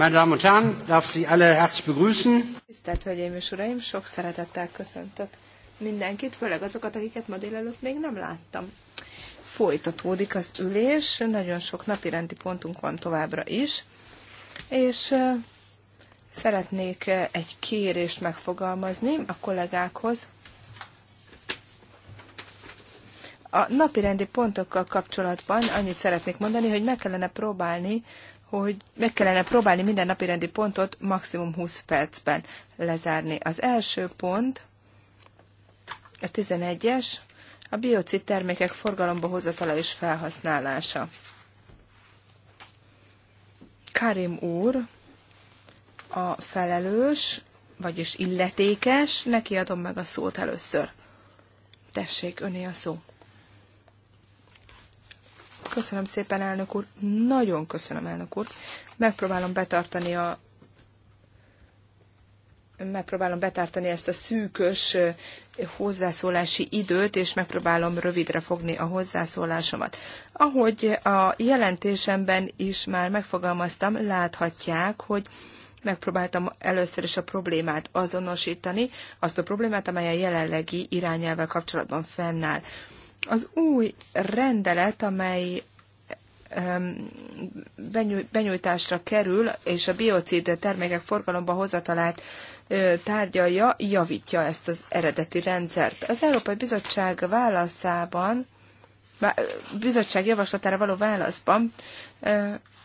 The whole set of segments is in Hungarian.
Meine Damen und Herren, darf Sie alle herzlich begrüßen. Tisztelt Hölgyeim és Uraim, sok szeretettel köszöntök mindenkit, főleg azokat, akiket ma délelőtt még nem láttam. Folytatódik az ülés, nagyon sok napirendi pontunk van továbbra is, és szeretnék egy kérést megfogalmazni a kollégákhoz. A napirendi pontokkal kapcsolatban annyit szeretnék mondani, hogy meg kellene próbálni hogy meg kellene próbálni minden napi rendi pontot maximum 20 percben lezárni. Az első pont, a 11-es, a biocid termékek forgalomba hozatala és felhasználása. Karim úr a felelős, vagyis illetékes, neki adom meg a szót először. Tessék, öné a szó. Köszönöm szépen, elnök úr. Nagyon köszönöm, elnök úr. Megpróbálom betartani a megpróbálom betartani ezt a szűkös hozzászólási időt, és megpróbálom rövidre fogni a hozzászólásomat. Ahogy a jelentésemben is már megfogalmaztam, láthatják, hogy megpróbáltam először is a problémát azonosítani, azt a problémát, amely a jelenlegi irányelvvel kapcsolatban fennáll. Az új rendelet, amely benyújtásra kerül, és a biocid termékek forgalomba hozatalát tárgyalja, javítja ezt az eredeti rendszert. Az Európai Bizottság válaszában, bizottság javaslatára való válaszban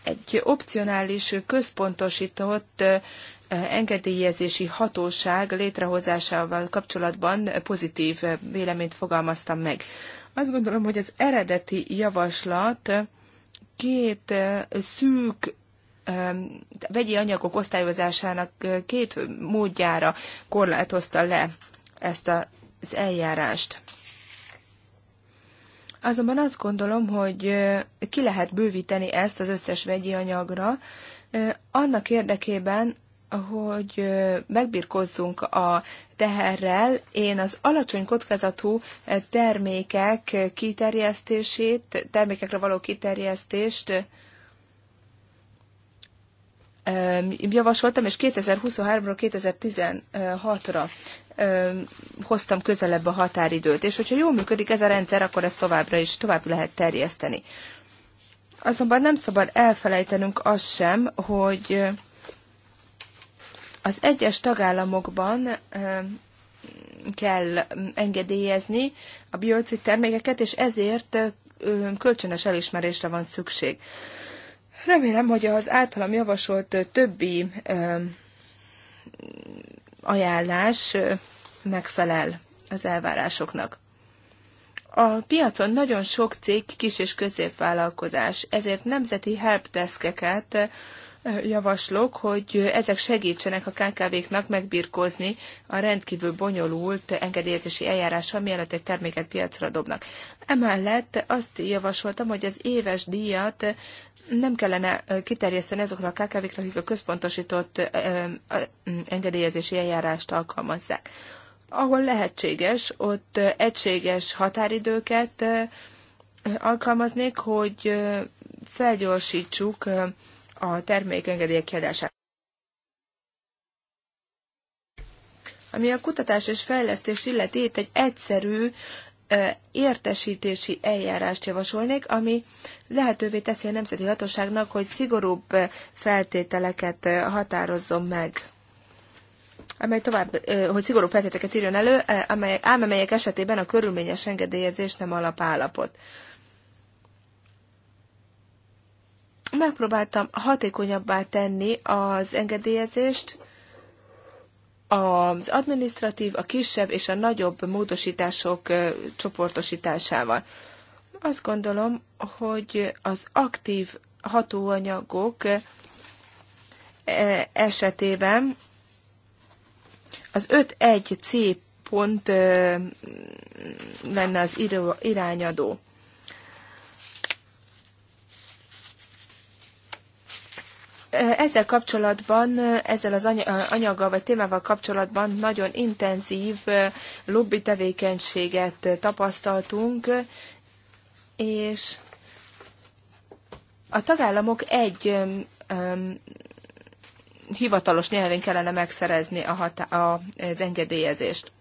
egy opcionális központosított engedélyezési hatóság létrehozásával kapcsolatban pozitív véleményt fogalmaztam meg. Azt gondolom, hogy az eredeti javaslat két szűk vegyi anyagok osztályozásának két módjára korlátozta le ezt az eljárást. Azonban azt gondolom, hogy ki lehet bővíteni ezt az összes vegyi anyagra, annak érdekében, hogy megbirkozzunk a teherrel, én az alacsony kockázatú termékek kiterjesztését, termékekre való kiterjesztést javasoltam, és 2023-ról 2016-ra hoztam közelebb a határidőt, és hogyha jól működik ez a rendszer, akkor ezt továbbra is tovább lehet terjeszteni. Azonban nem szabad elfelejtenünk azt sem, hogy az egyes tagállamokban kell engedélyezni a biocid termékeket, és ezért kölcsönös elismerésre van szükség. Remélem, hogy az általam javasolt többi ajánlás megfelel az elvárásoknak. A piacon nagyon sok cég kis és középvállalkozás, ezért nemzeti helpdeskeket javaslok, hogy ezek segítsenek a KKV-knak megbirkózni a rendkívül bonyolult engedélyezési eljárással, mielőtt egy terméket piacra dobnak. Emellett azt javasoltam, hogy az éves díjat nem kellene kiterjeszteni azokra a KKV-kra, akik a központosított engedélyezési eljárást alkalmazzák. Ahol lehetséges, ott egységes határidőket alkalmaznék, hogy felgyorsítsuk a termékengedélyek kiadását. Ami a kutatás és fejlesztés illeti, itt egy egyszerű értesítési eljárást javasolnék, ami lehetővé teszi a nemzeti hatóságnak, hogy szigorúbb feltételeket határozzon meg amely tovább, hogy szigorú feltételeket írjon elő, amely, ám amelyek esetében a körülményes engedélyezés nem alapállapot. megpróbáltam hatékonyabbá tenni az engedélyezést, az administratív, a kisebb és a nagyobb módosítások csoportosításával. Azt gondolom, hogy az aktív hatóanyagok esetében az 5.1c pont lenne az irányadó. Ezzel kapcsolatban, ezzel az anyaggal vagy témával kapcsolatban nagyon intenzív lobby tevékenységet tapasztaltunk, és a tagállamok egy hivatalos nyelvén kellene megszerezni a hatá- a, az engedélyezést.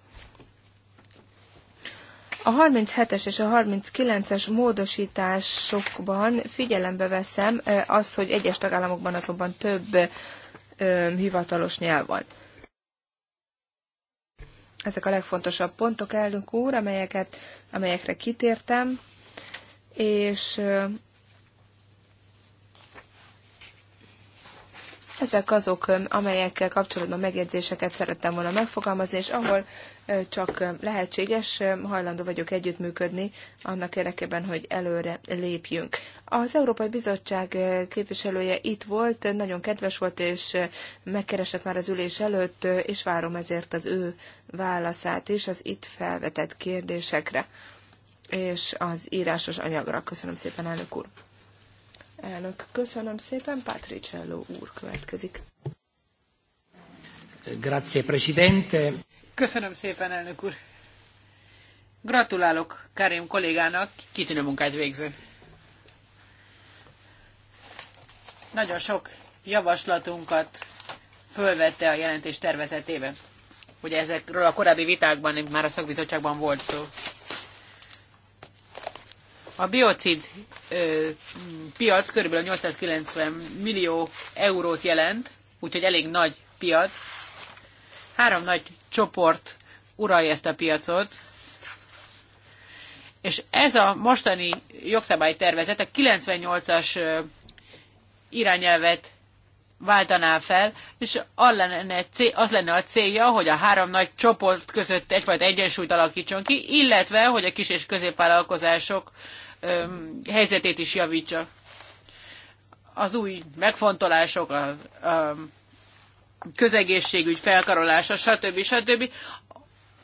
A 37-es és a 39-es módosításokban figyelembe veszem azt, hogy egyes tagállamokban azonban több hivatalos nyelv van. Ezek a legfontosabb pontok, elnök úr, amelyeket, amelyekre kitértem, és Ezek azok, amelyekkel kapcsolatban megjegyzéseket szerettem volna megfogalmazni, és ahol csak lehetséges, hajlandó vagyok együttműködni annak érdekében, hogy előre lépjünk. Az Európai Bizottság képviselője itt volt, nagyon kedves volt, és megkeresett már az ülés előtt, és várom ezért az ő válaszát is az itt felvetett kérdésekre és az írásos anyagra. Köszönöm szépen, elnök úr! Elnök, köszönöm szépen. Patricello úr következik. Grazie, Presidente. Köszönöm szépen, elnök úr. Gratulálok Karim kollégának, kitűnő munkát végző. Nagyon sok javaslatunkat fölvette a jelentés tervezetében, Ugye ezekről a korábbi vitákban már a szakbizottságban volt szó. A biocid ö, piac kb. 890 millió eurót jelent, úgyhogy elég nagy piac. Három nagy csoport uralja ezt a piacot, és ez a mostani jogszabálytervezet a 98-as irányelvet váltaná fel, és az lenne, az lenne a célja, hogy a három nagy csoport között egyfajta egyensúlyt alakítson ki, illetve, hogy a kis és középvállalkozások helyzetét is javítsa. Az új megfontolások, a, a közegészségügy felkarolása, stb. stb.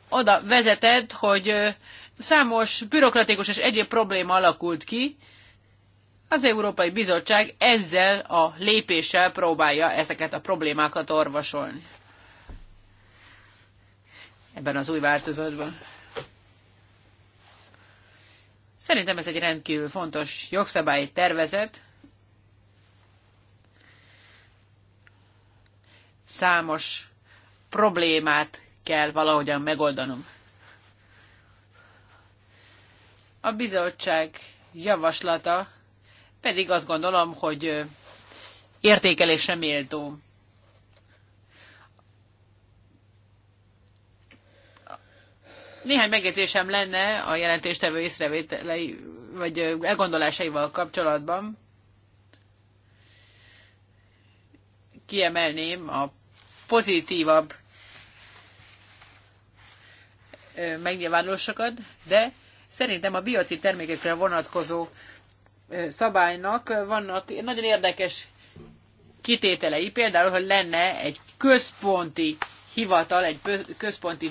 oda vezetett, hogy számos bürokratikus és egyéb probléma alakult ki, az Európai Bizottság ezzel a lépéssel próbálja ezeket a problémákat orvosolni. Ebben az új változatban. Szerintem ez egy rendkívül fontos jogszabályi tervezet. Számos problémát kell valahogyan megoldanunk. A bizottság javaslata pedig azt gondolom, hogy értékelésre méltó. Néhány megjegyzésem lenne a jelentéstevő észrevételei, vagy elgondolásaival kapcsolatban. Kiemelném a pozitívabb megnyilvánulásokat, de szerintem a bioci termékekre vonatkozó szabálynak vannak nagyon érdekes kitételei, például, hogy lenne egy központi hivatal, egy központi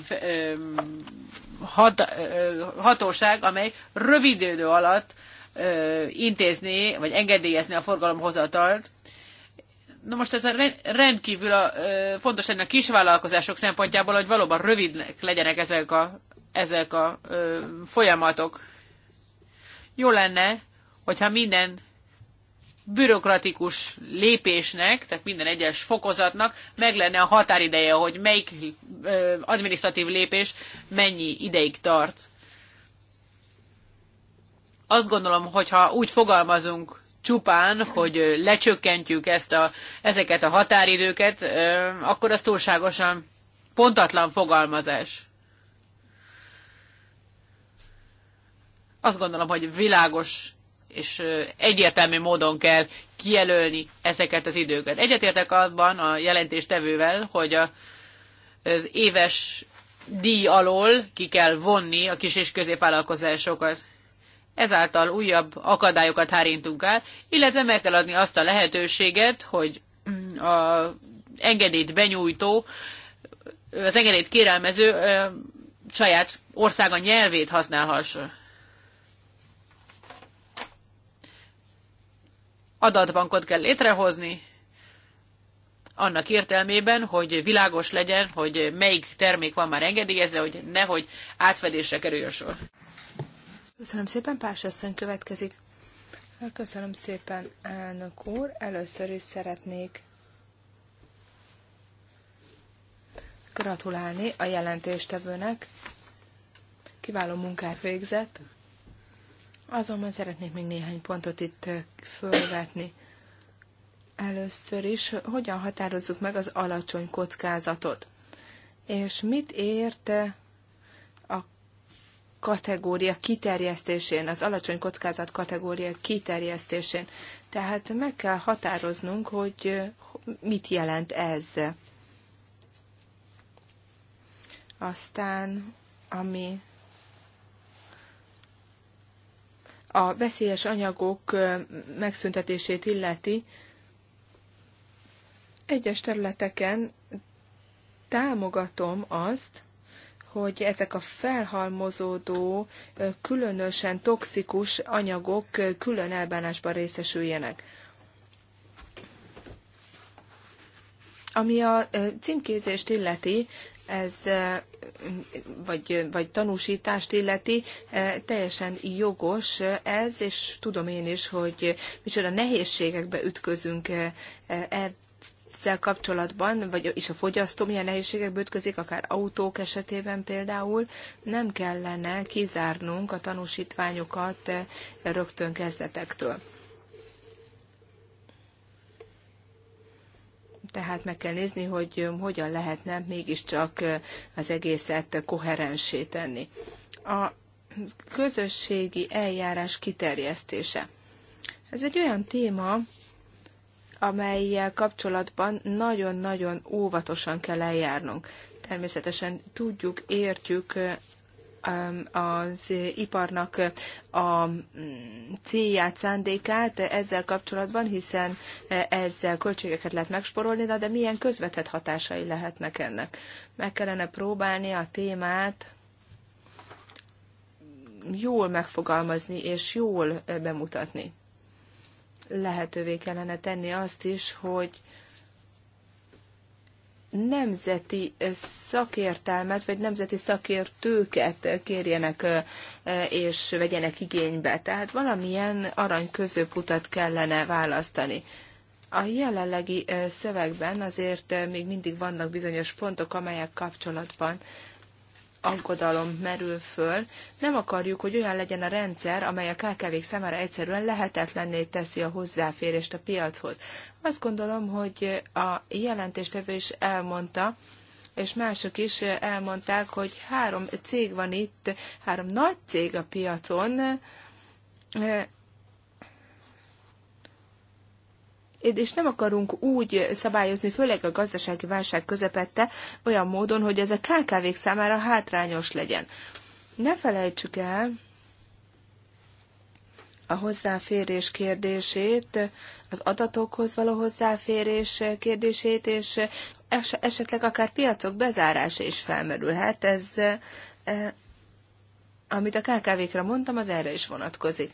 hat, hatóság, amely rövid idő alatt intézni, vagy engedélyezni a forgalomhozatalt. Na most ez a rendkívül a, fontos lenne a kisvállalkozások szempontjából, hogy valóban rövidnek legyenek ezek a, ezek a folyamatok. Jó lenne, hogyha minden bürokratikus lépésnek, tehát minden egyes fokozatnak meg lenne a határideje, hogy melyik administratív lépés mennyi ideig tart. Azt gondolom, hogyha úgy fogalmazunk csupán, hogy lecsökkentjük ezt a, ezeket a határidőket, akkor az túlságosan pontatlan fogalmazás. Azt gondolom, hogy világos és egyértelmű módon kell kijelölni ezeket az időket. Egyetértek abban a jelentéstevővel, hogy a, az éves díj alól ki kell vonni a kis és középvállalkozásokat. Ezáltal újabb akadályokat hárintunk el, illetve meg kell adni azt a lehetőséget, hogy mm, a engedélyt benyújtó, az engedélyt kérelmező saját országa nyelvét használhassa. adatbankot kell létrehozni, annak értelmében, hogy világos legyen, hogy melyik termék van már engedélyezve, hogy nehogy átfedésre kerüljön sor. Köszönöm szépen, Pásasszony következik. Köszönöm szépen, elnök úr. Először is szeretnék gratulálni a jelentéstevőnek. Kiváló munkát végzett. Azonban szeretnék még néhány pontot itt fölvetni. Először is, hogyan határozzuk meg az alacsony kockázatot? És mit ért a kategória kiterjesztésén, az alacsony kockázat kategória kiterjesztésén? Tehát meg kell határoznunk, hogy mit jelent ez. Aztán, ami a veszélyes anyagok megszüntetését illeti, egyes területeken támogatom azt, hogy ezek a felhalmozódó, különösen toxikus anyagok külön elbánásban részesüljenek. Ami a címkézést illeti, ez vagy, vagy tanúsítást illeti, teljesen jogos ez, és tudom én is, hogy micsoda nehézségekbe ütközünk ezzel kapcsolatban, vagy is a fogyasztó milyen nehézségekbe ütközik, akár autók esetében például, nem kellene kizárnunk a tanúsítványokat rögtön kezdetektől. tehát meg kell nézni, hogy hogyan lehetne mégiscsak az egészet koherensé tenni. A közösségi eljárás kiterjesztése. Ez egy olyan téma, amelyel kapcsolatban nagyon-nagyon óvatosan kell eljárnunk. Természetesen tudjuk, értjük Um, az iparnak a mm, célját, szándékát ezzel kapcsolatban, hiszen ezzel költségeket lehet megsporolni, de milyen közvetett hatásai lehetnek ennek? Meg kellene próbálni a témát jól megfogalmazni és jól bemutatni. Lehetővé kellene tenni azt is, hogy nemzeti szakértelmet, vagy nemzeti szakértőket kérjenek és vegyenek igénybe. Tehát valamilyen arany közöputat kellene választani. A jelenlegi szövegben azért még mindig vannak bizonyos pontok, amelyek kapcsolatban aggodalom merül föl. Nem akarjuk, hogy olyan legyen a rendszer, amely a kkv számára egyszerűen lehetetlenné teszi a hozzáférést a piachoz. Azt gondolom, hogy a jelentéstevő is elmondta, és mások is elmondták, hogy három cég van itt, három nagy cég a piacon, és nem akarunk úgy szabályozni, főleg a gazdasági válság közepette, olyan módon, hogy ez a KKV-k számára hátrányos legyen. Ne felejtsük el a hozzáférés kérdését, az adatokhoz való hozzáférés kérdését, és esetleg akár piacok bezárása is felmerülhet. Ez, e, amit a KKV-kra mondtam, az erre is vonatkozik.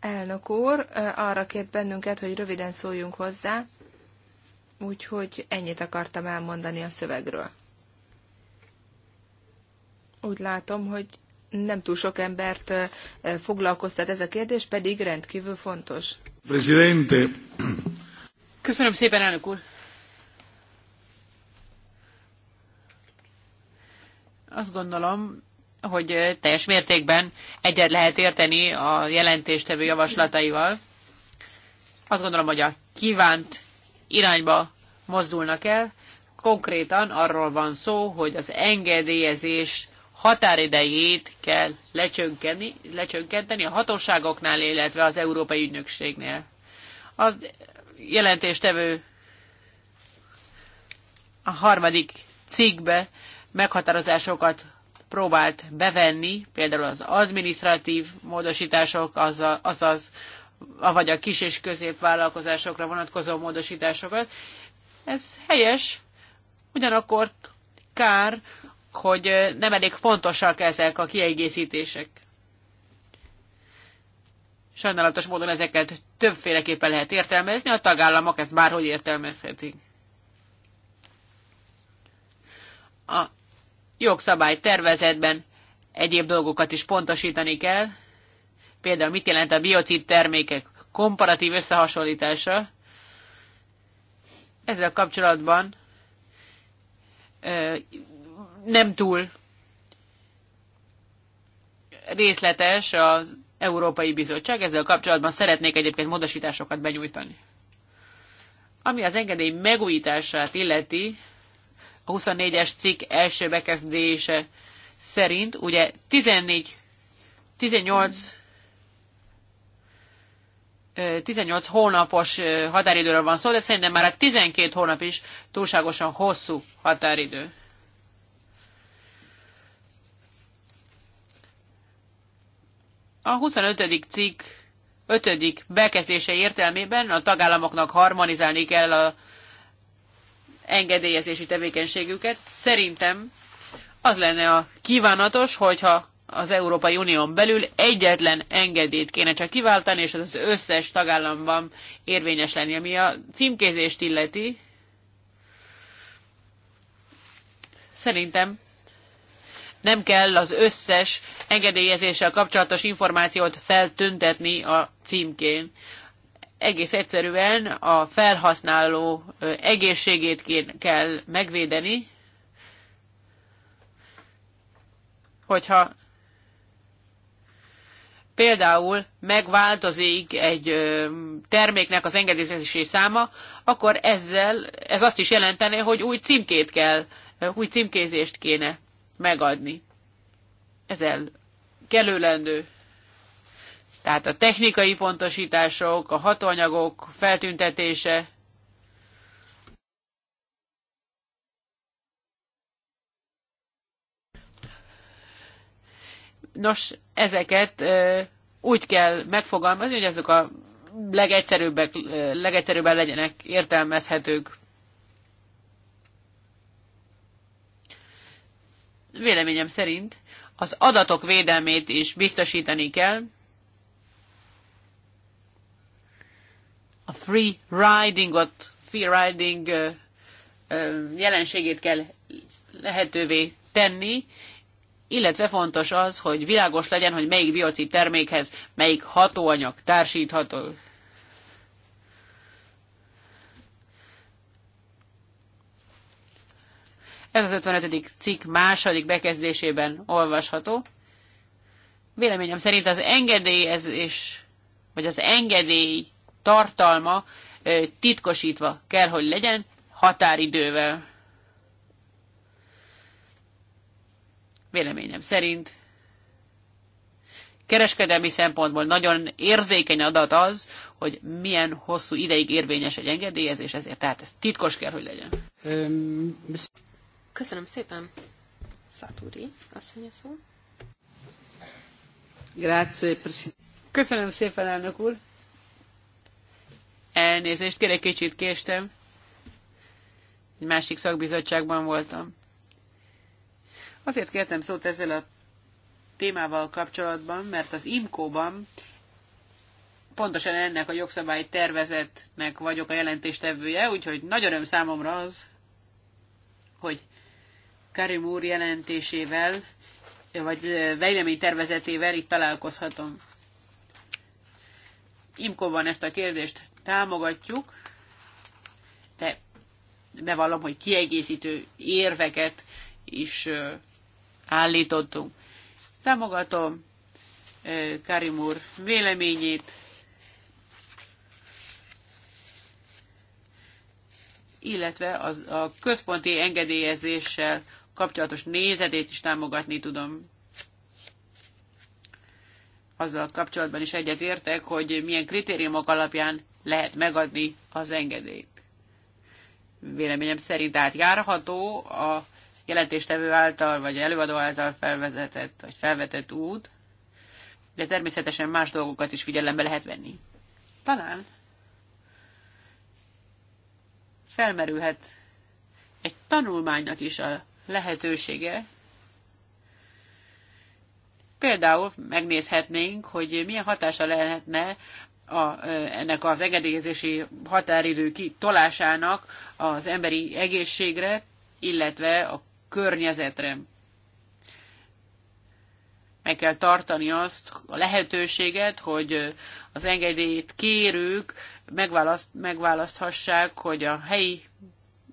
Elnök úr e, arra kért bennünket, hogy röviden szóljunk hozzá, úgyhogy ennyit akartam elmondani a szövegről. Úgy látom, hogy nem túl sok embert e, foglalkoztat ez a kérdés, pedig rendkívül fontos. Köszönöm szépen, elnök úr. Azt gondolom, hogy teljes mértékben egyet lehet érteni a jelentéstevő javaslataival. Azt gondolom, hogy a kívánt irányba mozdulnak el. Konkrétan arról van szó, hogy az engedélyezés határidejét kell lecsönkeni, lecsönkenteni a hatóságoknál, illetve az Európai Ügynökségnél. Az jelentéstevő a harmadik cikkbe meghatározásokat próbált bevenni, például az administratív módosítások, azaz, azaz vagy a kis és középvállalkozásokra vonatkozó módosításokat. Ez helyes, ugyanakkor kár, hogy nem elég fontosak ezek a kiegészítések. Sajnálatos módon ezeket többféleképpen lehet értelmezni, a tagállamok ezt bárhogy értelmezhetik. A jogszabály tervezetben egyéb dolgokat is pontosítani kell, például mit jelent a biocid termékek komparatív összehasonlítása. Ezzel kapcsolatban nem túl részletes az Európai Bizottság. Ezzel kapcsolatban szeretnék egyébként módosításokat benyújtani. Ami az engedély megújítását illeti, a 24-es cikk első bekezdése szerint, ugye 14, 18, 18 hónapos határidőről van szó, de szerintem már a 12 hónap is túlságosan hosszú határidő. A 25. cikk 5. bekezdése értelmében a tagállamoknak harmonizálni kell a engedélyezési tevékenységüket. Szerintem az lenne a kívánatos, hogyha az Európai Unión belül egyetlen engedélyt kéne csak kiváltani, és az összes tagállamban érvényes lenni. Ami a címkézést illeti, szerintem nem kell az összes engedélyezéssel kapcsolatos információt feltüntetni a címkén. Egész egyszerűen a felhasználó egészségét kell megvédeni, hogyha például megváltozik egy terméknek az engedélyezési száma, akkor ezzel ez azt is jelenteni, hogy új címkét kell, új címkézést kéne megadni. el kellőlendő. Tehát a technikai pontosítások, a hatóanyagok feltüntetése, Nos, ezeket ö, úgy kell megfogalmazni, hogy azok a legegyszerűbbek, legegyszerűbben legyenek értelmezhetők. véleményem szerint az adatok védelmét is biztosítani kell. A free ridingot, free riding jelenségét kell lehetővé tenni, illetve fontos az, hogy világos legyen, hogy melyik biocid termékhez melyik hatóanyag társítható. Ez az 55. cikk második bekezdésében olvasható. Véleményem szerint az engedélyezés, vagy az engedély tartalma titkosítva kell, hogy legyen határidővel. Véleményem szerint kereskedelmi szempontból nagyon érzékeny adat az, hogy milyen hosszú ideig érvényes egy engedélyezés, ezért tehát ez titkos kell, hogy legyen. Köszönöm szépen. Szaturi, asszony szó. Grazie, Köszönöm szépen, elnök úr. Elnézést, kérek kicsit késtem. Egy másik szakbizottságban voltam. Azért kértem szót ezzel a témával kapcsolatban, mert az IMCO-ban pontosan ennek a jogszabály tervezetnek vagyok a jelentéstevője, úgyhogy nagy öröm számomra az, hogy Karim úr jelentésével, vagy véleménytervezetével itt találkozhatom. Imkóban ezt a kérdést támogatjuk, de bevallom, hogy kiegészítő érveket is állítottunk. Támogatom Karim úr véleményét, illetve az, a központi engedélyezéssel kapcsolatos nézedét is támogatni tudom. Azzal kapcsolatban is egyetértek, hogy milyen kritériumok alapján lehet megadni az engedélyt. Véleményem szerint átjárható a jelentéstevő által, vagy előadó által felvezetett, vagy felvetett út, de természetesen más dolgokat is figyelembe lehet venni. Talán felmerülhet egy tanulmánynak is a lehetősége. Például megnézhetnénk, hogy milyen hatása lehetne a, ennek az engedélyezési határidő kitolásának az emberi egészségre, illetve a környezetre. Meg kell tartani azt a lehetőséget, hogy az engedélyt kérők megválaszt, megválaszthassák, hogy a helyi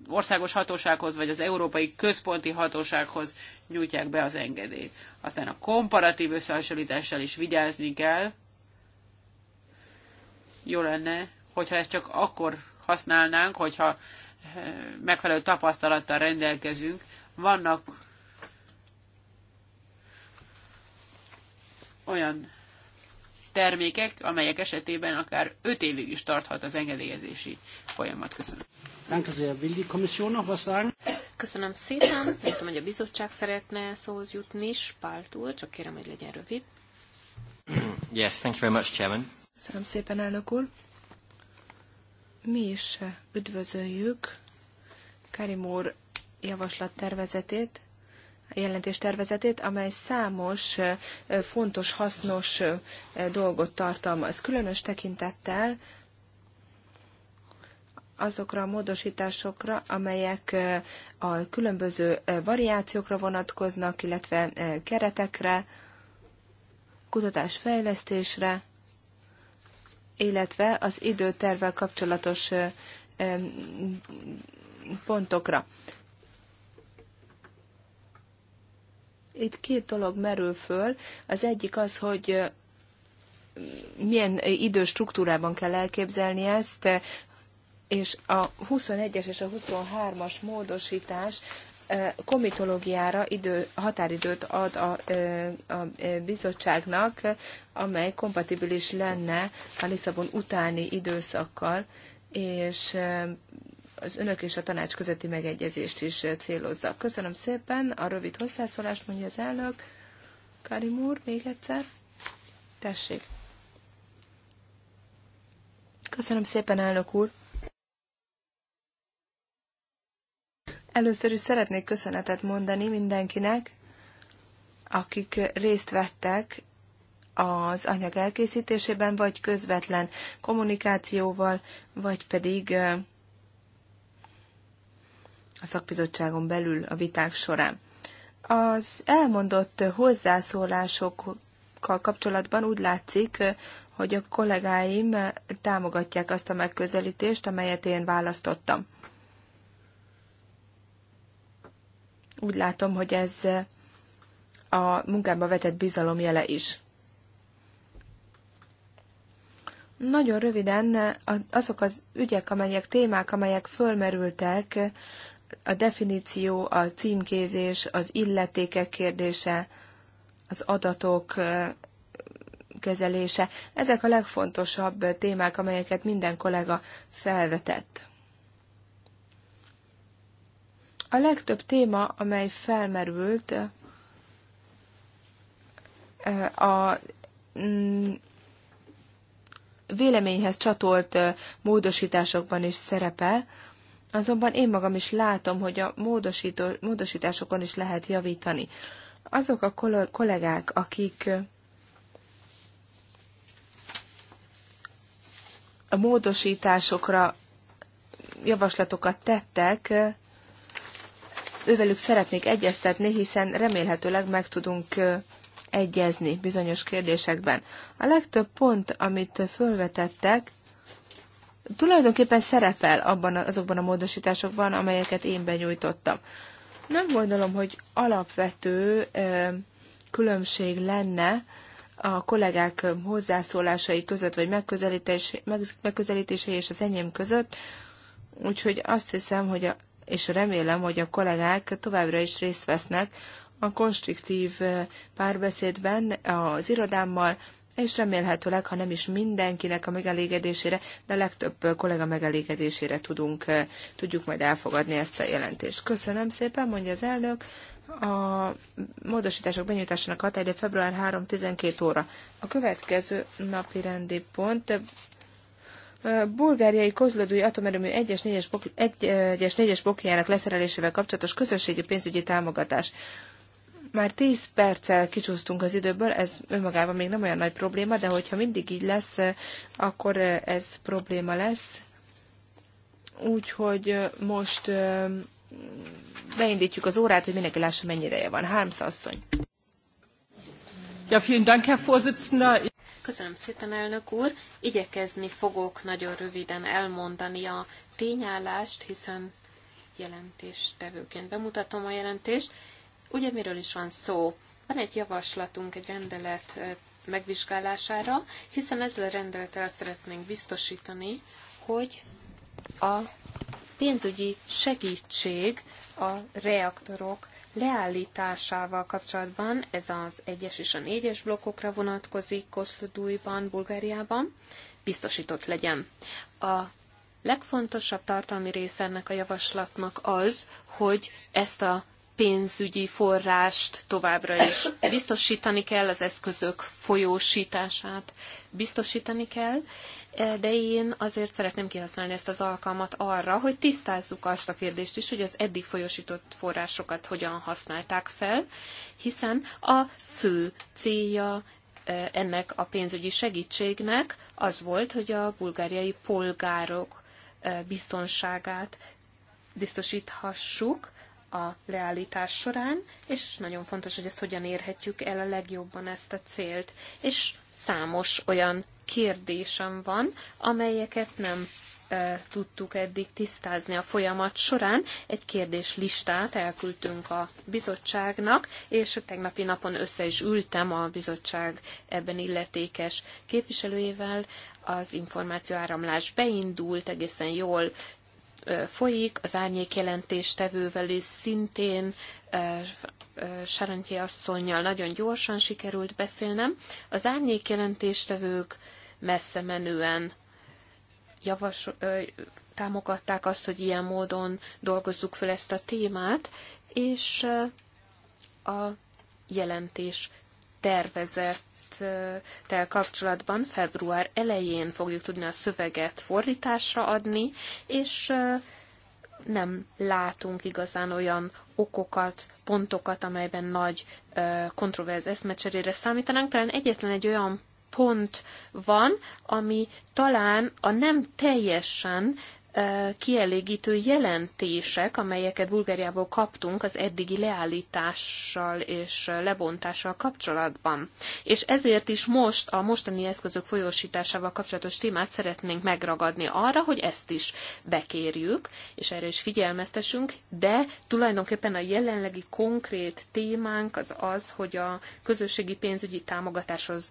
országos hatósághoz, vagy az Európai Központi Hatósághoz nyújtják be az engedélyt. Aztán a komparatív összehasonlítással is vigyázni kell. Jó lenne, hogyha ezt csak akkor használnánk, hogyha eh, megfelelő tapasztalattal rendelkezünk. Vannak olyan termékek, amelyek esetében akár 5 évig is tarthat az engedélyezési folyamat. Köszönöm. Danke sehr. Will die Kommission noch was sagen? Köszönöm szépen. Nem tudom, hogy a bizottság szeretne szóhoz jutni. Spált úr, csak kérem, hogy legyen rövid. Yes, thank you very much, Chairman. Köszönöm szépen, elnök úr. Mi is üdvözöljük Karim úr javaslattervezetét, jelentés tervezetét, amely számos fontos, hasznos dolgot tartalmaz. Különös tekintettel azokra a módosításokra, amelyek a különböző variációkra vonatkoznak, illetve keretekre, kutatásfejlesztésre, illetve az időtervel kapcsolatos pontokra. Itt két dolog merül föl. Az egyik az, hogy milyen időstruktúrában kell elképzelni ezt, és a 21-es és a 23-as módosítás komitológiára idő, határidőt ad a, a bizottságnak, amely kompatibilis lenne a Lisszabon utáni időszakkal, és az önök és a tanács közötti megegyezést is célozza. Köszönöm szépen a rövid hozzászólást, mondja az elnök. Karim úr, még egyszer. Tessék. Köszönöm szépen, elnök úr. Először is szeretnék köszönetet mondani mindenkinek, akik részt vettek az anyag elkészítésében, vagy közvetlen kommunikációval, vagy pedig a szakbizottságon belül a viták során. Az elmondott hozzászólásokkal kapcsolatban úgy látszik, hogy a kollégáim támogatják azt a megközelítést, amelyet én választottam. Úgy látom, hogy ez a munkába vetett bizalom jele is. Nagyon röviden azok az ügyek, amelyek témák, amelyek fölmerültek, a definíció, a címkézés, az illetékek kérdése, az adatok kezelése. Ezek a legfontosabb témák, amelyeket minden kollega felvetett. A legtöbb téma, amely felmerült, a mm, véleményhez csatolt módosításokban is szerepel, azonban én magam is látom, hogy a módosító, módosításokon is lehet javítani. Azok a kollégák, akik a módosításokra javaslatokat tettek, ővelük szeretnék egyeztetni, hiszen remélhetőleg meg tudunk egyezni bizonyos kérdésekben. A legtöbb pont, amit fölvetettek, tulajdonképpen szerepel abban azokban a módosításokban, amelyeket én benyújtottam. Nem gondolom, hogy alapvető különbség lenne a kollégák hozzászólásai között, vagy megközelítés, megközelítései és az enyém között, úgyhogy azt hiszem, hogy a és remélem, hogy a kollégák továbbra is részt vesznek a konstruktív eh, párbeszédben az irodámmal, és remélhetőleg, ha nem is mindenkinek a megelégedésére, de legtöbb eh, kollega megelégedésére tudunk, eh, tudjuk majd elfogadni ezt a jelentést. Köszönöm szépen, mondja az elnök. A módosítások benyújtásának határideje február 3-12 óra. A következő napi rendi pont bulgáriai kozlodói atomerőmű 1-es 4-es, bok, 1-es 4-es bokjának leszerelésével kapcsolatos közösségi pénzügyi támogatás. Már 10 perccel kicsúsztunk az időből, ez önmagában még nem olyan nagy probléma, de hogyha mindig így lesz, akkor ez probléma lesz. Úgyhogy most beindítjuk az órát, hogy mindenki lássa, mennyire van. Hármszasszony. Ja, vielen Dank, Herr Vorsitzender. Köszönöm szépen, elnök úr. Igyekezni fogok nagyon röviden elmondani a tényállást, hiszen jelentéstevőként bemutatom a jelentést. Ugye miről is van szó? Van egy javaslatunk, egy rendelet megvizsgálására, hiszen ezzel a rendelettel szeretnénk biztosítani, hogy a pénzügyi segítség a reaktorok leállításával kapcsolatban ez az 1-es és a 4-es blokkokra vonatkozik Koszludújban, Bulgáriában, biztosított legyen. A legfontosabb tartalmi része ennek a javaslatnak az, hogy ezt a pénzügyi forrást továbbra is biztosítani kell, az eszközök folyósítását biztosítani kell, E, de én azért szeretném kihasználni ezt az alkalmat arra, hogy tisztázzuk azt a kérdést is, hogy az eddig folyosított forrásokat hogyan használták fel, hiszen a fő célja e, ennek a pénzügyi segítségnek az volt, hogy a bulgáriai polgárok e, biztonságát biztosíthassuk a leállítás során, és nagyon fontos, hogy ezt hogyan érhetjük el a legjobban ezt a célt. És számos olyan kérdésem van, amelyeket nem tudtuk eddig tisztázni a folyamat során. Egy kérdéslistát elküldtünk a bizottságnak, és a tegnapi napon össze is ültem a bizottság ebben illetékes képviselőjével. Az információáramlás beindult, egészen jól folyik, az árnyék jelentéstevővel is szintén Sarantyi asszonynal nagyon gyorsan sikerült beszélnem. Az árnyék jelentéstevők messze menően javas, támogatták azt, hogy ilyen módon dolgozzuk fel ezt a témát, és a jelentés tervezett tel kapcsolatban február elején fogjuk tudni a szöveget fordításra adni, és nem látunk igazán olyan okokat, pontokat, amelyben nagy kontroverz eszmecserére számítanánk. Talán egyetlen egy olyan pont van, ami talán a nem teljesen kielégítő jelentések, amelyeket Bulgáriából kaptunk az eddigi leállítással és lebontással kapcsolatban. És ezért is most a mostani eszközök folyósításával kapcsolatos témát szeretnénk megragadni arra, hogy ezt is bekérjük, és erre is figyelmeztessünk, de tulajdonképpen a jelenlegi konkrét témánk az az, hogy a közösségi pénzügyi támogatáshoz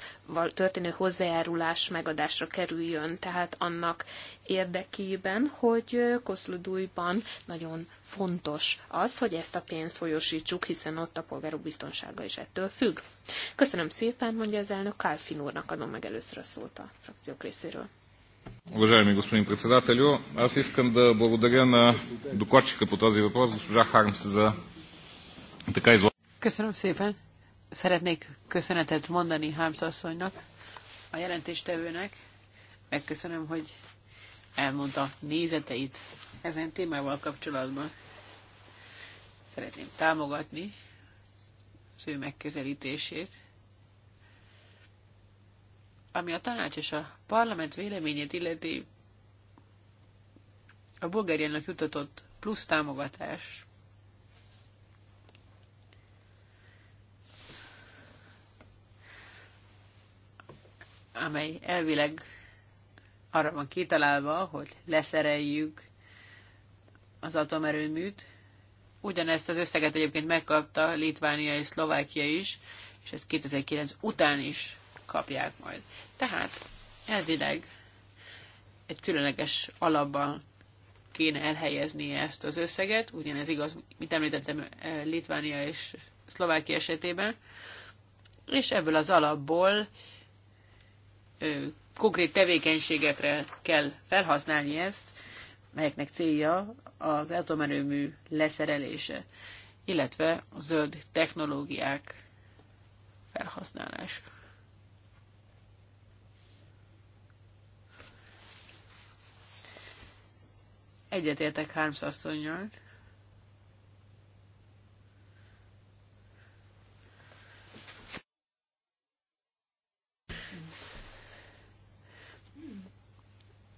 történő hozzájárulás megadásra kerüljön, tehát annak érdekében, hogy Koszludújban nagyon fontos az, hogy ezt a pénzt folyosítsuk, hiszen ott a polgárok biztonsága is ettől függ. Köszönöm szépen, mondja az elnök Kálfin úrnak adom meg először a szót a frakciók részéről. Уважаеми господин председателю, аз искам да благодаря на докладчика по този въпрос, госпожа Хармс, за така изложение. Köszönöm szépen. Szeretnék köszönetet mondani Hámsz asszonynak, a jelentéstevőnek. Megköszönöm, hogy elmondta nézeteit ezen témával kapcsolatban. Szeretném támogatni az ő megközelítését. Ami a tanács és a parlament véleményét illeti, a Bulgáriának jutatott plusz támogatás amely elvileg arra van kitalálva, hogy leszereljük az atomerőműt. Ugyanezt az összeget egyébként megkapta Litvánia és Szlovákia is, és ezt 2009 után is kapják majd. Tehát elvileg egy különleges alapban kéne elhelyezni ezt az összeget, ugyanez igaz, mit említettem Litvánia és Szlovákia esetében, és ebből az alapból konkrét tevékenységekre kell felhasználni ezt, melyeknek célja az atomerőmű leszerelése, illetve a zöld technológiák felhasználása. Egyetértek Harms asszonynal.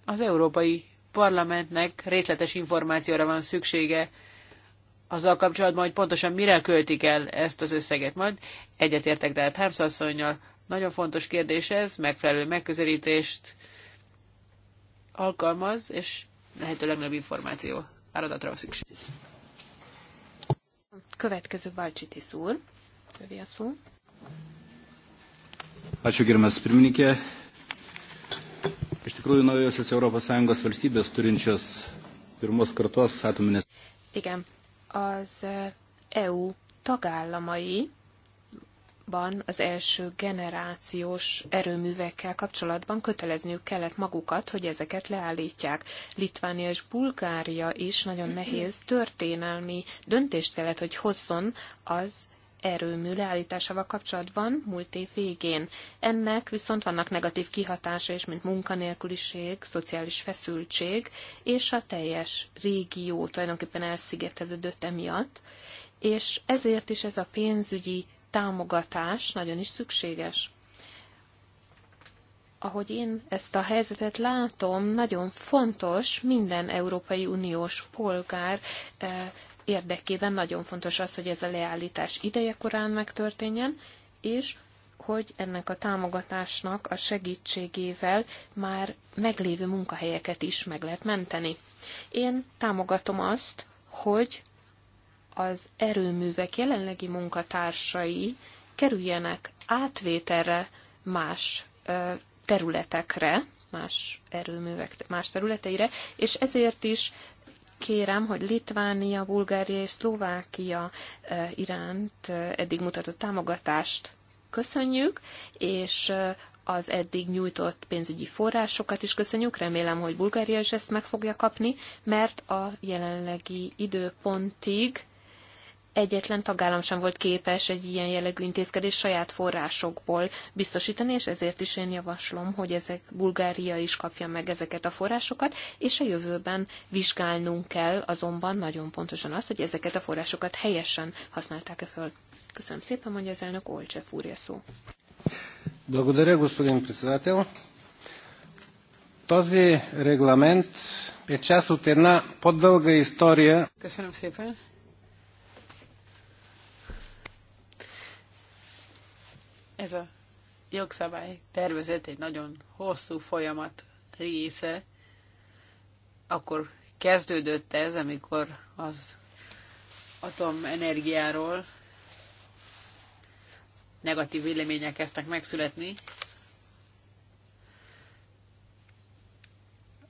az Európai Parlamentnek részletes információra van szüksége azzal kapcsolatban, hogy pontosan mire költik el ezt az összeget majd. Egyetértek tehát Harms asszonynal. Nagyon fontos kérdés ez, megfelelő megközelítést alkalmaz, és lehető legnagyobb információ áradatra van szükség. Következő Balcsitis úr. Tövi a szó. Hát, gerbiamas Iš tikrųjų, naujosios ES valstybės turinčios pirmos kartos atominės. Igen, az EU tagállamai az első generációs erőművekkel kapcsolatban kötelezniük kellett magukat, hogy ezeket leállítják. Litvánia és Bulgária is nagyon nehéz történelmi döntést kellett, hogy hozzon az erőmű leállításával kapcsolatban múlt év végén. Ennek viszont vannak negatív kihatása is, mint munkanélküliség, szociális feszültség, és a teljes régió tulajdonképpen elszigetelődött emiatt, és ezért is ez a pénzügyi támogatás nagyon is szükséges ahogy én ezt a helyzetet látom, nagyon fontos minden Európai Uniós polgár eh, érdekében nagyon fontos az, hogy ez a leállítás ideje korán megtörténjen, és hogy ennek a támogatásnak a segítségével már meglévő munkahelyeket is meg lehet menteni. Én támogatom azt, hogy az erőművek jelenlegi munkatársai kerüljenek átvételre más területekre, más erőművek más területeire, és ezért is kérem, hogy Litvánia, Bulgária és Szlovákia eh, iránt eh, eddig mutatott támogatást köszönjük, és eh, az eddig nyújtott pénzügyi forrásokat is köszönjük. Remélem, hogy Bulgária is ezt meg fogja kapni, mert a jelenlegi időpontig egyetlen tagállam sem volt képes egy ilyen jellegű intézkedés saját forrásokból biztosítani, és ezért is én javaslom, hogy ezek Bulgária is kapja meg ezeket a forrásokat, és a jövőben vizsgálnunk kell azonban nagyon pontosan azt, hogy ezeket a forrásokat helyesen használták-e föl. Köszönöm szépen, mondja az elnök Olcse Fúrja szó. Благодаря, господин председател. Този регламент е част от една по-дълга история. Köszönöm szépen. Ez a jogszabály tervezet egy nagyon hosszú folyamat része. Akkor kezdődött ez, amikor az atomenergiáról negatív vélemények kezdtek megszületni.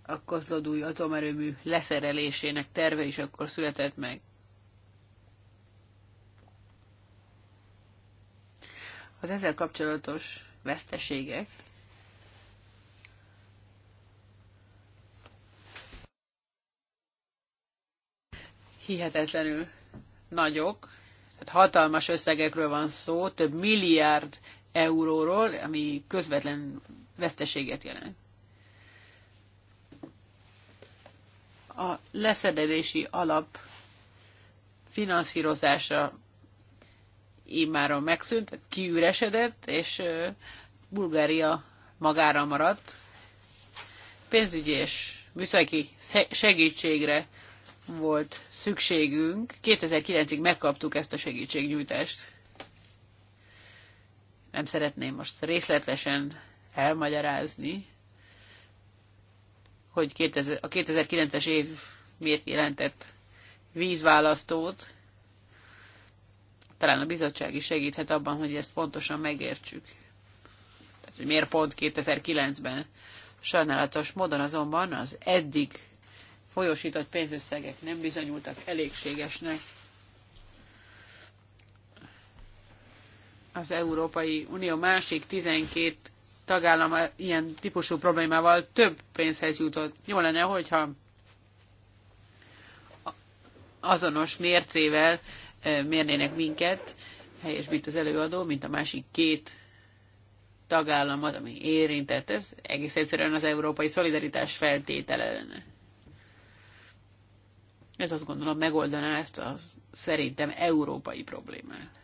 A Kozlodúj atomerőmű leszerelésének terve is akkor született meg. az ezzel kapcsolatos veszteségek hihetetlenül nagyok, tehát hatalmas összegekről van szó, több milliárd euróról, ami közvetlen veszteséget jelent. A leszedelési alap finanszírozása immáron megszűnt, kiüresedett, és Bulgária magára maradt. Pénzügyi és műszaki segítségre volt szükségünk. 2009-ig megkaptuk ezt a segítségnyújtást. Nem szeretném most részletesen elmagyarázni, hogy a 2009-es év miért jelentett vízválasztót, talán a bizottság is segíthet abban, hogy ezt pontosan megértsük. Tehát, hogy miért pont 2009-ben? Sajnálatos módon azonban az eddig folyosított pénzösszegek nem bizonyultak elégségesnek. Az Európai Unió másik 12 tagállama ilyen típusú problémával több pénzhez jutott. Jó lenne, hogyha azonos mércével mérnének minket, mint az előadó, mint a másik két tagállamot, ami érintett, ez egész egyszerűen az európai szolidaritás feltétele lenne. Ez azt gondolom megoldaná ezt a szerintem európai problémát.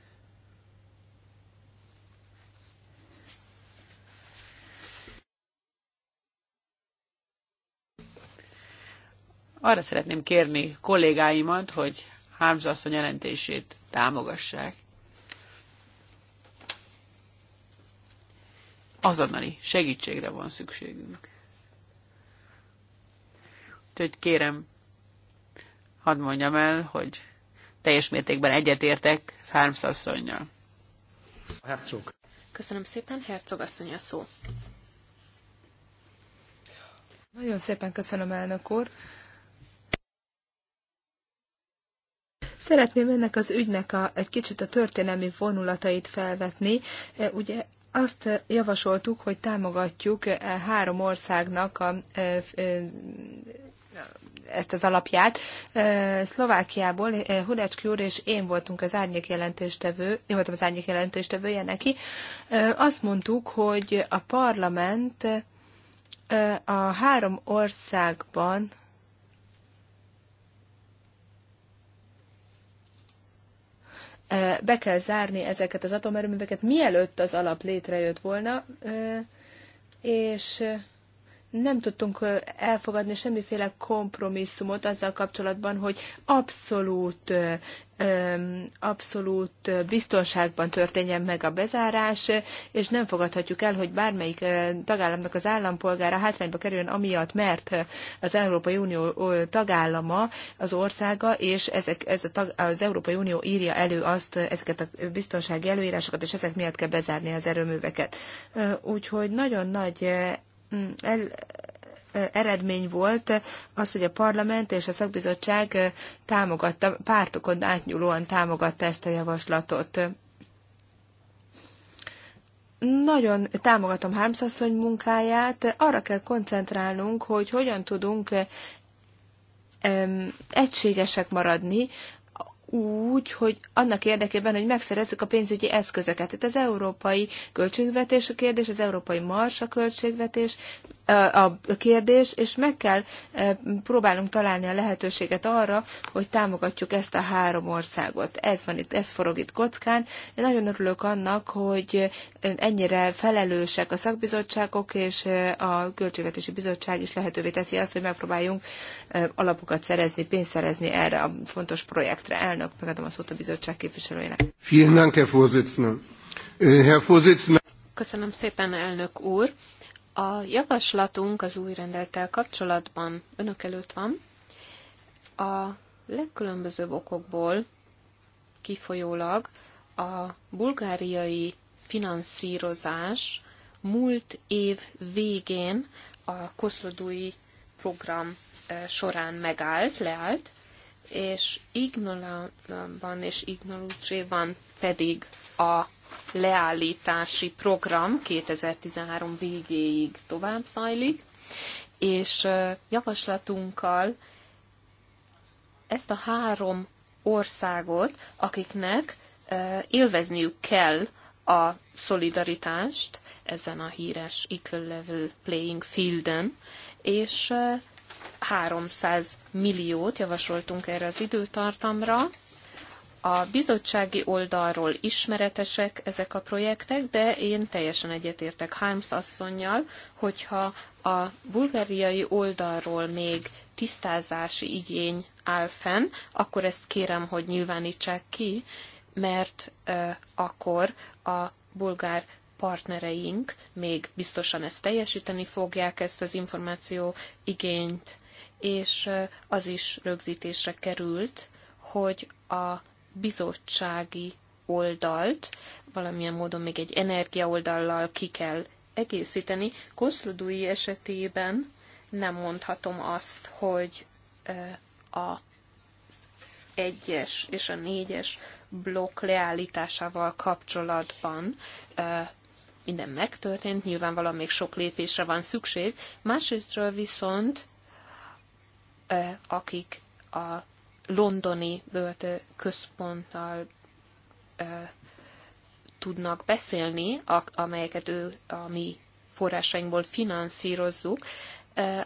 Arra szeretném kérni kollégáimat, hogy Harms asszony jelentését támogassák. Azonnali segítségre van szükségünk. Úgyhogy kérem, hadd mondjam el, hogy teljes mértékben egyetértek Harms asszonynal. Herzog. Köszönöm szépen, Herzog asszony a szó. Nagyon szépen köszönöm, elnök úr. Szeretném ennek az ügynek a, egy kicsit a történelmi vonulatait felvetni. E, ugye azt javasoltuk, hogy támogatjuk e három országnak a, e, ezt az alapját. Szlovákiából Hudecski úr és én voltunk az árnyék jelentéstevő, én voltam az árnyék jelentéstevője neki. Azt mondtuk, hogy a parlament a három országban be kell zárni ezeket az atomerőműveket, mielőtt az alap létrejött volna, és nem tudtunk elfogadni semmiféle kompromisszumot azzal kapcsolatban, hogy abszolút abszolút biztonságban történjen meg a bezárás, és nem fogadhatjuk el, hogy bármelyik tagállamnak az állampolgára hátrányba kerüljön amiatt, mert az Európai Unió tagállama az országa, és ezek, ez a tag, az Európai Unió írja elő azt, ezeket a biztonsági előírásokat, és ezek miatt kell bezárni az erőműveket. Úgyhogy nagyon nagy Mm, el, eredmény volt az, hogy a parlament és a szakbizottság támogatta, pártokon átnyúlóan támogatta ezt a javaslatot. Nagyon támogatom Hámszasszony munkáját. Arra kell koncentrálnunk, hogy hogyan tudunk egységesek maradni úgy, hogy annak érdekében, hogy megszerezzük a pénzügyi eszközöket. Itt az európai költségvetés a kérdés, az európai mars a költségvetés a kérdés, és meg kell e, próbálunk találni a lehetőséget arra, hogy támogatjuk ezt a három országot. Ez van itt, ez forog itt kockán. Én nagyon örülök annak, hogy ennyire felelősek a szakbizottságok, és e, a Költségvetési Bizottság is lehetővé teszi azt, hogy megpróbáljunk e, alapokat szerezni, pénzt szerezni erre a fontos projektre. Elnök, megadom a szót a bizottság képviselőjének. Äh, Köszönöm szépen, elnök úr. A javaslatunk az új rendeltel kapcsolatban önök előtt van. A legkülönbözőbb okokból kifolyólag a bulgáriai finanszírozás múlt év végén a koszlodói program e, során megállt, leállt, és Ignolában és Ignolusréban pedig a leállítási program 2013 végéig tovább zajlik, és javaslatunkkal ezt a három országot, akiknek élvezniük kell a szolidaritást ezen a híres Equal Level Playing Fielden, és 300 milliót javasoltunk erre az időtartamra, a bizottsági oldalról ismeretesek ezek a projektek, de én teljesen egyetértek Harms asszonynal, hogyha a bulgáriai oldalról még tisztázási igény áll fenn, akkor ezt kérem, hogy nyilvánítsák ki, mert akkor a bulgár partnereink még biztosan ezt teljesíteni fogják, ezt az információ igényt, és az is rögzítésre került, hogy a bizottsági oldalt, valamilyen módon még egy energiaoldallal ki kell egészíteni. Koszludói esetében nem mondhatom azt, hogy a egyes és a négyes blokk leállításával kapcsolatban minden megtörtént, nyilvánvalóan még sok lépésre van szükség. Másrésztről viszont, akik a londoni böltő központtal tudnak beszélni, amelyeket ő a mi forrásainkból finanszírozzuk,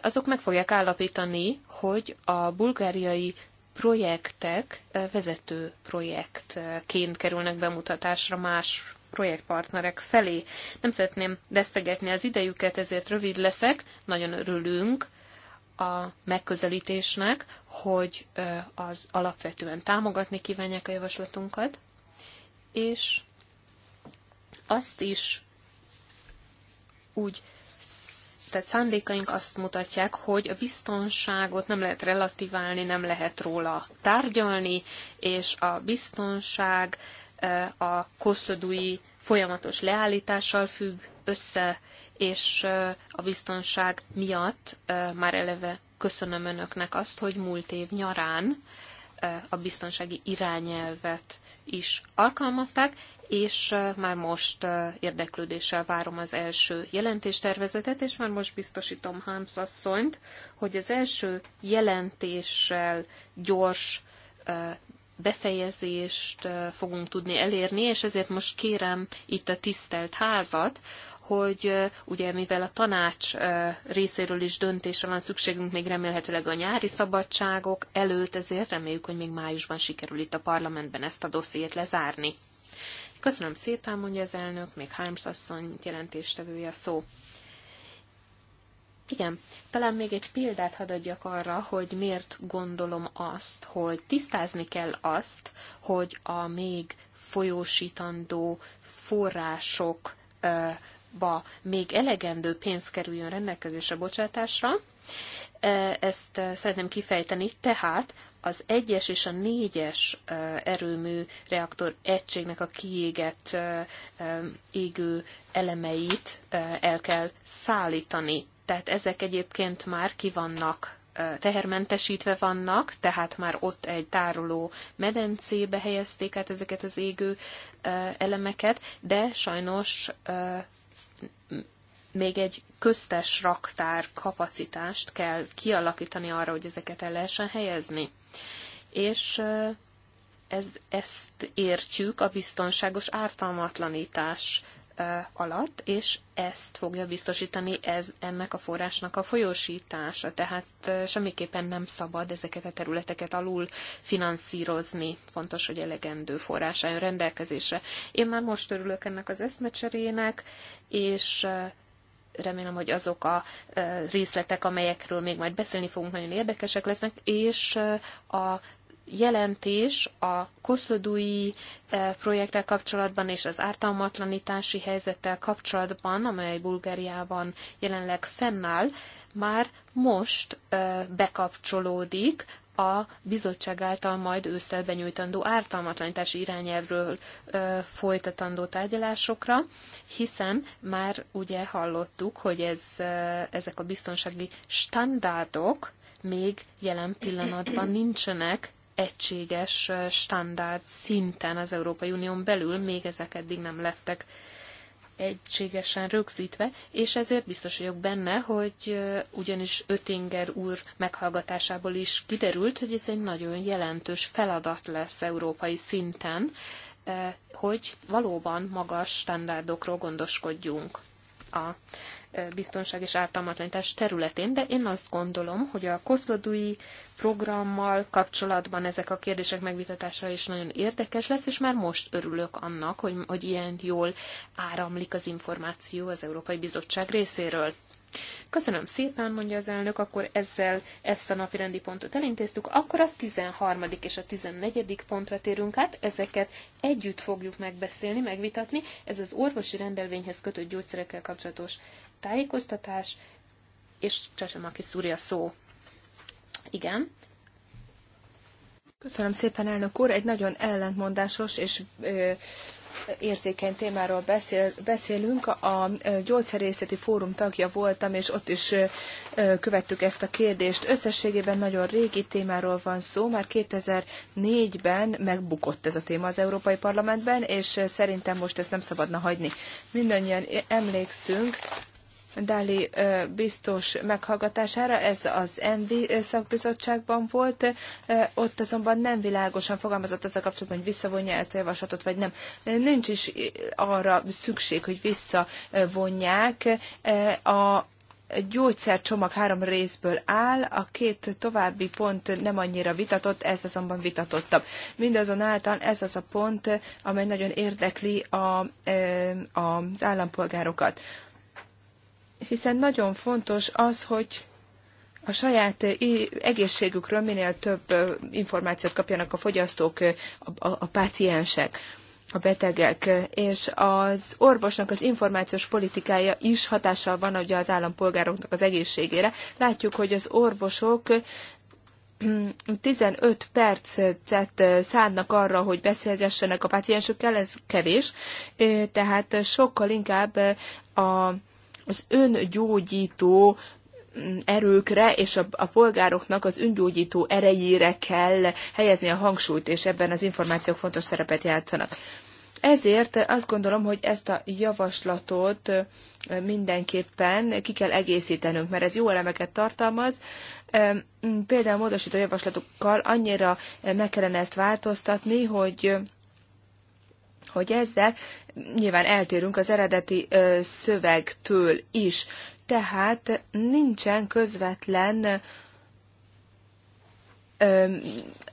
azok meg fogják állapítani, hogy a bulgáriai projektek vezető projektként kerülnek bemutatásra más projektpartnerek felé. Nem szeretném vesztegetni az idejüket, ezért rövid leszek. Nagyon örülünk a megközelítésnek, hogy az alapvetően támogatni kívánják a javaslatunkat, és azt is úgy, tehát szándékaink azt mutatják, hogy a biztonságot nem lehet relativálni, nem lehet róla tárgyalni, és a biztonság a koszlodúi folyamatos leállítással függ össze, és a biztonság miatt már eleve köszönöm önöknek azt, hogy múlt év nyarán a biztonsági irányelvet is alkalmazták, és már most érdeklődéssel várom az első jelentéstervezetet, és már most biztosítom Hans asszonyt, hogy az első jelentéssel gyors befejezést fogunk tudni elérni, és ezért most kérem itt a tisztelt házat, hogy ugye mivel a tanács részéről is döntésre van szükségünk, még remélhetőleg a nyári szabadságok előtt, ezért reméljük, hogy még májusban sikerül itt a parlamentben ezt a dossziét lezárni. Köszönöm szépen, mondja az elnök, még Himes asszony jelentéstevője a szó. Igen, talán még egy példát hadd adjak arra, hogy miért gondolom azt, hogy tisztázni kell azt, hogy a még folyósítandó források ba még elegendő pénz kerüljön rendelkezésre bocsátásra. E, ezt e, szeretném kifejteni, tehát az egyes és a négyes e, erőmű reaktor egységnek a kiégett égő elemeit el kell szállítani. Tehát ezek egyébként már kivannak tehermentesítve vannak, tehát már ott egy tároló medencébe helyezték át ezeket az égő elemeket, de sajnos még egy köztes raktár kapacitást kell kialakítani arra, hogy ezeket el lehessen helyezni. És ez, ezt értjük a biztonságos ártalmatlanítás alatt, és ezt fogja biztosítani ez ennek a forrásnak a folyósítása. Tehát semmiképpen nem szabad ezeket a területeket alul finanszírozni. Fontos, hogy elegendő forrás rendelkezésre. Én már most örülök ennek az eszmecserének, és remélem, hogy azok a részletek, amelyekről még majd beszélni fogunk, nagyon érdekesek lesznek, és a jelentés a koszlodói projekttel kapcsolatban és az ártalmatlanítási helyzettel kapcsolatban, amely Bulgáriában jelenleg fennáll, már most bekapcsolódik a bizottság által majd ősszel benyújtandó ártalmatlanítási irányelvről ö, folytatandó tárgyalásokra, hiszen már ugye hallottuk, hogy ez, ö, ezek a biztonsági standardok még jelen pillanatban nincsenek egységes standard szinten az Európai Unión belül, még ezek eddig nem lettek egységesen rögzítve, és ezért biztos vagyok benne, hogy ugyanis Ötinger úr meghallgatásából is kiderült, hogy ez egy nagyon jelentős feladat lesz európai szinten, hogy valóban magas standardokról gondoskodjunk a e, biztonság és ártalmatlanítás területén, de én azt gondolom, hogy a koszlodói programmal kapcsolatban ezek a kérdések megvitatása is nagyon érdekes lesz, és már most örülök annak, hogy, hogy ilyen jól áramlik az információ az Európai Bizottság részéről. Köszönöm szépen, mondja az elnök, akkor ezzel ezt a napi rendi pontot elintéztük, akkor a 13. és a 14. pontra térünk át, ezeket együtt fogjuk megbeszélni, megvitatni, ez az orvosi rendelvényhez kötött gyógyszerekkel kapcsolatos tájékoztatás, és Csacsamaki szúrja szó. Igen. Köszönöm szépen, elnök úr. Egy nagyon ellentmondásos és ö, érzékeny témáról beszél, beszélünk. A gyógyszerészeti fórum tagja voltam, és ott is követtük ezt a kérdést. Összességében nagyon régi témáról van szó. Már 2004-ben megbukott ez a téma az Európai Parlamentben, és szerintem most ezt nem szabadna hagyni. Mindannyian emlékszünk Dáli biztos meghallgatására, ez az ENVI szakbizottságban volt, ott azonban nem világosan fogalmazott a kapcsolatban, hogy visszavonja ezt a javaslatot, vagy nem. Nincs is arra szükség, hogy visszavonják. A gyógyszercsomag három részből áll, a két további pont nem annyira vitatott, ez azonban vitatottabb. Mindazonáltal ez az a pont, amely nagyon érdekli a, az állampolgárokat hiszen nagyon fontos az, hogy a saját eh, egészségükről minél több eh, információt kapjanak a fogyasztók, eh, a, a, a páciensek, a betegek, és az orvosnak az információs politikája is hatással van ugye az állampolgároknak az egészségére. Látjuk, hogy az orvosok 15 percet szánnak arra, hogy beszélgessenek a páciensükkel, ez kevés, tehát sokkal inkább a az öngyógyító mm, erőkre és a, a polgároknak az öngyógyító erejére kell helyezni a hangsúlyt, és ebben az információk fontos szerepet játszanak. Ezért azt gondolom, hogy ezt a javaslatot mindenképpen ki kell egészítenünk, mert ez jó elemeket tartalmaz. Például módosító javaslatokkal annyira meg kellene ezt változtatni, hogy hogy ezzel nyilván eltérünk az eredeti szövegtől is. Tehát nincsen közvetlen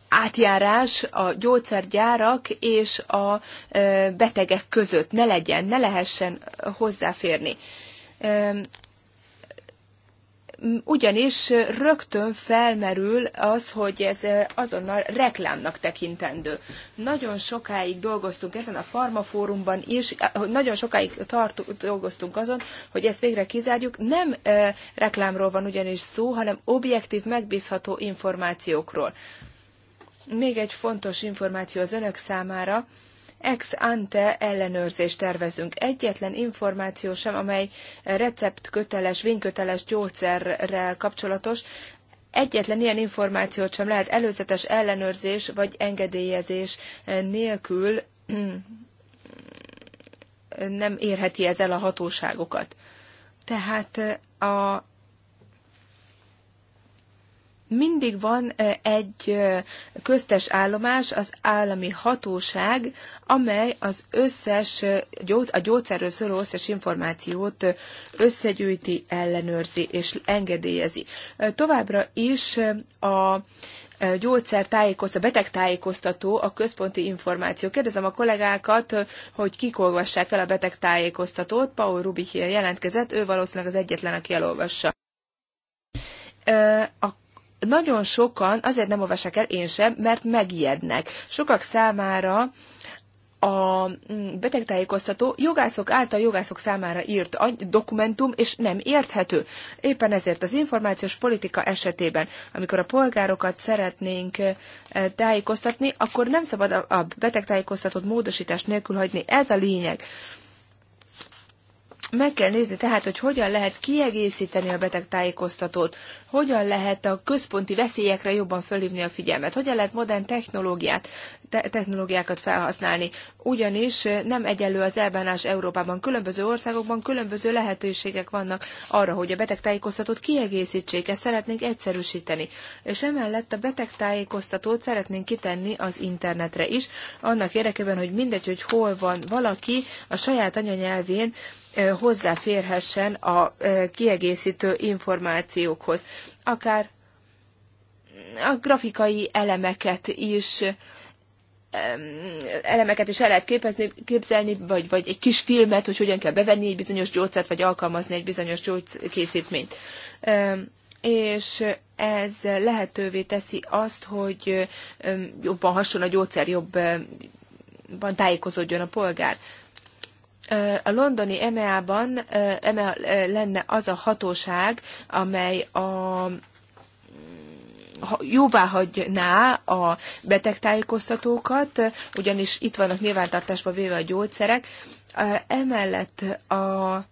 átjárás a gyógyszergyárak és a betegek között ne legyen, ne lehessen hozzáférni ugyanis rögtön felmerül az, hogy ez azonnal reklámnak tekintendő. Nagyon sokáig dolgoztunk ezen a farmafórumban is, nagyon sokáig tart, dolgoztunk azon, hogy ezt végre kizárjuk. Nem e, reklámról van ugyanis szó, hanem objektív, megbízható információkról. Még egy fontos információ az önök számára, ex ante ellenőrzést tervezünk. Egyetlen információ sem, amely receptköteles, vényköteles gyógyszerrel kapcsolatos, Egyetlen ilyen információt sem lehet előzetes ellenőrzés vagy engedélyezés nélkül nem érheti ezzel el a hatóságokat. Tehát a mindig van egy köztes állomás, az állami hatóság, amely az összes, a gyógyszerről szóló összes információt összegyűjti, ellenőrzi és engedélyezi. Továbbra is a gyógyszer tájékoztató, beteg tájékoztató a központi információ. Kérdezem a kollégákat, hogy kik olvassák el a beteg tájékoztatót. Paul Rubik jelentkezett, ő valószínűleg az egyetlen, aki elolvassa a nagyon sokan azért nem olvassák el, én sem, mert megijednek. Sokak számára a mm, betegtájékoztató jogászok által jogászok számára írt dokumentum, és nem érthető. Éppen ezért az információs politika esetében, amikor a polgárokat szeretnénk eh, tájékoztatni, akkor nem szabad a betegtájékoztatót módosítás nélkül hagyni. Ez a lényeg. Meg kell nézni tehát, hogy hogyan lehet kiegészíteni a tájékoztatót, hogyan lehet a központi veszélyekre jobban fölhívni a figyelmet, hogyan lehet modern technológiát, te- technológiákat felhasználni, ugyanis eh, nem egyenlő az elbánás Európában. Különböző országokban különböző lehetőségek vannak arra, hogy a tájékoztatót kiegészítsék, ezt szeretnénk egyszerűsíteni. És emellett a tájékoztatót szeretnénk kitenni az internetre is, annak érdekében, hogy mindegy, hogy hol van valaki, a saját anyanyelvén, hozzáférhessen a kiegészítő információkhoz, akár a grafikai elemeket is elemeket is el lehet képezni, képzelni, vagy, vagy egy kis filmet, hogy hogyan kell bevenni egy bizonyos gyógyszert, vagy alkalmazni egy bizonyos gyógykészítményt. És ez lehetővé teszi azt, hogy jobban hason a gyógyszer, jobban tájékozódjon a polgár a londoni EMEA-ban EMEA lenne az a hatóság, amely a mm, jóvá hagyná a betegtájékoztatókat, ugyanis itt vannak nyilvántartásba véve a gyógyszerek. Emellett a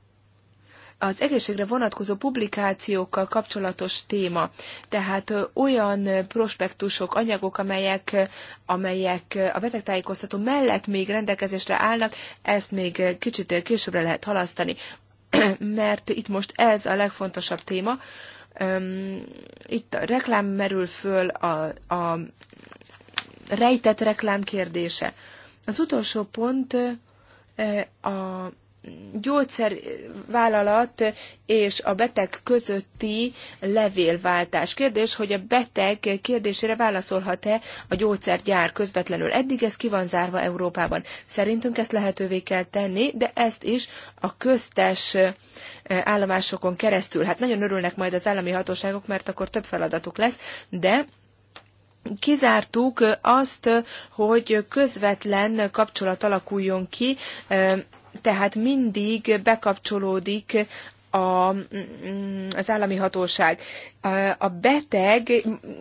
az egészségre vonatkozó publikációkkal kapcsolatos téma. Tehát olyan prospektusok, anyagok, amelyek, amelyek a betegtájékoztató mellett még rendelkezésre állnak, ezt még kicsit későbbre lehet halasztani, mert itt most ez a legfontosabb téma. Itt a reklám merül föl, a, a rejtett reklám kérdése. Az utolsó pont a gyógyszervállalat és a beteg közötti levélváltás. Kérdés, hogy a beteg kérdésére válaszolhat-e a gyógyszergyár közvetlenül. Eddig ez ki van zárva Európában. Szerintünk ezt lehetővé kell tenni, de ezt is a köztes állomásokon keresztül. Hát nagyon örülnek majd az állami hatóságok, mert akkor több feladatuk lesz, de kizártuk azt, hogy közvetlen kapcsolat alakuljon ki tehát mindig bekapcsolódik a, az állami hatóság. A beteg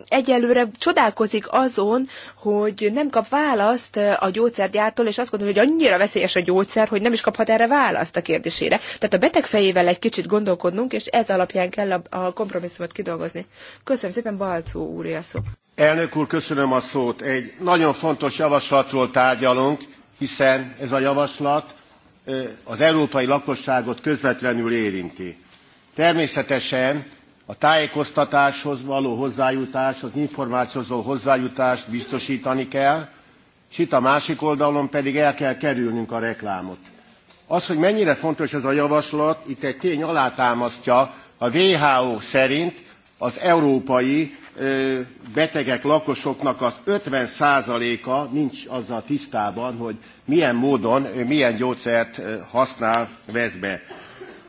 egyelőre csodálkozik azon, hogy nem kap választ a gyógyszergyártól, és azt gondolja, hogy annyira veszélyes a gyógyszer, hogy nem is kaphat erre választ a kérdésére. Tehát a beteg fejével egy kicsit gondolkodnunk, és ez alapján kell a, a kompromisszumot kidolgozni. Köszönöm szépen, Balcó úr, a szó. Elnök úr, köszönöm a szót. Egy nagyon fontos javaslatról tárgyalunk, hiszen ez a javaslat az európai lakosságot közvetlenül érinti. Természetesen a tájékoztatáshoz való hozzájutás, az információhoz való hozzájutást biztosítani kell, és itt a másik oldalon pedig el kell kerülnünk a reklámot. Az, hogy mennyire fontos ez a javaslat, itt egy tény alátámasztja, a WHO szerint az európai betegek lakosoknak az 50%-a nincs azzal tisztában, hogy milyen módon, milyen gyógyszert használ, vesz be.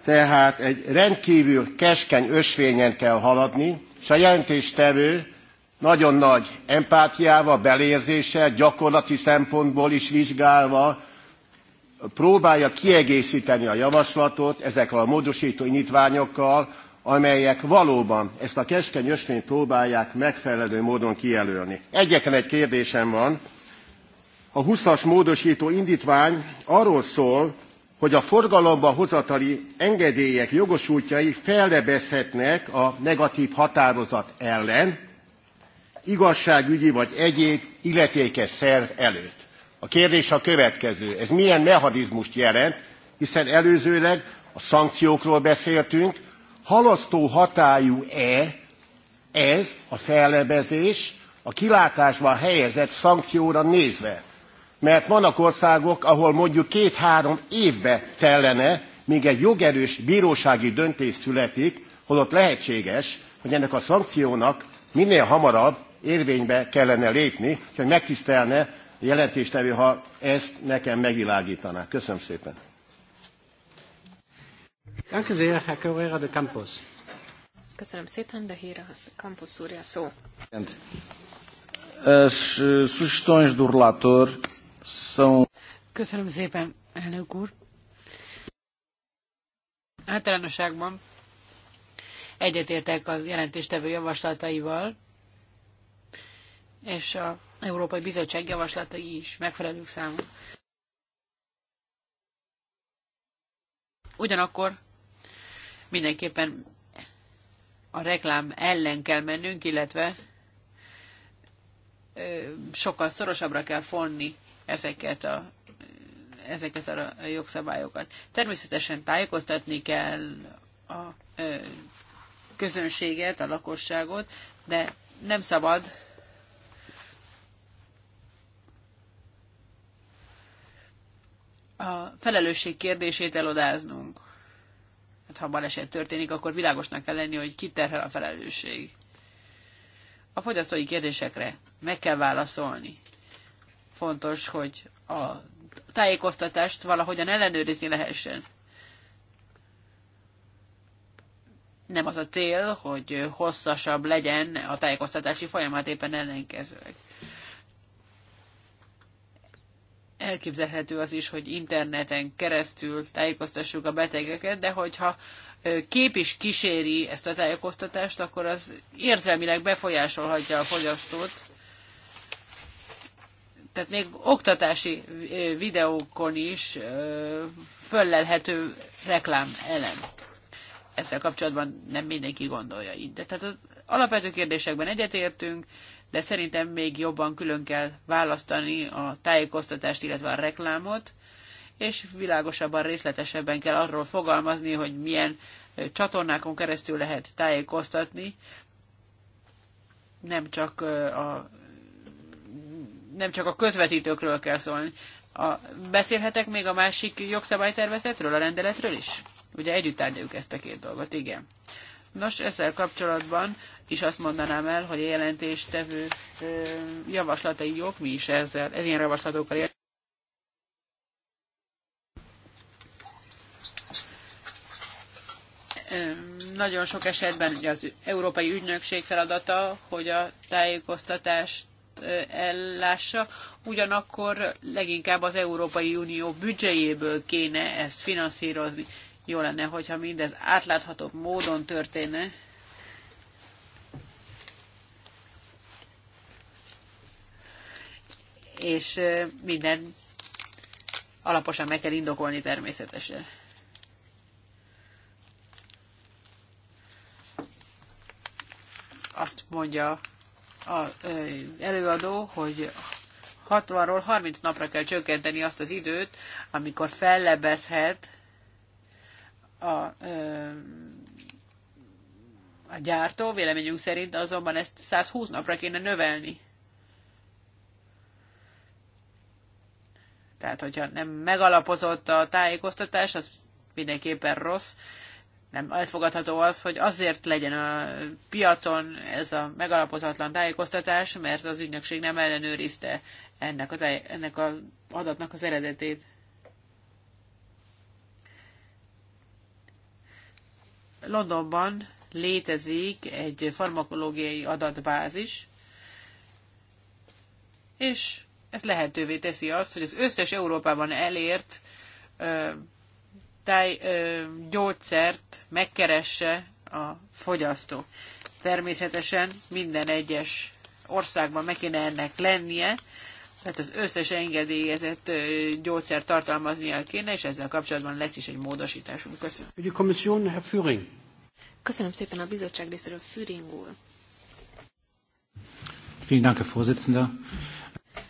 Tehát egy rendkívül keskeny ösvényen kell haladni, és a jelentéstevő nagyon nagy empátiával, belérzéssel, gyakorlati szempontból is vizsgálva próbálja kiegészíteni a javaslatot ezekkel a módosító nyitványokkal, amelyek valóban ezt a keskeny ösvényt próbálják megfelelő módon kijelölni. Egyetlen egy kérdésem van. A 20-as módosító indítvány arról szól, hogy a forgalomba hozatali engedélyek jogosultjai fellebezhetnek a negatív határozat ellen, igazságügyi vagy egyéb illetékes szerv előtt. A kérdés a következő. Ez milyen mechanizmust jelent, hiszen előzőleg a szankciókról beszéltünk, halasztó hatályú-e ez a fellebezés a kilátásban helyezett szankcióra nézve? Mert vannak országok, ahol mondjuk két-három évbe tellene, míg egy jogerős bírósági döntés születik, holott lehetséges, hogy ennek a szankciónak minél hamarabb érvénybe kellene lépni, hogy megtisztelne a jelentéstevő, ha ezt nekem megvilágítaná. Köszönöm szépen. Danke sehr, Herr Correa de Campos. Köszönöm szépen, de hír a Campos úr a szó. As eh, sugestões do relator são... Köszönöm szépen, elnök úr. Általánosságban egyetértek az jelentéstevő javaslataival, és a Európai Bizottság javaslatai is megfelelők számú. Ugyanakkor Mindenképpen a reklám ellen kell mennünk, illetve sokkal szorosabbra kell fonni ezeket a ezeket a jogszabályokat. Természetesen tájékoztatni kell a közönséget, a lakosságot, de nem szabad a felelősség kérdését elodáznunk hát ha baleset történik, akkor világosnak kell lenni, hogy ki terhel a felelősség. A fogyasztói kérdésekre meg kell válaszolni. Fontos, hogy a tájékoztatást valahogyan ellenőrizni lehessen. Nem az a cél, hogy hosszasabb legyen a tájékoztatási folyamat, éppen ellenkezőleg. elképzelhető az is, hogy interneten keresztül tájékoztassuk a betegeket, de hogyha kép is kíséri ezt a tájékoztatást, akkor az érzelmileg befolyásolhatja a fogyasztót. Tehát még oktatási videókon is föllelhető reklám elem. Ezzel kapcsolatban nem mindenki gondolja így. De tehát az alapvető kérdésekben egyetértünk, de szerintem még jobban külön kell választani a tájékoztatást, illetve a reklámot, és világosabban, részletesebben kell arról fogalmazni, hogy milyen csatornákon keresztül lehet tájékoztatni, nem csak a, nem csak a közvetítőkről kell szólni. A, beszélhetek még a másik jogszabálytervezetről, a rendeletről is? Ugye együtt tárgyaljuk ezt a két dolgot, igen. Nos, ezzel kapcsolatban is azt mondanám el, hogy a jelentéstevő javaslatai jók, mi is ezzel, ilyen javaslatokkal ér. Nagyon sok esetben ugye az Európai Ügynökség feladata, hogy a tájékoztatást ellássa, ugyanakkor leginkább az Európai Unió büdzséjéből kéne ezt finanszírozni. Jó lenne, hogyha mindez átláthatóbb módon történne, és minden alaposan meg kell indokolni természetesen. Azt mondja az előadó, hogy 60-ról 30 napra kell csökkenteni azt az időt, amikor fellebezhet a, a gyártó. Véleményünk szerint azonban ezt 120 napra kéne növelni. Tehát, hogyha nem megalapozott a tájékoztatás, az mindenképpen rossz. Nem elfogadható az, hogy azért legyen a piacon ez a megalapozatlan tájékoztatás, mert az ügynökség nem ellenőrizte ennek a, ennek a adatnak az eredetét. Londonban létezik egy farmakológiai adatbázis, és ez lehetővé teszi azt, hogy az összes Európában elért ö, táj, ö, gyógyszert megkeresse a fogyasztó. Természetesen minden egyes országban meg kéne ennek lennie, tehát az összes engedélyezett gyógyszer tartalmaznia kéne, és ezzel kapcsolatban lesz is egy módosításunk. Köszönöm. Köszönöm szépen a bizottság részéről, Füring úr. Vielen Dank, Herr Vorsitzender.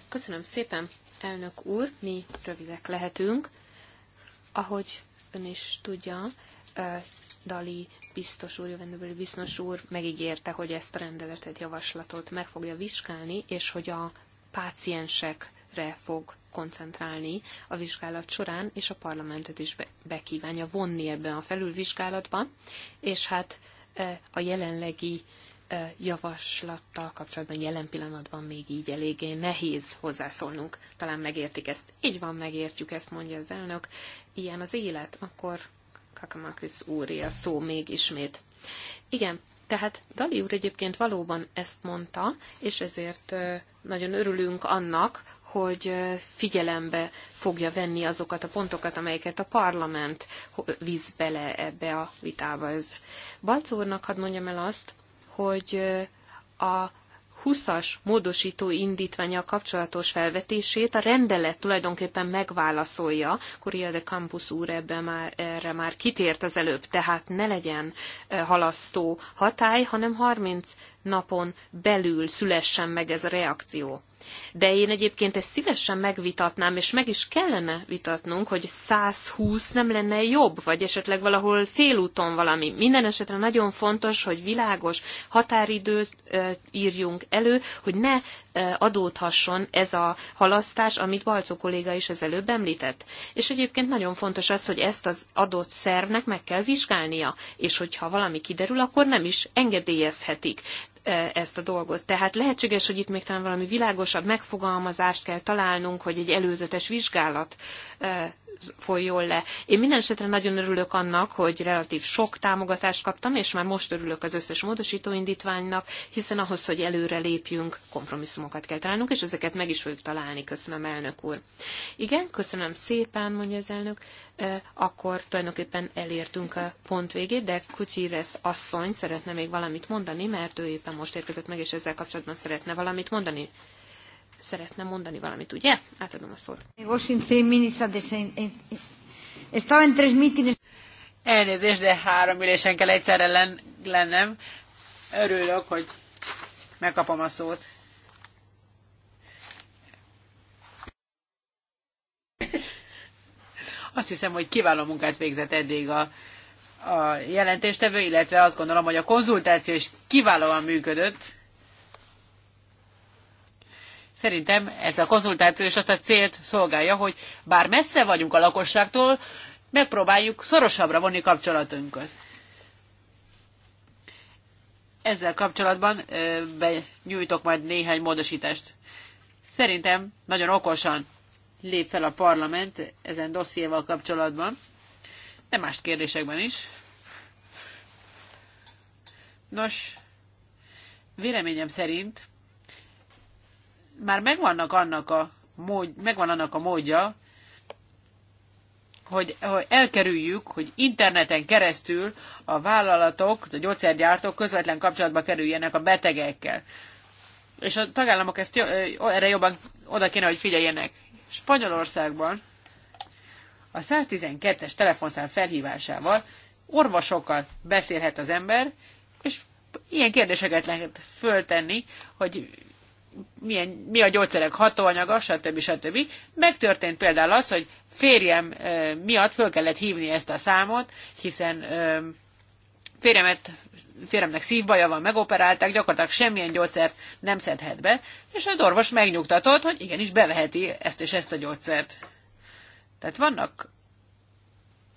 Köszönöm szépen, elnök úr, mi rövidek lehetünk. Ahogy ön is tudja, Dali biztos úr, jövendőbeli biztos úr megígérte, hogy ezt a rendeletet, javaslatot meg fogja vizsgálni, és hogy a páciensekre fog koncentrálni a vizsgálat során, és a parlamentet is bekívánja vonni ebben a felülvizsgálatban, és hát a jelenlegi javaslattal kapcsolatban jelen pillanatban még így eléggé nehéz hozzászólnunk. Talán megértik ezt. Így van, megértjük ezt, mondja az elnök. Ilyen az élet, akkor Kakamakris úr a szó még ismét. Igen, tehát Dali úr egyébként valóban ezt mondta, és ezért nagyon örülünk annak, hogy figyelembe fogja venni azokat a pontokat, amelyeket a parlament víz bele ebbe a vitába. Ez Balc úrnak hadd mondjam el azt, hogy a 20-as módosító indítványa kapcsolatos felvetését a rendelet tulajdonképpen megválaszolja. Coria de Campus úr ebbe már, erre már kitért az előbb, tehát ne legyen halasztó hatály, hanem 30 napon belül szülessen meg ez a reakció de én egyébként ezt szívesen megvitatnám, és meg is kellene vitatnunk, hogy 120 nem lenne jobb, vagy esetleg valahol félúton valami. Minden esetre nagyon fontos, hogy világos határidőt írjunk elő, hogy ne adódhasson ez a halasztás, amit Balcó kolléga is ezelőbb előbb említett. És egyébként nagyon fontos az, hogy ezt az adott szervnek meg kell vizsgálnia, és hogyha valami kiderül, akkor nem is engedélyezhetik ezt a dolgot. Tehát lehetséges, hogy itt még talán valami világosabb megfogalmazást kell találnunk, hogy egy előzetes vizsgálat folyjon le. Én minden esetre nagyon örülök annak, hogy relatív sok támogatást kaptam, és már most örülök az összes módosítóindítványnak, indítványnak, hiszen ahhoz, hogy előre lépjünk, kompromisszumokat kell találnunk, és ezeket meg is fogjuk találni. Köszönöm, elnök úr. Igen, köszönöm szépen, mondja az elnök. Akkor tulajdonképpen elértünk a pont végét, de Kutyires asszony szeretne még valamit mondani, mert ő éppen most érkezett meg, és ezzel kapcsolatban szeretne valamit mondani. Szeretne mondani valamit, ugye? Átadom a szót. Elnézést, de három ülésen kell egyszerre len lennem. Örülök, hogy megkapom a szót. Azt hiszem, hogy kiváló munkát végzett eddig a a jelentéstevő, illetve azt gondolom, hogy a konzultáció is kiválóan működött. Szerintem ez a konzultáció is azt a célt szolgálja, hogy bár messze vagyunk a lakosságtól, megpróbáljuk szorosabbra vonni kapcsolatunkat. Ezzel kapcsolatban ö, benyújtok majd néhány módosítást. Szerintem nagyon okosan lép fel a parlament ezen dossziéval kapcsolatban de más kérdésekben is. Nos, véleményem szerint már megvannak annak a mód, megvan annak a módja, hogy, hogy elkerüljük, hogy interneten keresztül a vállalatok, a gyógyszergyártók közvetlen kapcsolatba kerüljenek a betegekkel. És a tagállamok ezt erre jobban oda kéne, hogy figyeljenek. Spanyolországban a 112-es telefonszám felhívásával orvosokkal beszélhet az ember, és ilyen kérdéseket lehet föltenni, hogy milyen, mi a gyógyszerek hatóanyaga, stb. stb. Megtörtént például az, hogy férjem miatt föl kellett hívni ezt a számot, hiszen férjemet, férjemnek szívbaja van, megoperálták, gyakorlatilag semmilyen gyógyszert nem szedhet be, és az orvos megnyugtatott, hogy igenis beveheti ezt és ezt a gyógyszert. Tehát vannak,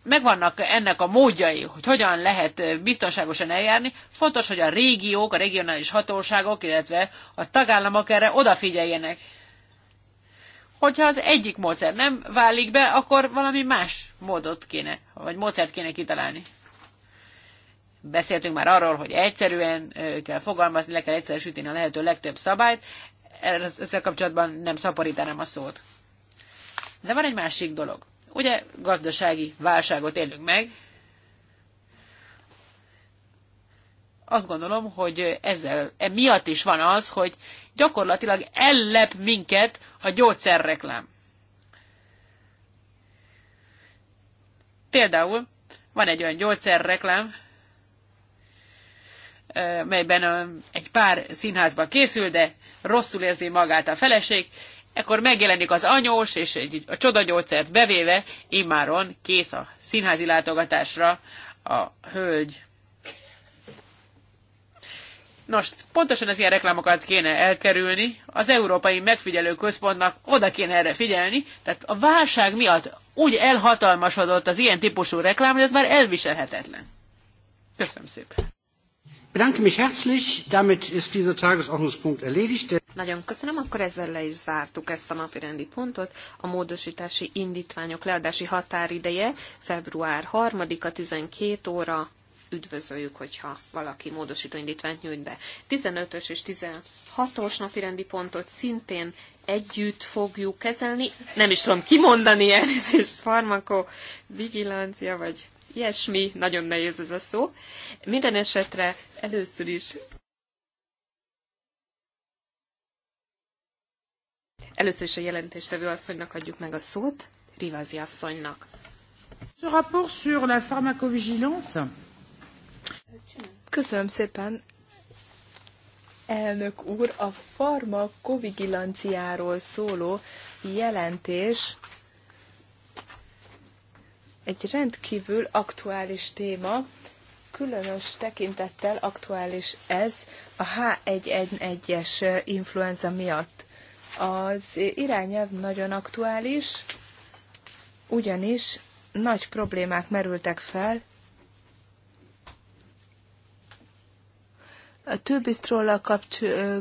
megvannak ennek a módjai, hogy hogyan lehet biztonságosan eljárni. Fontos, hogy a régiók, a regionális hatóságok, illetve a tagállamok erre odafigyeljenek. Hogyha az egyik módszer nem válik be, akkor valami más módot kéne, vagy módszert kéne kitalálni. Beszéltünk már arról, hogy egyszerűen kell fogalmazni, le kell egyszerűsíteni a lehető legtöbb szabályt. Ezzel kapcsolatban nem szaporítanám a szót. De van egy másik dolog. Ugye gazdasági válságot élünk meg. Azt gondolom, hogy ezzel e miatt is van az, hogy gyakorlatilag ellep minket a gyógyszerreklám. Például van egy olyan gyógyszerreklám, melyben egy pár színházban készül, de rosszul érzi magát a feleség, ekkor megjelenik az anyós, és egy, a csodagyógyszert bevéve immáron kész a színházi látogatásra a hölgy. Nos, pontosan az ilyen reklámokat kéne elkerülni, az Európai Megfigyelő Központnak oda kéne erre figyelni, tehát a válság miatt úgy elhatalmasodott az ilyen típusú reklám, hogy ez már elviselhetetlen. Köszönöm szépen! bedanke mich herzlich. Damit ist dieser Tagesordnungspunkt erledigt. Nagyon köszönöm, akkor ezzel le is zártuk ezt a napi rendi pontot. A módosítási indítványok leadási határideje február 3-a 12 óra. Üdvözöljük, hogyha valaki módosító indítványt nyújt be. 15-ös és 16-os napirendi pontot szintén együtt fogjuk kezelni. Nem is tudom kimondani, elnézést, farmakó vigilancia, vagy ilyesmi, nagyon nehéz ez a szó. Minden esetre először is Először is a jelentéstevő asszonynak adjuk meg a szót, Rivazi asszonynak. Ce rapport sur la pharmacovigilance. Köszönöm szépen. Elnök úr, a farmakovigilanciáról szóló jelentés egy rendkívül aktuális téma, különös tekintettel aktuális ez a H1N1-es influenza miatt. Az irányelv nagyon aktuális, ugyanis nagy problémák merültek fel. A tőbisztróla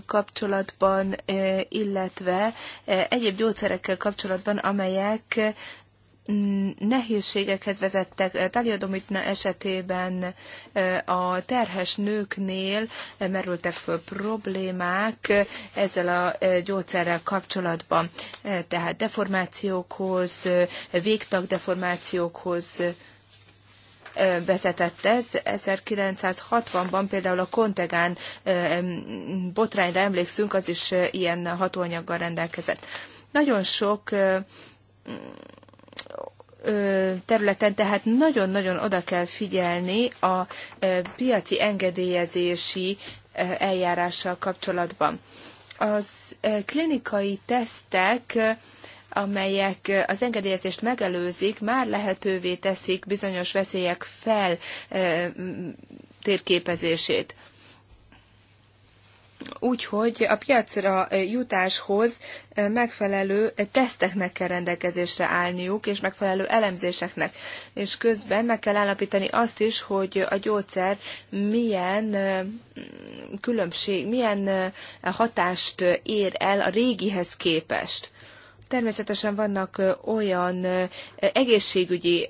kapcsolatban, eh, illetve eh, egyéb gyógyszerekkel kapcsolatban, amelyek nehézségekhez vezettek. Taliadomit esetében a terhes nőknél merültek föl problémák ezzel a gyógyszerrel kapcsolatban. Tehát deformációkhoz, végtag deformációkhoz vezetett ez. 1960-ban például a Kontegán botrányra emlékszünk, az is ilyen hatóanyaggal rendelkezett. Nagyon sok területen, tehát nagyon-nagyon oda kell figyelni a piaci engedélyezési eljárással kapcsolatban. Az klinikai tesztek amelyek az engedélyezést megelőzik, már lehetővé teszik bizonyos veszélyek fel térképezését úgyhogy a piacra jutáshoz megfelelő teszteknek kell rendelkezésre állniuk, és megfelelő elemzéseknek. És közben meg kell állapítani azt is, hogy a gyógyszer milyen különbség, milyen hatást ér el a régihez képest. Természetesen vannak olyan egészségügyi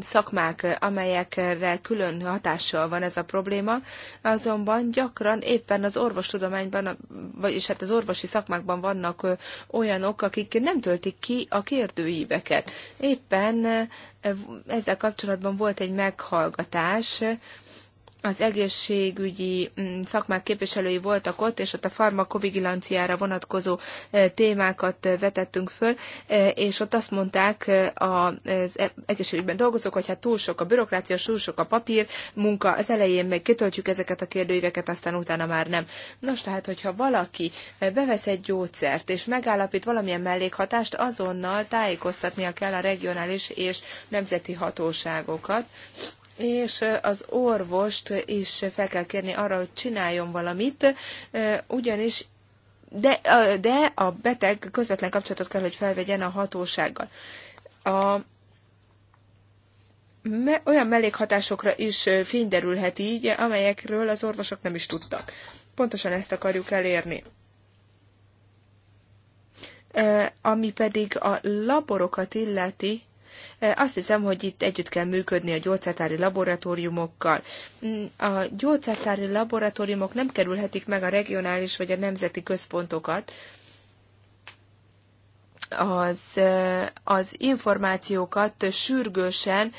szakmák, amelyekre külön hatással van ez a probléma, azonban gyakran éppen az orvostudományban, vagyis hát az orvosi szakmákban vannak olyanok, akik nem töltik ki a kérdőíveket. Éppen ezzel kapcsolatban volt egy meghallgatás, az egészségügyi mm, szakmák képviselői voltak ott, és ott a farmakovigilanciára vonatkozó e, témákat e, vetettünk föl, e, és ott azt mondták az egészségügyben dolgozók, hogy hát túl sok a bürokrácia, túl sok a papír munka, az elején meg kitöltjük ezeket a kérdőíveket, aztán utána már nem. Nos, tehát, hogyha valaki bevesz egy gyógyszert, és megállapít valamilyen mellékhatást, azonnal tájékoztatnia kell a regionális és nemzeti hatóságokat, és az orvost is fel kell kérni arra, hogy csináljon valamit, ugyanis de, de a beteg közvetlen kapcsolatot kell, hogy felvegyen a hatósággal. A, me, olyan mellékhatásokra is fény derülhet így, amelyekről az orvosok nem is tudtak. Pontosan ezt akarjuk elérni. Ami pedig a laborokat illeti, azt hiszem, hogy itt együtt kell működni a gyógyszertári laboratóriumokkal. Mm, a gyógyszertári laboratóriumok nem kerülhetik meg a regionális vagy a nemzeti központokat, az, az információkat sürgősen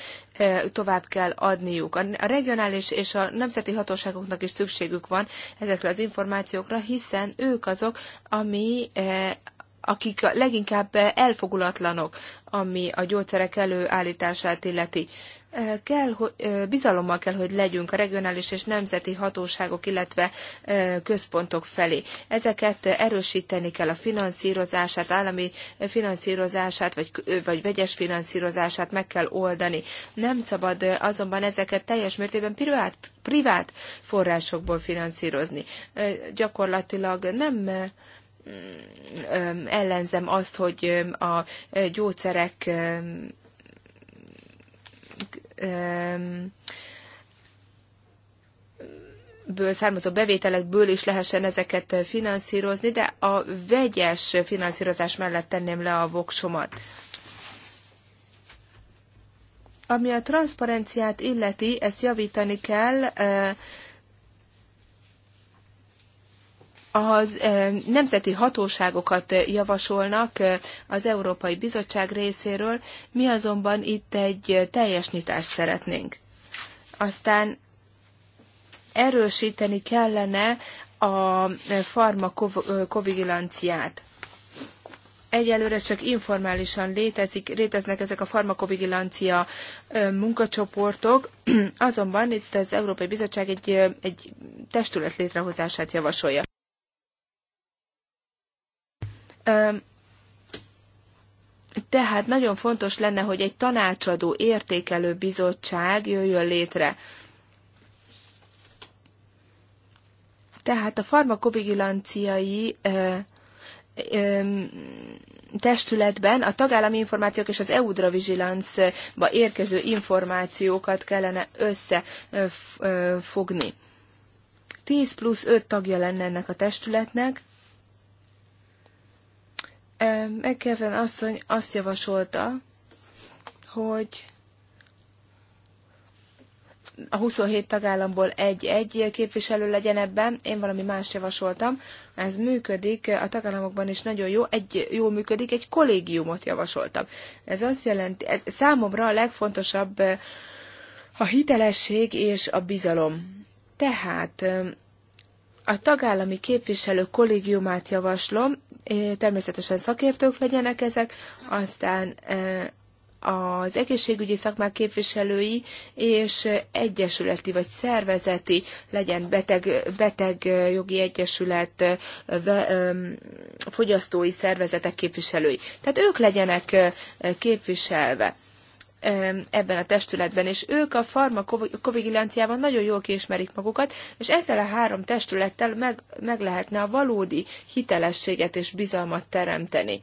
tovább kell adniuk. A regionális és a nemzeti hatóságoknak is szükségük van ezekre az információkra, hiszen ők azok, ami akik leginkább elfogulatlanok, ami a gyógyszerek előállítását illeti. Kell, hogy, bizalommal kell, hogy legyünk a regionális és nemzeti hatóságok, illetve központok felé. Ezeket erősíteni kell a finanszírozását, állami finanszírozását, vagy, vagy vegyes finanszírozását meg kell oldani. Nem szabad azonban ezeket teljes mértékben privát, privát forrásokból finanszírozni. Gyakorlatilag nem ellenzem azt, hogy a gyógyszerek ből származó bevételekből is lehessen ezeket finanszírozni, de a vegyes finanszírozás mellett tenném le a voksomat. Ami a transzparenciát illeti, ezt javítani kell, az eh, nemzeti hatóságokat eh, javasolnak eh, az Európai Bizottság részéről, mi azonban itt egy teljes nyitást szeretnénk. Aztán erősíteni kellene a farmakovigilanciát. Egyelőre csak informálisan létezik, léteznek ezek a farmakovigilancia munkacsoportok, azonban itt az Európai Bizottság egy, egy testület létrehozását javasolja. Tehát nagyon fontos lenne, hogy egy tanácsadó értékelő bizottság jöjjön létre. Tehát a farmakovigilanciai testületben a tagállami információk és az EU vigilancba érkező információkat kellene összefogni. 10 plusz 5 tagja lenne ennek a testületnek, McKeven asszony azt javasolta, hogy a 27 tagállamból egy-egy képviselő legyen ebben, én valami más javasoltam, ez működik, a tagállamokban is nagyon jó, egy jó működik, egy kollégiumot javasoltam. Ez azt jelenti, ez számomra a legfontosabb eh, a hitelesség és a bizalom. Tehát eh, a tagállami képviselő kollégiumát javaslom, természetesen szakértők legyenek ezek, aztán e, az egészségügyi szakmák képviselői és egyesületi vagy szervezeti legyen beteg, beteg jogi egyesület, fogyasztói szervezetek képviselői. Tehát ők legyenek képviselve ebben a testületben, és ők a farmakovigilanciában nagyon jól kiismerik magukat, és ezzel a három testülettel meg, meg lehetne a valódi hitelességet és bizalmat teremteni.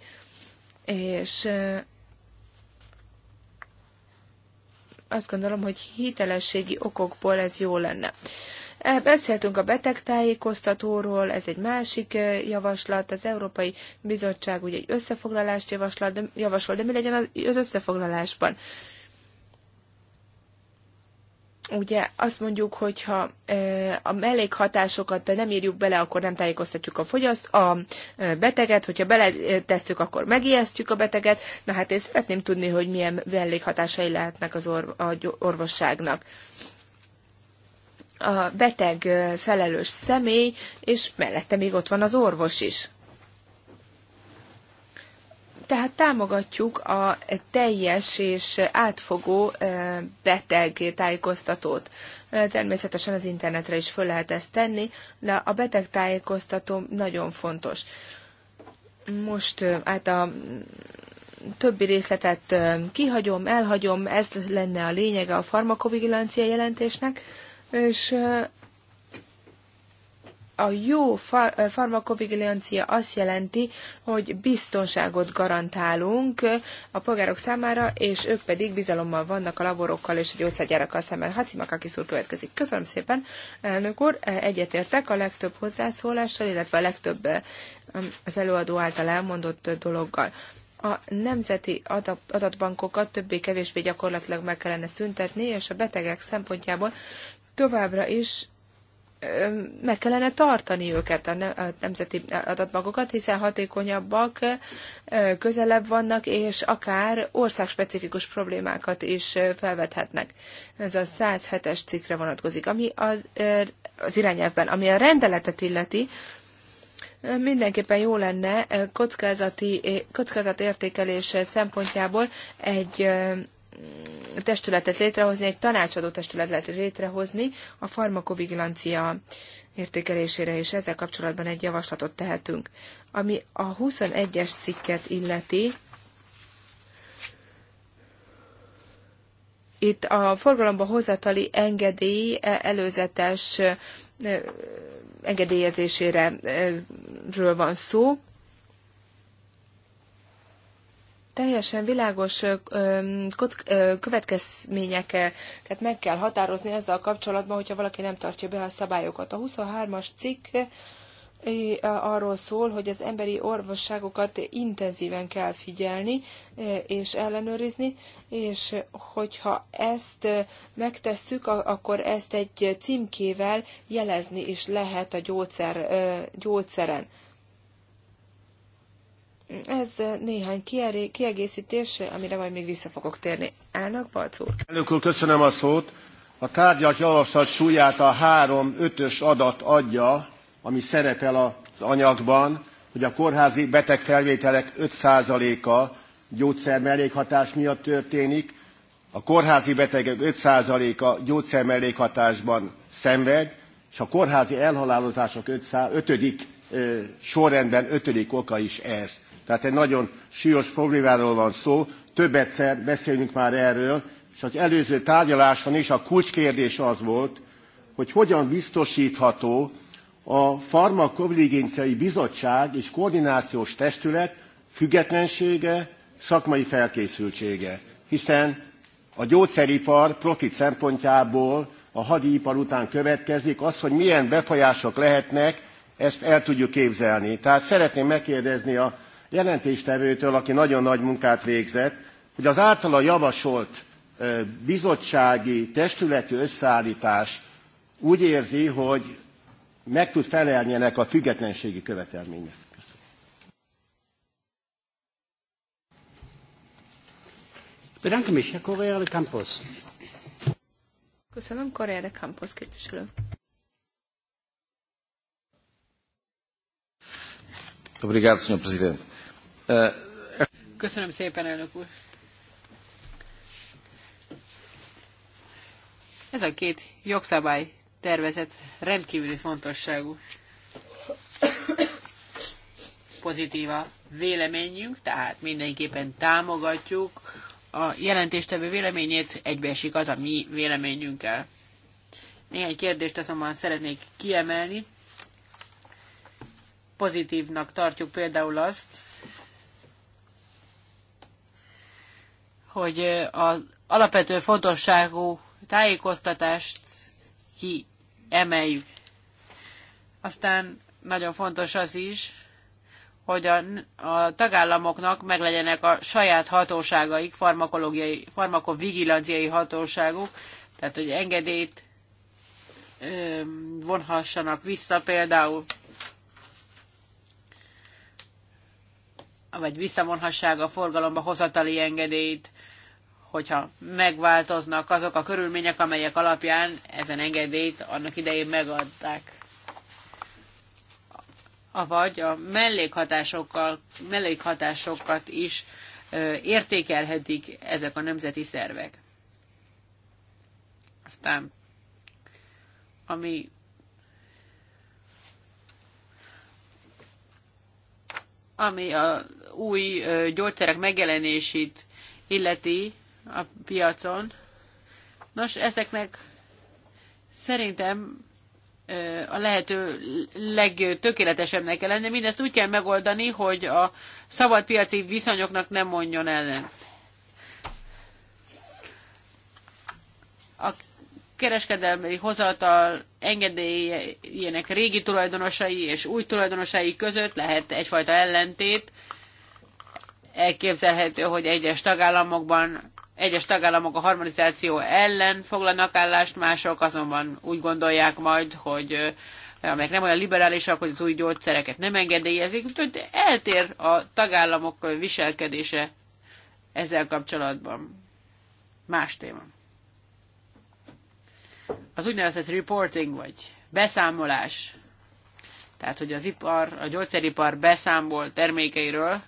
És azt gondolom, hogy hitelességi okokból ez jó lenne. Beszéltünk a betegtájékoztatóról, ez egy másik javaslat, az Európai Bizottság ugye egy összefoglalást javaslat, de, javasol, de mi legyen az összefoglalásban? ugye azt mondjuk, hogy ha a mellékhatásokat nem írjuk bele, akkor nem tájékoztatjuk a fogyaszt, a beteget, hogyha beletesszük, akkor megijesztjük a beteget. Na hát én szeretném tudni, hogy milyen mellékhatásai lehetnek az or- a orvosságnak a beteg felelős személy, és mellette még ott van az orvos is. Tehát támogatjuk a teljes és átfogó beteg tájékoztatót. Természetesen az internetre is föl lehet ezt tenni, de a beteg tájékoztató nagyon fontos. Most hát a többi részletet kihagyom, elhagyom, ez lenne a lényege a farmakovigilancia jelentésnek és a jó far- farmakovigilancia azt jelenti, hogy biztonságot garantálunk a polgárok számára, és ők pedig bizalommal vannak a laborokkal és a gyógyszergyárakkal szemben. Hacimakaki szúr következik. Köszönöm szépen, elnök úr. Egyetértek a legtöbb hozzászólással, illetve a legtöbb az előadó által elmondott dologgal. A nemzeti adatbankokat többé-kevésbé gyakorlatilag meg kellene szüntetni, és a betegek szempontjából továbbra is meg kellene tartani őket, a nemzeti adatbankokat, hiszen hatékonyabbak, közelebb vannak, és akár országspecifikus problémákat is felvethetnek. Ez a 107-es cikkre vonatkozik, ami az, az irányelvben, ami a rendeletet illeti, Mindenképpen jó lenne kockázati, kockázatértékelés szempontjából egy testületet létrehozni, egy tanácsadó testületet létrehozni a farmakovigilancia értékelésére, és ezzel kapcsolatban egy javaslatot tehetünk. Ami a 21-es cikket illeti, itt a forgalomba hozatali engedély e, előzetes e, engedélyezésére e, ről van szó teljesen világos következményeket meg kell határozni ezzel a kapcsolatban, hogyha valaki nem tartja be a szabályokat. A 23-as cikk arról szól, hogy az emberi orvosságokat intenzíven kell figyelni és ellenőrizni, és hogyha ezt megtesszük, akkor ezt egy címkével jelezni is lehet a gyógyszer, gyógyszeren ez néhány kiegészítés, amire majd még vissza fogok térni. Elnök Balc úr. Elnök úr, köszönöm a szót. A tárgyat javaslat súlyát a 3-5-ös adat adja, ami szerepel az anyagban, hogy a kórházi betegfelvételek 5%-a mellékhatás miatt történik, a kórházi betegek 5%-a mellékhatásban szenved, és a kórházi elhalálozások 5. sorrendben 5. oka is ez. Tehát egy nagyon súlyos problémáról van szó, több egyszer beszélünk már erről, és az előző tárgyaláson is a kulcskérdés az volt, hogy hogyan biztosítható a farmakovligénciai Bizottság és Koordinációs Testület függetlensége, szakmai felkészültsége. Hiszen a gyógyszeripar profit szempontjából a hadipar után következik, az, hogy milyen befolyások lehetnek, ezt el tudjuk képzelni. Tehát szeretném megkérdezni a jelentéstevőtől, aki nagyon nagy munkát végzett, hogy az általa javasolt bizottsági testületi összeállítás úgy érzi, hogy meg tud felelni ennek a függetlenségi követelménynek. Köszönöm, Correa de Campos képviselő. Obrigado, Sr. Presidente. Köszönöm szépen, elnök úr. Ez a két jogszabály tervezet rendkívüli fontosságú. pozitíva a véleményünk, tehát mindenképpen támogatjuk a jelentéstevő véleményét, egybeesik az a mi véleményünkkel. Néhány kérdést azonban szeretnék kiemelni. Pozitívnak tartjuk például azt, hogy az alapvető fontosságú tájékoztatást kiemeljük. Aztán nagyon fontos az is, hogy a, a tagállamoknak meglegyenek a saját hatóságaik, farmakológiai, farmakovigilanciai hatóságuk, tehát hogy engedélyt ö, vonhassanak vissza például, vagy visszavonhassák a forgalomba hozatali engedélyt hogyha megváltoznak azok a körülmények, amelyek alapján ezen engedélyt annak idején megadták. Avagy a mellékhatásokkal, mellékhatásokat is értékelhetik ezek a nemzeti szervek. Aztán, ami ami a új gyógyszerek megjelenését illeti, a piacon. Nos, ezeknek szerintem a lehető legtökéletesebbnek kell lenni. Mindezt úgy kell megoldani, hogy a szabad piaci viszonyoknak nem mondjon ellen. A kereskedelmi hozatal engedélyének régi tulajdonosai és új tulajdonosai között lehet egyfajta ellentét. Elképzelhető, hogy egyes tagállamokban egyes tagállamok a harmonizáció ellen foglalnak állást, mások azonban úgy gondolják majd, hogy amelyek nem olyan liberálisak, hogy az új gyógyszereket nem engedélyezik, úgyhogy eltér a tagállamok viselkedése ezzel kapcsolatban. Más téma. Az úgynevezett reporting, vagy beszámolás, tehát hogy az ipar, a gyógyszeripar beszámol termékeiről,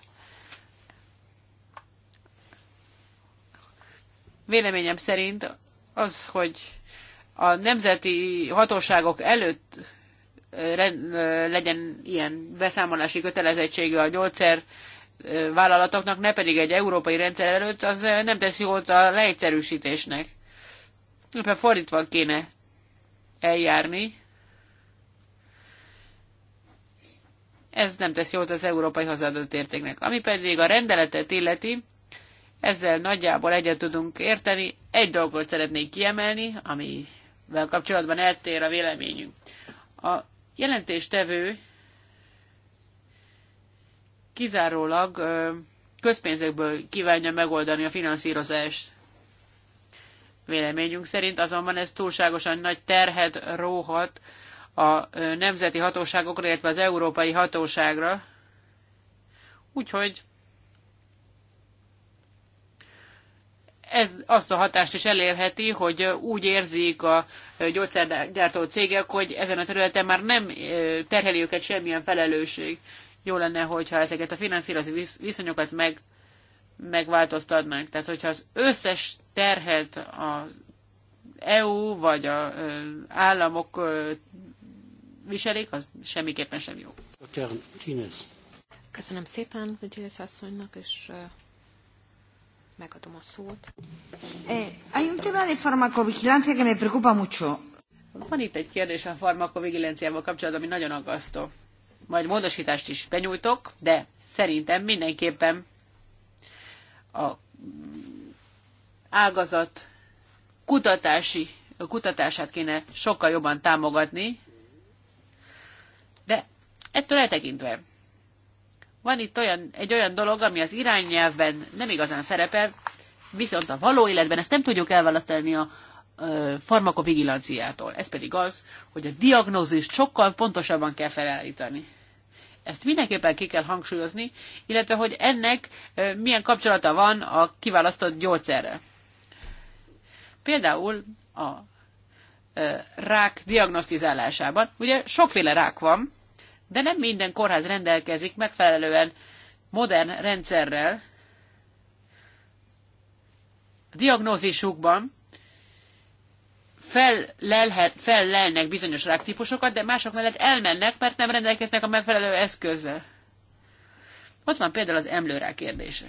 Véleményem szerint az, hogy a nemzeti hatóságok előtt legyen ilyen beszámolási kötelezettsége a gyógyszer vállalatoknak, ne pedig egy európai rendszer előtt, az nem tesz jót a leegyszerűsítésnek. Éppen fordítva kéne eljárni. Ez nem tesz jót az európai hazadott értéknek. Ami pedig a rendeletet illeti, ezzel nagyjából egyet tudunk érteni. Egy dolgot szeretnék kiemelni, amivel kapcsolatban eltér a véleményünk. A jelentéstevő kizárólag közpénzekből kívánja megoldani a finanszírozást. Véleményünk szerint azonban ez túlságosan nagy terhet róhat a nemzeti hatóságokra, illetve az európai hatóságra. Úgyhogy ez azt a hatást is elérheti, hogy úgy érzik a gyógyszergyártó cégek, hogy ezen a területen már nem terheli őket semmilyen felelősség. Jó lenne, hogyha ezeket a finanszírozó viszonyokat meg, megváltoztatnánk. Tehát, hogyha az összes terhet az EU vagy az államok viselik, az semmiképpen sem jó. Köszönöm szépen hogy asszonynak, és megadom a szót. Eh, hay un tema de farmacovigilancia que me preocupa mucho. Van itt egy kérdés a farmakovigilenciával kapcsolatban, ami nagyon aggasztó. Majd módosítást is benyújtok, de szerintem mindenképpen a ágazat kutatási, a kutatását kéne sokkal jobban támogatni, de ettől eltekintve van itt olyan, egy olyan dolog, ami az irányelvben nem igazán szerepel, viszont a való életben ezt nem tudjuk elválasztani a farmakovigilanciától. Ez pedig az, hogy a diagnózist sokkal pontosabban kell felállítani. Ezt mindenképpen ki kell hangsúlyozni, illetve hogy ennek milyen kapcsolata van a kiválasztott gyógyszerre. Például a rák diagnosztizálásában, ugye sokféle rák van, de nem minden kórház rendelkezik megfelelően modern rendszerrel, diagnózisukban fellelnek bizonyos ráktípusokat, de mások mellett elmennek, mert nem rendelkeznek a megfelelő eszközzel. Ott van például az emlőrák kérdése.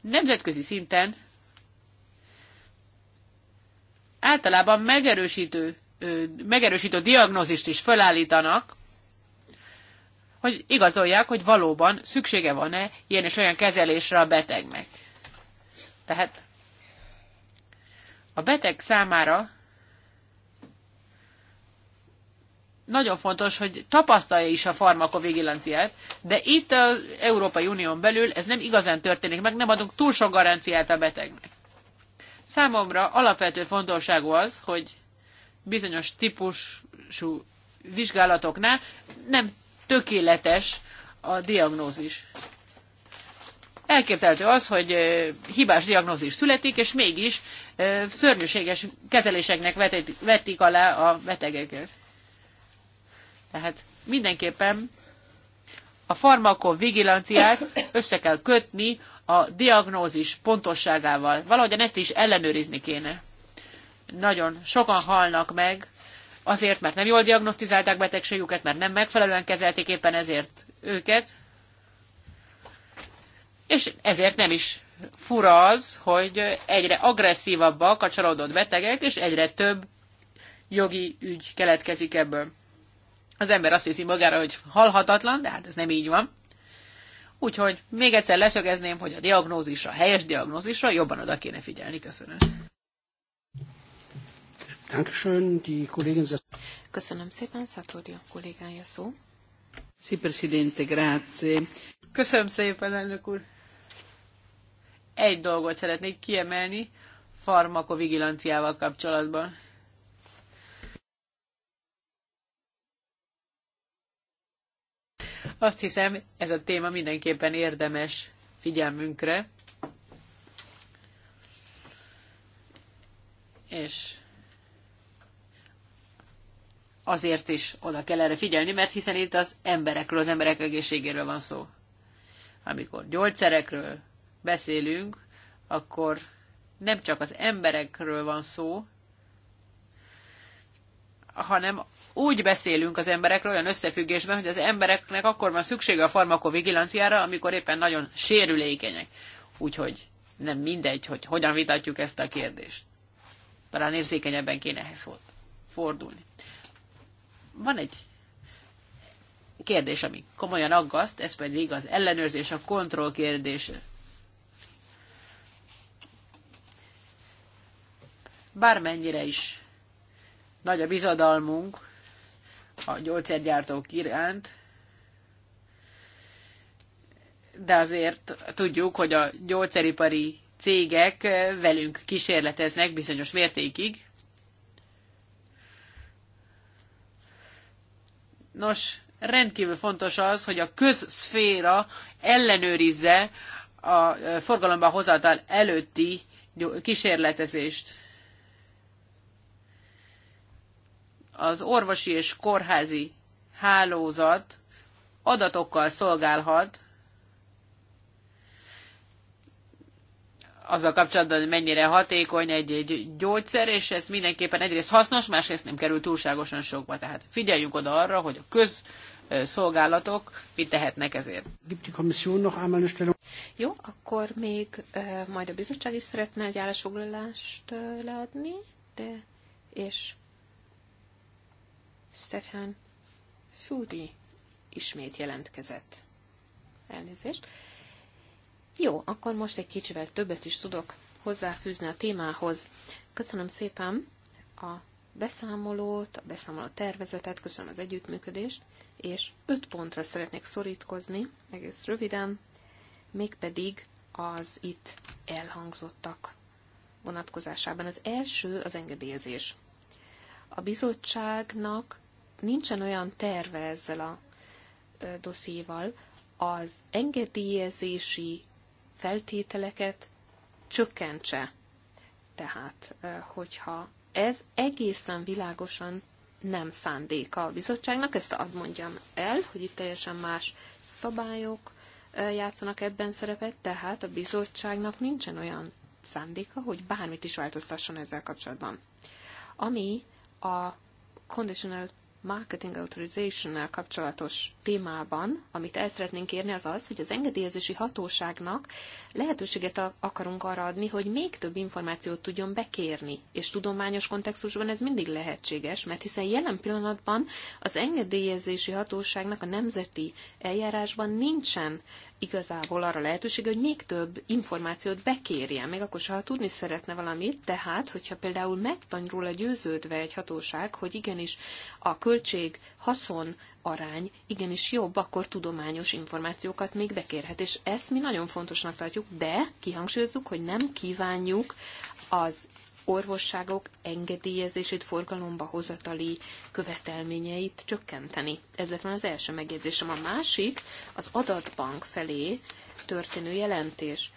Nemzetközi szinten általában megerősítő, megerősítő diagnózist is felállítanak hogy igazolják, hogy valóban szüksége van-e ilyen és olyan kezelésre a betegnek. Tehát a beteg számára nagyon fontos, hogy tapasztalja is a farmakovigilanciát, de itt az Európai Unión belül ez nem igazán történik meg, nem adunk túl sok garanciát a betegnek. Számomra alapvető fontosságú az, hogy bizonyos típusú vizsgálatoknál nem tökéletes a diagnózis. Elképzelhető az, hogy hibás diagnózis születik, és mégis szörnyűséges kezeléseknek vetik alá a betegeket. Tehát mindenképpen a farmakovigilanciát össze kell kötni a diagnózis pontosságával. Valahogyan ezt is ellenőrizni kéne. Nagyon sokan halnak meg azért, mert nem jól diagnosztizálták betegségüket, mert nem megfelelően kezelték éppen ezért őket, és ezért nem is fura az, hogy egyre agresszívabbak a csalódott betegek, és egyre több jogi ügy keletkezik ebből. Az ember azt hiszi magára, hogy halhatatlan, de hát ez nem így van. Úgyhogy még egyszer leszögezném, hogy a diagnózisra, a helyes diagnózisra jobban oda kéne figyelni. Köszönöm. Dankeschön, die Kollegin Köszönöm szépen, Szatória kollégája szó. Sí, Presidente, grazie. Köszönöm szépen, elnök úr. Egy dolgot szeretnék kiemelni farmakovigilanciával kapcsolatban. Azt hiszem, ez a téma mindenképpen érdemes figyelmünkre. És azért is oda kell erre figyelni, mert hiszen itt az emberekről, az emberek egészségéről van szó. Amikor gyógyszerekről beszélünk, akkor nem csak az emberekről van szó, hanem úgy beszélünk az emberekről olyan összefüggésben, hogy az embereknek akkor van szüksége a farmakovigilanciára, amikor éppen nagyon sérülékenyek. Úgyhogy nem mindegy, hogy hogyan vitatjuk ezt a kérdést. Talán érzékenyebben kéne ehhez fordulni. Van egy kérdés, ami komolyan aggaszt, ez pedig az ellenőrzés, a kontroll kérdése. Bármennyire is nagy a bizadalmunk a gyógyszergyártók iránt, de azért tudjuk, hogy a gyógyszeripari cégek velünk kísérleteznek bizonyos mértékig, Nos, rendkívül fontos az, hogy a közszféra ellenőrizze a forgalomba hozatal előtti kísérletezést. Az orvosi és kórházi hálózat adatokkal szolgálhat azzal kapcsolatban, hogy mennyire hatékony egy, egy gyógyszer, és ez mindenképpen egyrészt hasznos, másrészt nem kerül túlságosan sokba. Tehát figyeljünk oda arra, hogy a köz szolgálatok mit tehetnek ezért. Jó, akkor még majd a bizottság is szeretne egy állásfoglalást leadni, de és Stefan Fudi ismét jelentkezett. Elnézést. Jó, akkor most egy kicsivel többet is tudok hozzáfűzni a témához. Köszönöm szépen a beszámolót, a beszámoló tervezetet, köszönöm az együttműködést, és öt pontra szeretnék szorítkozni, egész röviden, mégpedig az itt elhangzottak vonatkozásában. Az első az engedélyezés. A bizottságnak nincsen olyan terve ezzel a dosszéval, az engedélyezési feltételeket csökkentse. Tehát, hogyha ez egészen világosan nem szándéka a bizottságnak, ezt ad mondjam el, hogy itt teljesen más szabályok játszanak ebben szerepet, tehát a bizottságnak nincsen olyan szándéka, hogy bármit is változtasson ezzel kapcsolatban. Ami a conditional marketing authorization kapcsolatos témában, amit el szeretnénk érni, az az, hogy az engedélyezési hatóságnak lehetőséget akarunk arra adni, hogy még több információt tudjon bekérni. És tudományos kontextusban ez mindig lehetséges, mert hiszen jelen pillanatban az engedélyezési hatóságnak a nemzeti eljárásban nincsen igazából arra lehetősége, hogy még több információt bekérjen, még akkor sem, ha tudni szeretne valamit, tehát, hogyha például meg van róla győződve egy hatóság, hogy igenis a költség haszon arány igenis jobb, akkor tudományos információkat még bekérhet. És ezt mi nagyon fontosnak tartjuk, de kihangsúlyozzuk, hogy nem kívánjuk az orvosságok engedélyezését, forgalomba hozatali követelményeit csökkenteni. Ez lett volna az első megjegyzésem. A másik az adatbank felé történő jelentés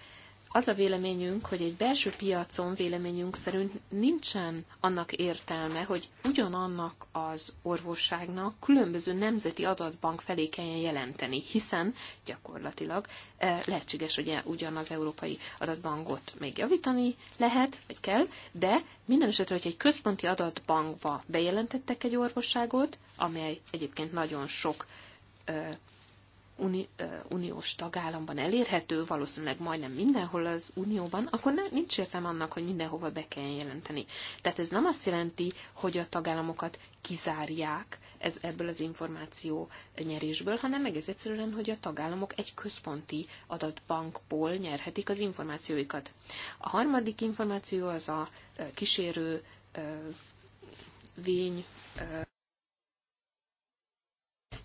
az a véleményünk, hogy egy belső piacon véleményünk szerint nincsen annak értelme, hogy ugyanannak az orvosságnak különböző nemzeti adatbank felé kelljen jelenteni, hiszen gyakorlatilag eh, lehetséges, hogy e- ugyanaz európai adatbankot még javítani lehet, vagy kell, de minden esetre, hogy egy központi adatbankba bejelentettek egy orvosságot, amely egyébként nagyon sok eh, uni, uniós tagállamban elérhető, valószínűleg majdnem mindenhol az unióban, akkor ne, nincs értelme annak, hogy mindenhova be kell jelenteni. Tehát ez nem azt jelenti, hogy a tagállamokat kizárják ez ebből az információ nyerésből, hanem meg ez egyszerűen, hogy a tagállamok egy központi adatbankból nyerhetik az információikat. A harmadik információ az a kísérő vény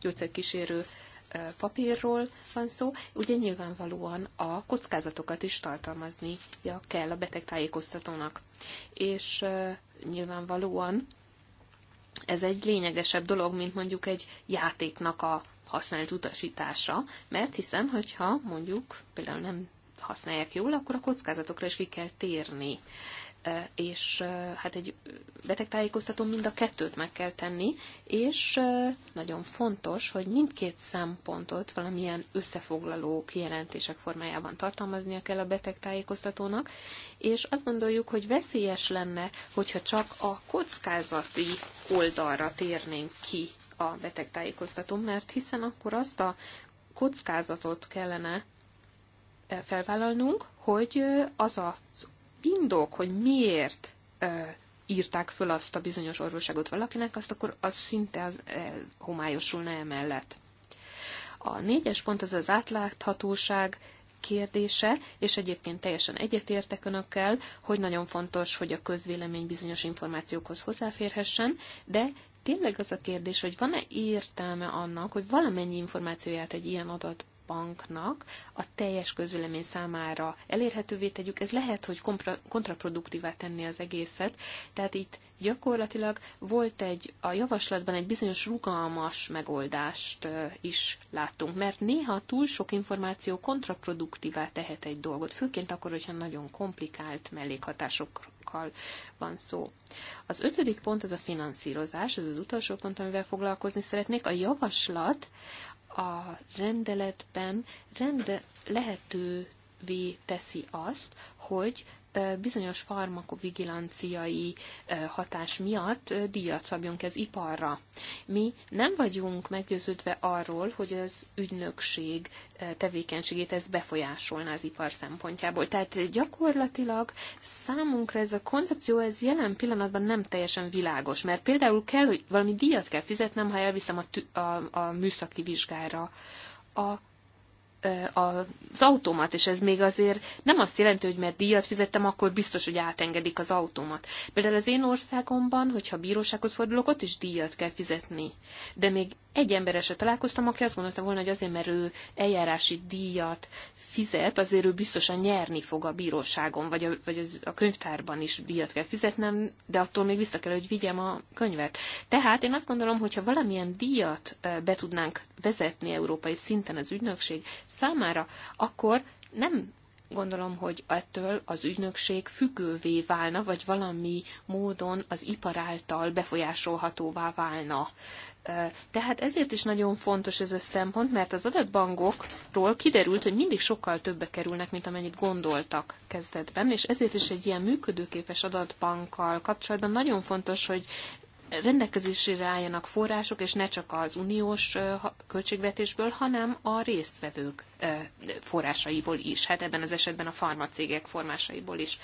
gyógyszerkísérő papírról van szó, ugye nyilvánvalóan a kockázatokat is tartalmaznia kell a tájékoztatónak, És nyilvánvalóan ez egy lényegesebb dolog, mint mondjuk egy játéknak a használt utasítása, mert hiszen, hogyha mondjuk például nem használják jól, akkor a kockázatokra is ki kell térni és hát egy betegtájékoztató mind a kettőt meg kell tenni, és nagyon fontos, hogy mindkét szempontot valamilyen összefoglaló kijelentések formájában tartalmaznia kell a betegtájékoztatónak, és azt gondoljuk, hogy veszélyes lenne, hogyha csak a kockázati oldalra térnénk ki a betegtájékoztató, mert hiszen akkor azt a kockázatot kellene felvállalnunk, hogy az az indok, hogy miért írták föl azt a bizonyos orvosságot valakinek, azt akkor az szinte az, eh, homályosulna emellett. A négyes pont az az átláthatóság kérdése, és egyébként teljesen egyetértek önökkel, hogy nagyon fontos, hogy a közvélemény bizonyos információkhoz hozzáférhessen, de tényleg az a kérdés, hogy van-e értelme annak, hogy valamennyi információját egy ilyen adat banknak a teljes közülemény számára elérhetővé tegyük, ez lehet, hogy kontraproduktívá tenni az egészet. Tehát itt gyakorlatilag volt egy, a javaslatban egy bizonyos rugalmas megoldást is láttunk, mert néha túl sok információ kontraproduktívá tehet egy dolgot, főként akkor, hogyha nagyon komplikált mellékhatások van szó. Az ötödik pont az a finanszírozás, ez az utolsó pont, amivel foglalkozni szeretnék. A javaslat a rendeletben rende lehetővé teszi azt, hogy bizonyos farmakovigilanciai hatás miatt díjat szabjunk ez iparra. Mi nem vagyunk meggyőződve arról, hogy az ügynökség tevékenységét ez befolyásolná az ipar szempontjából. Tehát gyakorlatilag számunkra ez a koncepció, ez jelen pillanatban nem teljesen világos, mert például kell, hogy valami díjat kell fizetnem, ha elviszem a, tü- a, a műszaki vizsgára a az autómat, és ez még azért nem azt jelenti, hogy mert díjat fizettem, akkor biztos, hogy átengedik az autómat. Például az én országomban, hogyha bírósághoz fordulok, ott is díjat kell fizetni. De még egy emberre se találkoztam, aki azt gondolta volna, hogy azért, mert ő eljárási díjat fizet, azért ő biztosan nyerni fog a bíróságon, vagy a, vagy a könyvtárban is díjat kell fizetnem, de attól még vissza kell, hogy vigyem a könyvet. Tehát én azt gondolom, hogyha valamilyen díjat be tudnánk vezetni európai szinten az ügynökség számára, akkor nem gondolom, hogy ettől az ügynökség függővé válna, vagy valami módon az ipar által befolyásolhatóvá válna. Tehát ezért is nagyon fontos ez a szempont, mert az adatbankokról kiderült, hogy mindig sokkal többe kerülnek, mint amennyit gondoltak kezdetben, és ezért is egy ilyen működőképes adatbankkal kapcsolatban nagyon fontos, hogy rendelkezésére álljanak források, és ne csak az uniós költségvetésből, hanem a résztvevők forrásaiból is, hát ebben az esetben a farmacégek formásaiból is.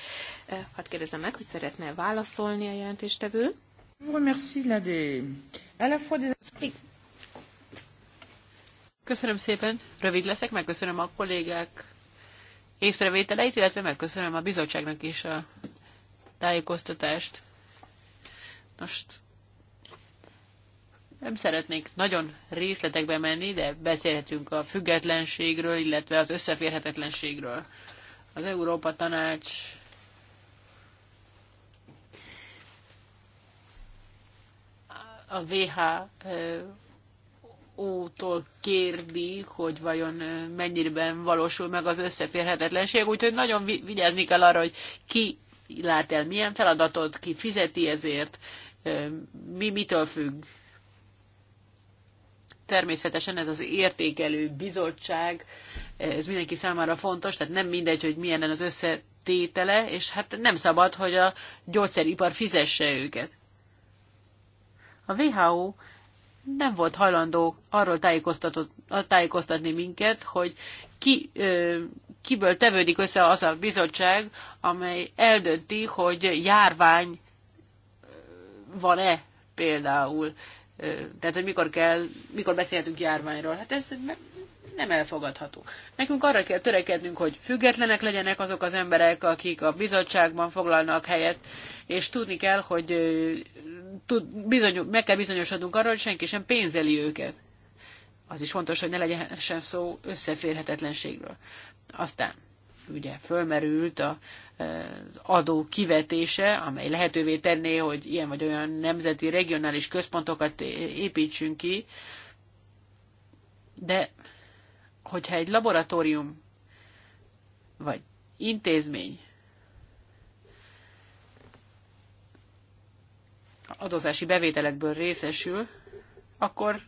Hadd kérdezem meg, hogy szeretne válaszolni a jelentéstevő? Köszönöm szépen, rövid leszek, megköszönöm a kollégák észrevételeit, illetve megköszönöm a bizottságnak is a tájékoztatást. Most nem szeretnék nagyon részletekbe menni, de beszélhetünk a függetlenségről, illetve az összeférhetetlenségről. Az Európa Tanács a WHO-tól kérdi, hogy vajon mennyiben valósul meg az összeférhetetlenség, úgyhogy nagyon vigyázni kell arra, hogy ki lát el milyen feladatot, ki fizeti ezért, mi mitől függ természetesen ez az értékelő bizottság, ez mindenki számára fontos, tehát nem mindegy, hogy milyen az összetétele, és hát nem szabad, hogy a gyógyszeripar fizesse őket. A WHO nem volt hajlandó arról tájékoztatni minket, hogy ki, kiből tevődik össze az a bizottság, amely eldönti, hogy járvány van-e például tehát hogy mikor kell, mikor beszélhetünk járványról. Hát ez nem elfogadható. Nekünk arra kell törekednünk, hogy függetlenek legyenek azok az emberek, akik a bizottságban foglalnak helyet, és tudni kell, hogy tud, bizony, meg kell bizonyosodnunk arról, hogy senki sem pénzeli őket. Az is fontos, hogy ne legyen sem szó összeférhetetlenségről. Aztán ugye fölmerült a, e, az adó kivetése, amely lehetővé tenné, hogy ilyen vagy olyan nemzeti, regionális központokat építsünk ki, de hogyha egy laboratórium vagy intézmény adózási bevételekből részesül, akkor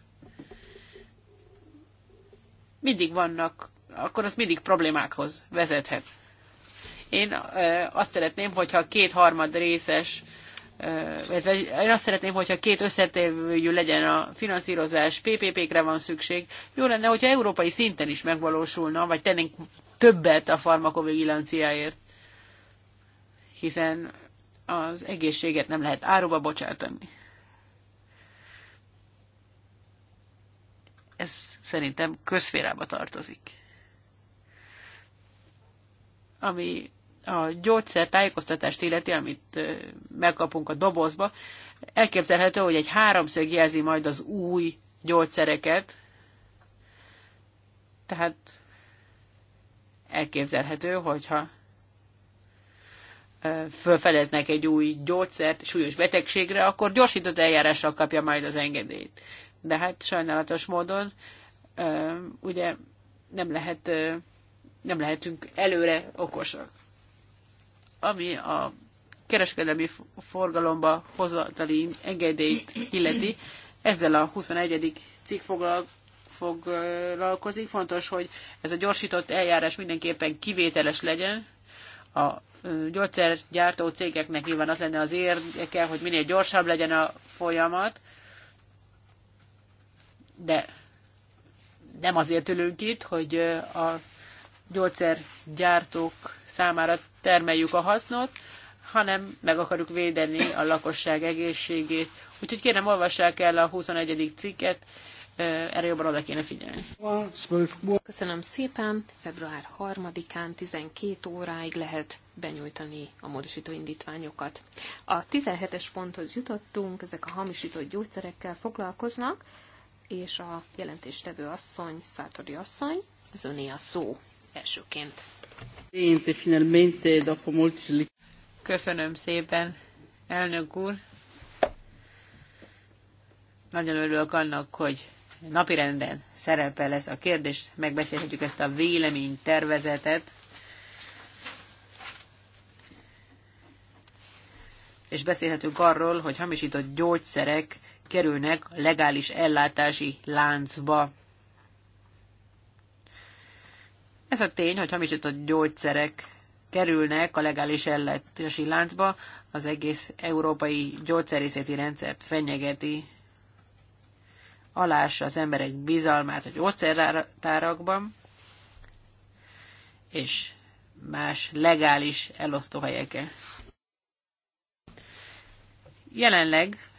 mindig vannak akkor az mindig problémákhoz vezethet. Én azt szeretném, hogyha kétharmad részes, én azt szeretném, hogyha két összetevőjű legyen a finanszírozás, PPP-kre van szükség. Jó lenne, hogyha európai szinten is megvalósulna, vagy tennénk többet a farmakovigilanciáért, hiszen az egészséget nem lehet áruba bocsátani. Ez szerintem közférába tartozik ami a gyógyszer tájékoztatást illeti, amit megkapunk a dobozba, elképzelhető, hogy egy háromszög jelzi majd az új gyógyszereket, tehát elképzelhető, hogyha fölfedeznek egy új gyógyszert súlyos betegségre, akkor gyorsított eljárással kapja majd az engedélyt. De hát sajnálatos módon ugye nem lehet nem lehetünk előre okosak. Ami a kereskedelmi forgalomba hozatali engedélyt illeti, ezzel a 21. cikk foglalkozik. Fontos, hogy ez a gyorsított eljárás mindenképpen kivételes legyen. A gyógyszergyártó cégeknek nyilván az lenne az érdeke, hogy minél gyorsabb legyen a folyamat, de nem azért ülünk itt, hogy a gyógyszergyártók számára termeljük a hasznot, hanem meg akarjuk védeni a lakosság egészségét. Úgyhogy kérem, olvassák el a 21. cikket, erre jobban oda kéne figyelni. Köszönöm szépen, február 3-án 12 óráig lehet benyújtani a módosító indítványokat. A 17-es ponthoz jutottunk, ezek a hamisított gyógyszerekkel foglalkoznak, és a jelentéstevő asszony, Szátori asszony, az öné a szó elsőként. Köszönöm szépen, elnök úr. Nagyon örülök annak, hogy napirenden szerepel ez a kérdés, megbeszélhetjük ezt a véleménytervezetet, és beszélhetünk arról, hogy hamisított gyógyszerek kerülnek legális ellátási láncba. Ez a tény, hogy hamisított gyógyszerek kerülnek a legális ellátási láncba, az egész európai gyógyszerészeti rendszert fenyegeti, alássa az emberek bizalmát a gyógyszertárakban, és más legális elosztóhelyeken. Jelenleg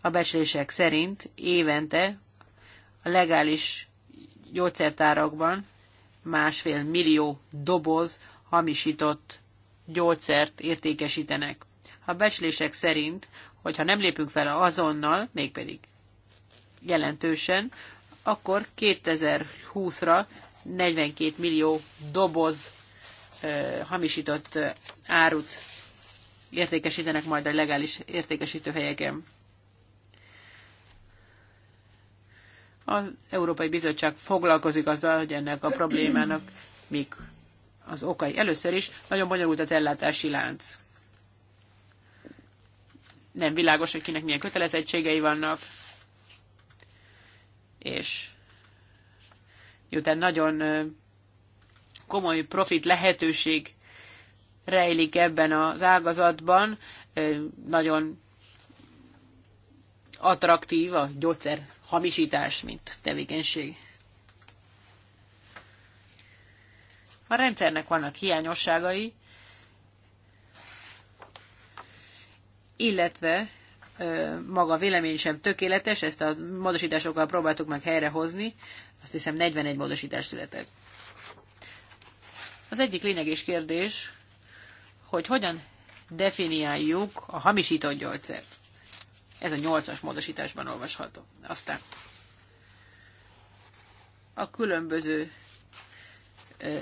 a becslések szerint évente a legális gyógyszertárakban másfél millió doboz hamisított gyógyszert értékesítenek. A becslések szerint, hogyha nem lépünk fel azonnal, mégpedig jelentősen, akkor 2020-ra 42 millió doboz ö, hamisított árut értékesítenek majd a legális értékesítőhelyeken. Az Európai Bizottság foglalkozik azzal, hogy ennek a problémának mik az okai. Először is nagyon bonyolult az ellátási lánc. Nem világos, hogy kinek milyen kötelezettségei vannak, és miután nagyon komoly profit lehetőség rejlik ebben az ágazatban, nagyon attraktív a gyógyszer hamisítás, mint tevékenység. A rendszernek vannak hiányosságai, illetve maga a vélemény sem tökéletes, ezt a módosításokkal próbáltuk meg helyrehozni, azt hiszem 41 módosítás született. Az egyik lényeges kérdés, hogy hogyan definiáljuk a hamisított gyógyszert. Ez a nyolcas módosításban olvasható. Aztán a különböző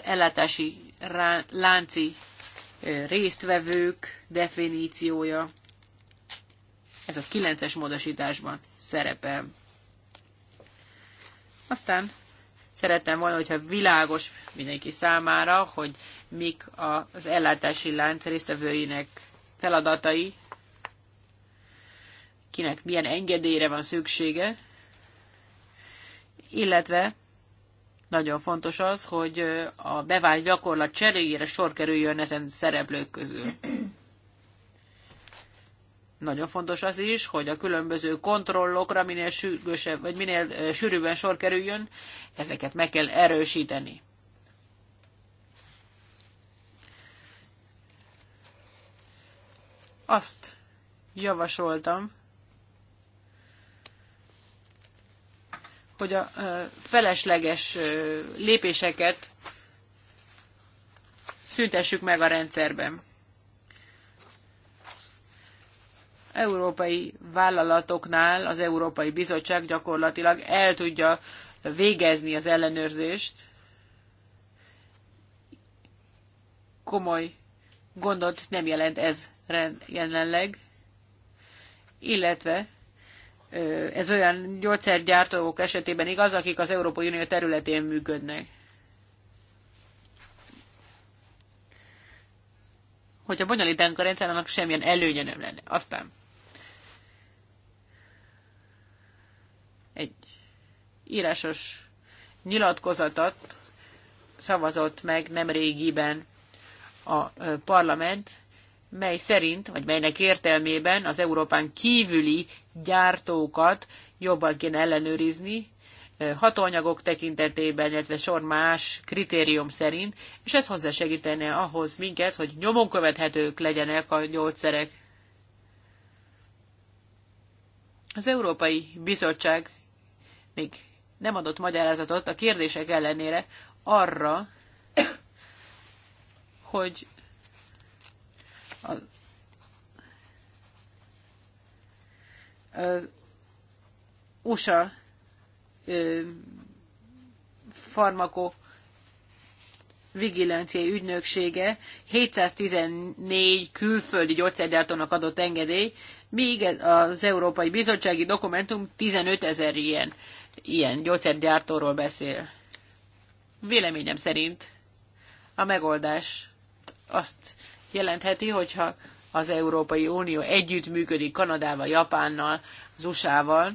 ellátási lánci résztvevők definíciója, ez a kilences módosításban szerepel. Aztán szerettem volna, hogyha világos mindenki számára, hogy mik az ellátási lánc résztvevőinek feladatai, kinek milyen engedélyre van szüksége, illetve nagyon fontos az, hogy a bevált gyakorlat cseréjére sor kerüljön ezen szereplők közül. Nagyon fontos az is, hogy a különböző kontrollokra minél sürgősebb, vagy minél sűrűbben sor kerüljön, ezeket meg kell erősíteni. Azt javasoltam, hogy a felesleges lépéseket szüntessük meg a rendszerben. Európai vállalatoknál az Európai Bizottság gyakorlatilag el tudja végezni az ellenőrzést. Komoly gondot nem jelent ez jelenleg, illetve ez olyan gyógyszergyártók esetében igaz, akik az Európai Unió területén működnek. Hogyha bonyolítanak a rendszer, annak semmilyen előnye nem lenne. Aztán egy írásos nyilatkozatot szavazott meg nem régiben a parlament, mely szerint, vagy melynek értelmében az Európán kívüli gyártókat jobban kéne ellenőrizni, hatóanyagok tekintetében, illetve sor más kritérium szerint, és ez hozzásegítene ahhoz minket, hogy nyomon követhetők legyenek a gyógyszerek. Az Európai Bizottság még nem adott magyarázatot a kérdések ellenére arra, hogy az az USA farmakó vigilancia ügynöksége 714 külföldi gyógyszergyártónak adott engedély, míg az Európai Bizottsági Dokumentum 15 ezer ilyen, ilyen gyógyszergyártóról beszél. Véleményem szerint a megoldás azt jelentheti, hogyha az Európai Unió együttműködik Kanadával, Japánnal, az USA-val,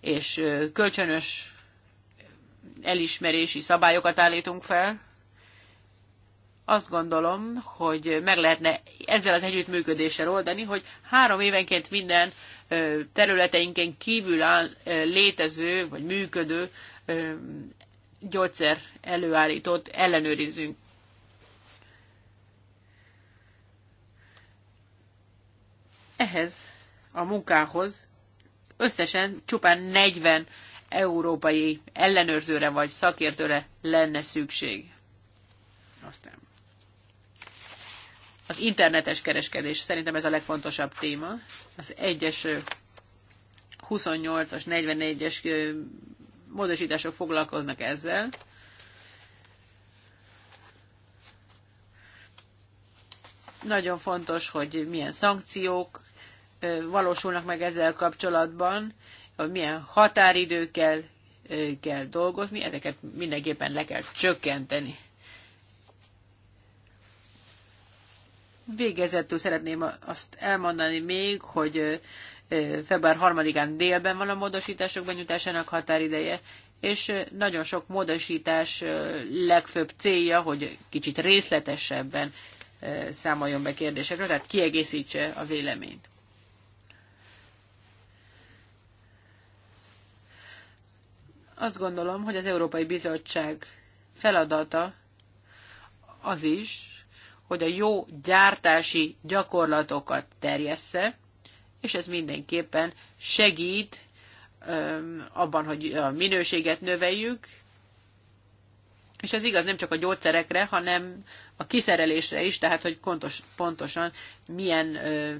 és kölcsönös elismerési szabályokat állítunk fel, azt gondolom, hogy meg lehetne ezzel az együttműködéssel oldani, hogy három évenként minden területeinken kívül áll, létező vagy működő gyógyszer előállítót ellenőrizzünk. Ehhez a munkához összesen csupán 40 európai ellenőrzőre vagy szakértőre lenne szükség. Aztán. Az internetes kereskedés szerintem ez a legfontosabb téma. Az egyes 28-as, 44-es módosítások foglalkoznak ezzel. Nagyon fontos, hogy milyen szankciók valósulnak meg ezzel kapcsolatban, hogy milyen határidőkkel kell dolgozni, ezeket mindenképpen le kell csökkenteni. Végezetül szeretném azt elmondani még, hogy február 3-án délben van a módosítások benyújtásának határideje, és nagyon sok módosítás legfőbb célja, hogy kicsit részletesebben számoljon be kérdésekre, tehát kiegészítse a véleményt. Azt gondolom, hogy az Európai Bizottság feladata az is, hogy a jó gyártási gyakorlatokat terjessze, és ez mindenképpen segít abban, hogy a minőséget növeljük, és ez igaz nem csak a gyógyszerekre, hanem a kiszerelésre is, tehát hogy pontos, pontosan milyen, ö,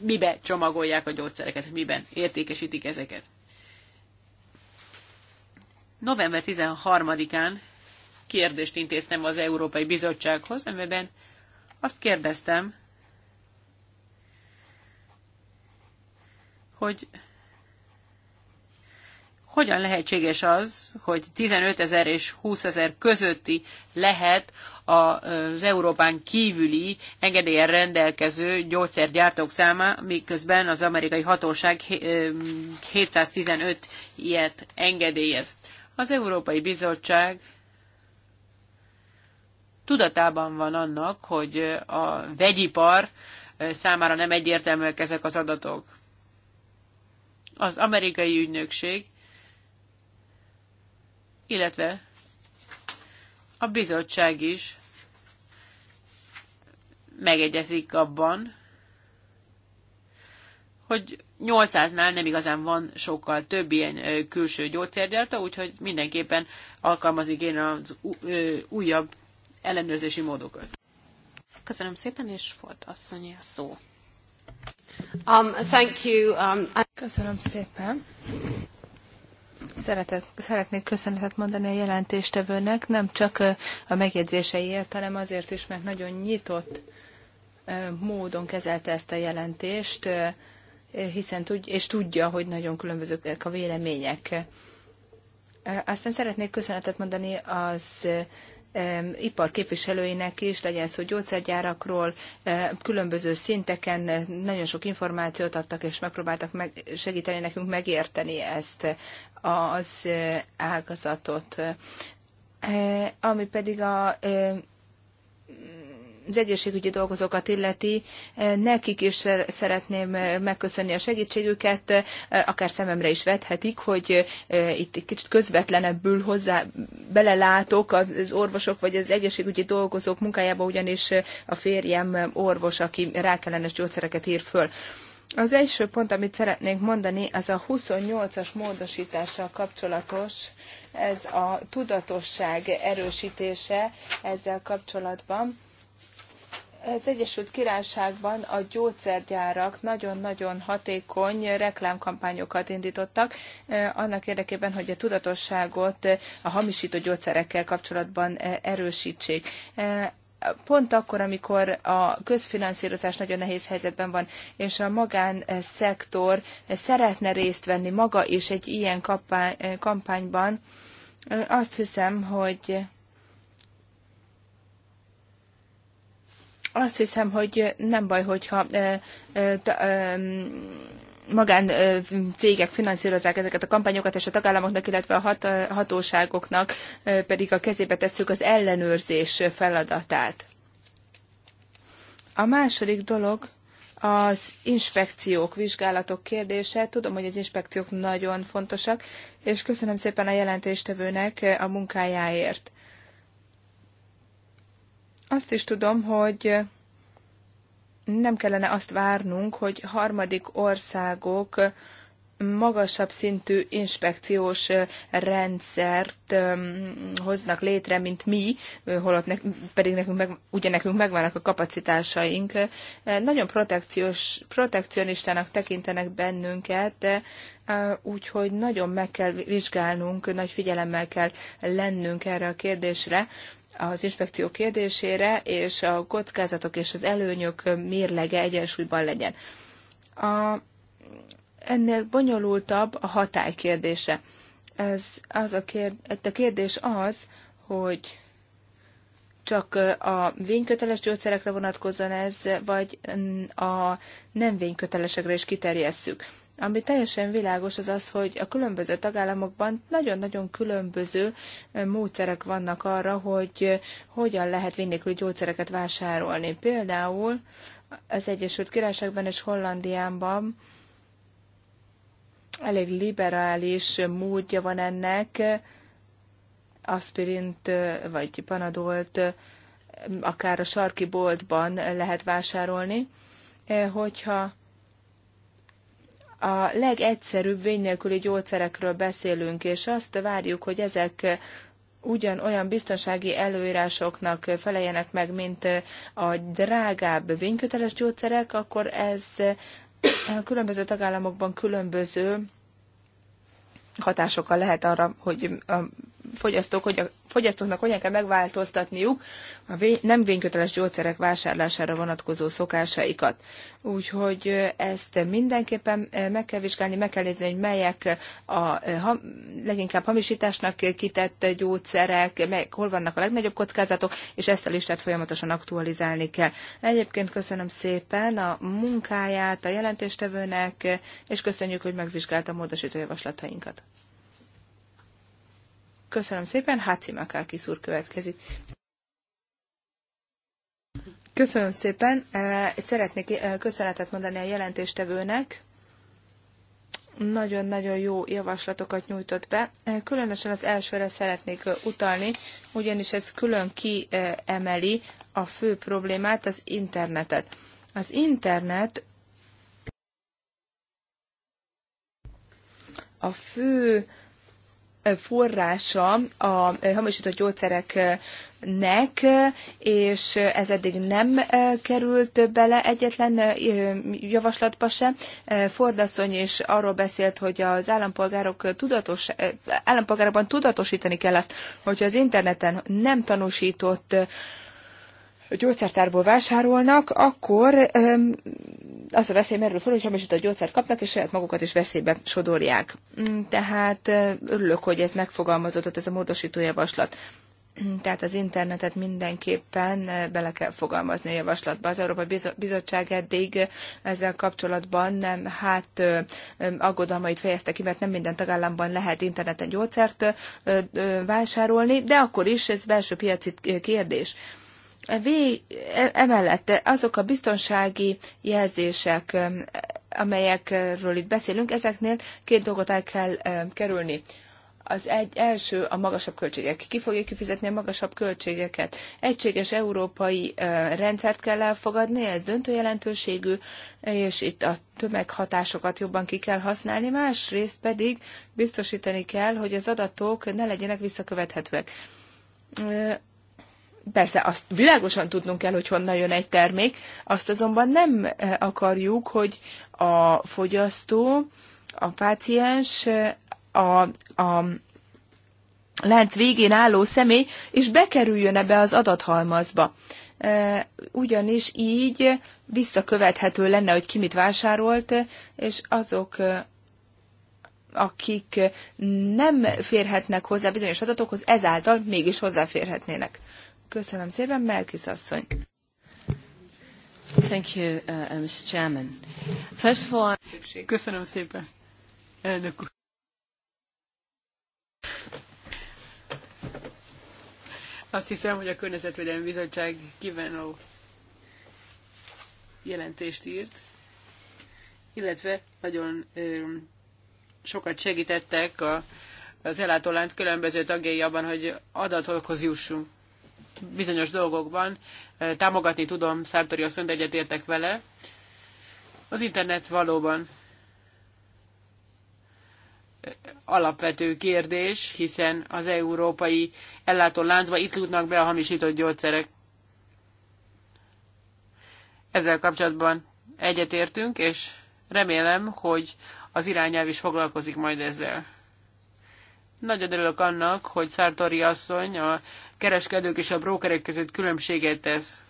mibe csomagolják a gyógyszereket, miben értékesítik ezeket. November 13-án kérdést intéztem az Európai Bizottsághoz, amiben azt kérdeztem, hogy hogyan lehetséges az, hogy 15 ezer és 20 ezer közötti lehet az Európán kívüli engedélyen rendelkező gyógyszergyártók száma, miközben az amerikai hatóság 715 ilyet engedélyez. Az Európai Bizottság tudatában van annak, hogy a vegyipar számára nem egyértelműek ezek az adatok. Az amerikai ügynökség, illetve a bizottság is megegyezik abban, hogy 800-nál nem igazán van sokkal több ilyen külső gyógyszergyártó, úgyhogy mindenképpen alkalmazni kéne az újabb ellenőrzési módokat. Köszönöm szépen, és volt asszonyi a szó. Um, thank you, um, Köszönöm szépen. Szeretet, szeretnék köszönetet mondani a jelentéstevőnek, nem csak a megjegyzéseiért, hanem azért is, mert nagyon nyitott módon kezelte ezt a jelentést hiszen tud, és tudja, hogy nagyon különbözőek a vélemények. Aztán szeretnék köszönetet mondani az ipar képviselőinek is, legyen szó gyógyszergyárakról, különböző szinteken nagyon sok információt adtak, és megpróbáltak meg segíteni nekünk megérteni ezt az ágazatot. Ami pedig a az egészségügyi dolgozókat illeti, eh, nekik is szeretném eh, megköszönni a segítségüket, eh, akár szememre is vethetik, hogy itt egy kicsit közvetlenebbül hozzá belelátok az orvosok vagy az egészségügyi dolgozók munkájába, ugyanis a férjem orvos, aki rákellenes gyógyszereket ír föl. Az első pont, amit szeretnénk mondani, az a 28-as módosítással kapcsolatos, ez a tudatosság erősítése ezzel kapcsolatban. Az Egyesült Királyságban a gyógyszergyárak nagyon-nagyon hatékony reklámkampányokat indítottak eh, annak érdekében, hogy a tudatosságot a hamisító gyógyszerekkel kapcsolatban eh, erősítsék eh, pont akkor, amikor a közfinanszírozás nagyon nehéz helyzetben van, és a magánszektor szeretne részt venni maga is egy ilyen kampányban, azt hiszem, hogy Azt hiszem, hogy nem baj, hogyha magán cégek finanszírozzák ezeket a kampányokat, és a tagállamoknak, illetve a hat, hatóságoknak pedig a kezébe tesszük az ellenőrzés feladatát. A második dolog az inspekciók, vizsgálatok kérdése. Tudom, hogy az inspekciók nagyon fontosak, és köszönöm szépen a jelentéstevőnek a munkájáért. Azt is tudom, hogy nem kellene azt várnunk, hogy harmadik országok magasabb szintű inspekciós rendszert hoznak létre, mint mi, holott ne, pedig nekünk meg, ugye nekünk megvannak a kapacitásaink. Nagyon protekciós, protekcionistának tekintenek bennünket, úgyhogy nagyon meg kell vizsgálnunk, nagy figyelemmel kell lennünk erre a kérdésre, az inspekció kérdésére, és a kockázatok és az előnyök mérlege egyensúlyban legyen. A, ennél bonyolultabb a hatály kérdése. Ez az a, kérd, a kérdés az, hogy csak a vényköteles gyógyszerekre vonatkozzon ez, vagy a nem vénykötelesekre is kiterjesszük. Ami teljesen világos az az, hogy a különböző tagállamokban nagyon-nagyon különböző módszerek vannak arra, hogy hogyan lehet vinnékül gyógyszereket vásárolni. Például az Egyesült Királyságban és Hollandiában elég liberális módja van ennek, aspirint vagy panadolt akár a sarki boltban lehet vásárolni, hogyha a legegyszerűbb vény nélküli gyógyszerekről beszélünk, és azt várjuk, hogy ezek ugyan olyan biztonsági előírásoknak feleljenek meg, mint a drágább vényköteles gyógyszerek, akkor ez a különböző tagállamokban különböző hatásokkal lehet arra, hogy a fogyasztók, hogy a fogyasztóknak hogyan kell megváltoztatniuk a vé- nem vényköteles gyógyszerek vásárlására vonatkozó szokásaikat. Úgyhogy ezt mindenképpen meg kell vizsgálni, meg kell nézni, hogy melyek a ha, leginkább hamisításnak kitett gyógyszerek, melyek, hol vannak a legnagyobb kockázatok, és ezt a listát folyamatosan aktualizálni kell. Egyébként köszönöm szépen a munkáját a jelentéstevőnek, és köszönjük, hogy megvizsgálta a módosító javaslatainkat. Köszönöm szépen, Háci Makákis úr következik. Köszönöm szépen. Eh, szeretnék eh, köszönetet mondani a jelentéstevőnek. Nagyon-nagyon jó javaslatokat nyújtott be. Eh, különösen az elsőre szeretnék utalni, ugyanis ez külön kiemeli a fő problémát, az internetet. Az internet a fő forrása a hamisított gyógyszereknek, és ez eddig nem e, került bele egyetlen e, javaslatba se. E, Fordasszony is arról beszélt, hogy az állampolgárok tudatos, állampolgárokban tudatosítani kell azt, hogyha az interneten nem tanúsított gyógyszertárból vásárolnak, akkor az a veszély merül fel, hogy hamisított gyógyszert kapnak, és saját magukat is veszélybe sodorják. Mm, tehát örülök, hogy ez megfogalmazódott, ez a módosító javaslat. Mm, tehát az internetet mindenképpen bele kell fogalmazni a javaslatba. Az Európai Bizottság eddig ezzel kapcsolatban nem, hát aggodalmait fejezte ki, mert nem minden tagállamban lehet interneten gyógyszert vásárolni, de akkor is ez belső piaci kérdés. E, emellett azok a biztonsági jelzések, amelyekről itt beszélünk, ezeknél két dolgot el kell kerülni. Az egy, első a magasabb költségek. Ki fogja kifizetni a magasabb költségeket? Egységes európai rendszert kell elfogadni, ez döntő jelentőségű, és itt a tömeghatásokat jobban ki kell használni, másrészt pedig biztosítani kell, hogy az adatok ne legyenek visszakövethetőek Persze azt világosan tudnunk kell, hogy honnan jön egy termék, azt azonban nem e, akarjuk, hogy a fogyasztó, a páciens, e, a, a lánc végén álló személy is bekerüljön ebbe az adathalmazba. E, ugyanis így visszakövethető lenne, hogy ki mit vásárolt, és azok akik nem férhetnek hozzá bizonyos adatokhoz, ezáltal mégis hozzáférhetnének Köszönöm szépen, Merkis asszony. Thank you, uh, uh Mr. Chairman. First of all... Köszönöm szépen, elnök úr. Azt hiszem, hogy a Környezetvédelmi Bizottság kívánó jelentést írt, illetve nagyon ö, sokat segítettek a, az ellátólánc különböző tagjai abban, hogy adatokhoz jussunk bizonyos dolgokban támogatni tudom Szártori asszonyt, egyetértek vele. Az internet valóban alapvető kérdés, hiszen az európai ellátó láncba itt jutnak be a hamisított gyógyszerek. Ezzel kapcsolatban egyetértünk, és remélem, hogy az irányelv is foglalkozik majd ezzel. Nagyon örülök annak, hogy Szártori asszony a kereskedők és a brókerek között különbséget tesz.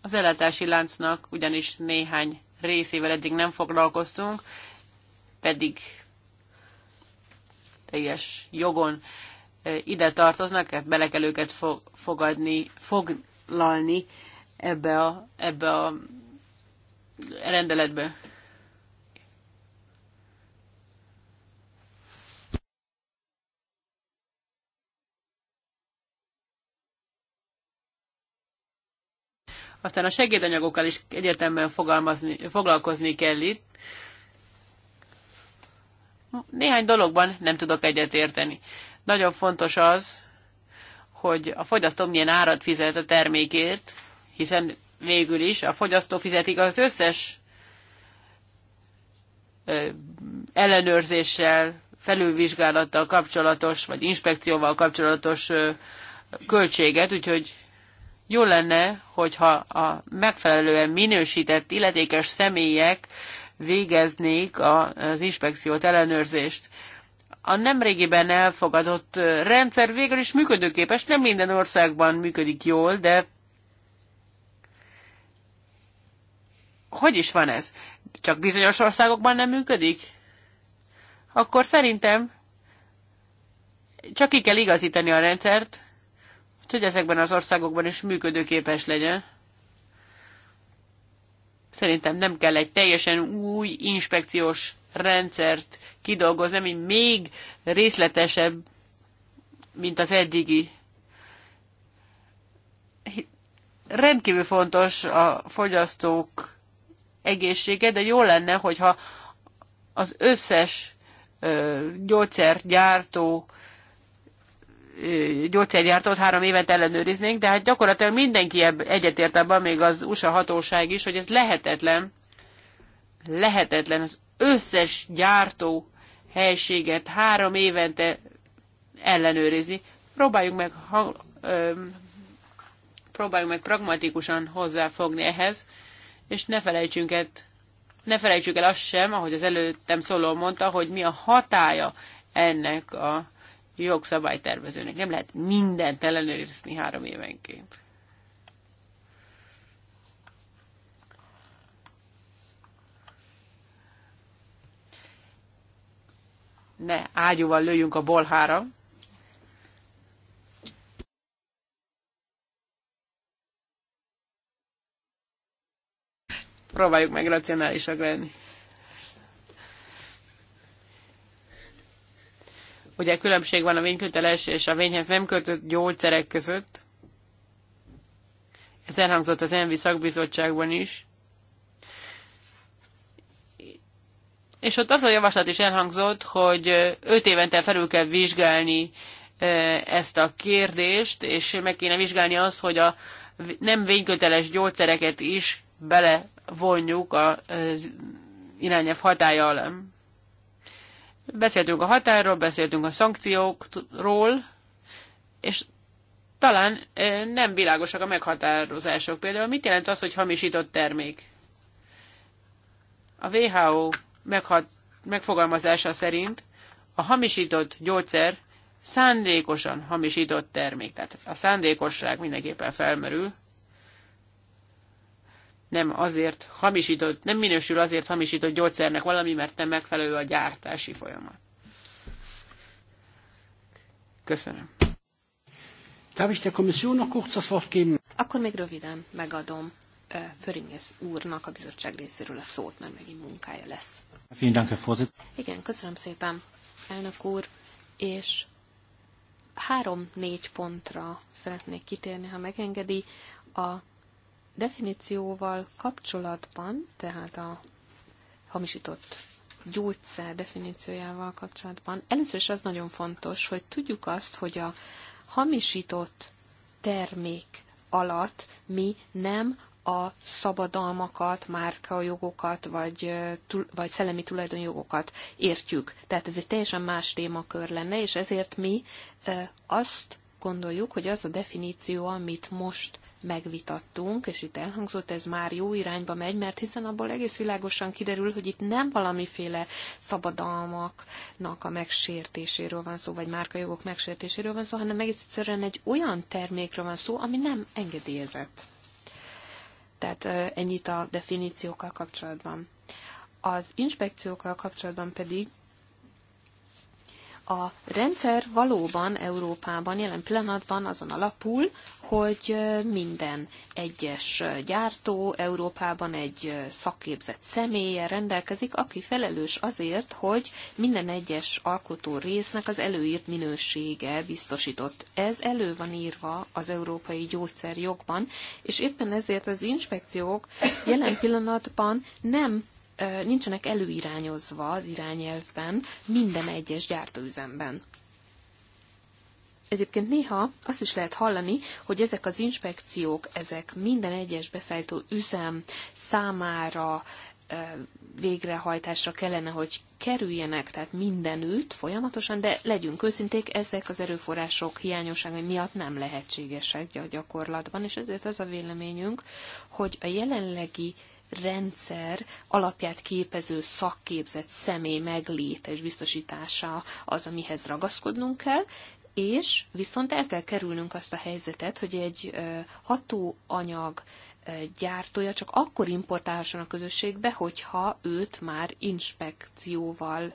Az ellátási láncnak ugyanis néhány részével eddig nem foglalkoztunk, pedig teljes jogon e, ide tartoznak, tehát bele kell őket fogadni, foglalni ebbe a, ebbe a rendeletbe. Aztán a segédanyagokkal is egyértelműen fogalmazni, foglalkozni kell itt. Néhány dologban nem tudok egyetérteni. Nagyon fontos az, hogy a fogyasztó milyen árat fizet a termékért, hiszen végül is a fogyasztó fizetik az összes ellenőrzéssel, felülvizsgálattal kapcsolatos, vagy inspekcióval kapcsolatos költséget, úgyhogy jó lenne, hogyha a megfelelően minősített illetékes személyek végeznék az inspekciót, ellenőrzést. A nemrégiben elfogadott rendszer végül is működőképes, nem minden országban működik jól, de hogy is van ez? Csak bizonyos országokban nem működik? Akkor szerintem csak ki kell igazítani a rendszert, hogy ezekben az országokban is működőképes legyen. Szerintem nem kell egy teljesen új inspekciós rendszert kidolgozni, ami még részletesebb, mint az eddigi. Rendkívül fontos a fogyasztók egészsége, de jó lenne, hogyha az összes gyógyszergyártó gyógyszergyártót három évet ellenőriznénk, de hát gyakorlatilag mindenki egyetért abban, még az USA hatóság is, hogy ez lehetetlen, lehetetlen az összes gyártó helységet három évente ellenőrizni. Próbáljuk meg, ha, ö, próbáljuk meg pragmatikusan hozzáfogni ehhez, és ne felejtsünk el, ne felejtsük el azt sem, ahogy az előttem szóló mondta, hogy mi a hatája ennek a jogszabálytervezőnek. Nem lehet mindent ellenőrizni három évenként. Ne ágyúval lőjünk a bolhára. Próbáljuk meg racionálisak lenni. Ugye különbség van a vényköteles és a vényhez nem kötött gyógyszerek között. Ez elhangzott az ENVI szakbizottságban is. És ott az a javaslat is elhangzott, hogy öt évente felül kell vizsgálni e, ezt a kérdést, és meg kéne vizsgálni azt, hogy a nem vényköteles gyógyszereket is belevonjuk az e, irányelv hatája alá. Beszéltünk a határról, beszéltünk a szankciókról, és talán nem világosak a meghatározások. Például mit jelent az, hogy hamisított termék? A WHO meghat- megfogalmazása szerint a hamisított gyógyszer szándékosan hamisított termék. Tehát a szándékosság mindenképpen felmerül nem azért hamisított, nem minősül azért hamisított gyógyszernek valami, mert nem megfelelő a gyártási folyamat. Köszönöm. Darf ich der Kommission noch kurz das Wort geben? Akkor még röviden megadom Föringes úrnak a bizottság részéről a szót, mert megint munkája lesz. Igen, köszönöm szépen, elnök úr, és három-négy pontra szeretnék kitérni, ha megengedi. A definícióval kapcsolatban, tehát a hamisított gyógyszer definíciójával kapcsolatban, először is az nagyon fontos, hogy tudjuk azt, hogy a hamisított termék alatt mi nem a szabadalmakat, márkajogokat, vagy, vagy szellemi tulajdonjogokat értjük. Tehát ez egy teljesen más témakör lenne, és ezért mi azt gondoljuk, hogy az a definíció, amit most megvitattunk, és itt elhangzott, ez már jó irányba megy, mert hiszen abból egész világosan kiderül, hogy itt nem valamiféle szabadalmaknak a megsértéséről van szó, vagy márkajogok megsértéséről van szó, hanem egész egyszerűen egy olyan termékről van szó, ami nem engedélyezett. Tehát ennyit a definíciókkal kapcsolatban. Az inspekciókkal kapcsolatban pedig a rendszer valóban Európában jelen pillanatban azon alapul, hogy minden egyes gyártó Európában egy szakképzett személye rendelkezik, aki felelős azért, hogy minden egyes alkotó résznek az előírt minősége biztosított. Ez elő van írva az európai gyógyszerjogban, és éppen ezért az inspekciók jelen pillanatban nem nincsenek előirányozva az irányelvben minden egyes gyártóüzemben. Egyébként néha azt is lehet hallani, hogy ezek az inspekciók, ezek minden egyes beszállító üzem számára végrehajtásra kellene, hogy kerüljenek, tehát mindenütt folyamatosan, de legyünk őszinték, ezek az erőforrások hiányosága miatt nem lehetségesek a gyakorlatban, és ezért az a véleményünk, hogy a jelenlegi rendszer alapját képező szakképzett személy megléte és biztosítása az, amihez ragaszkodnunk kell, és viszont el kell kerülnünk azt a helyzetet, hogy egy hatóanyag gyártója csak akkor importálhasson a közösségbe, hogyha őt már inspekcióval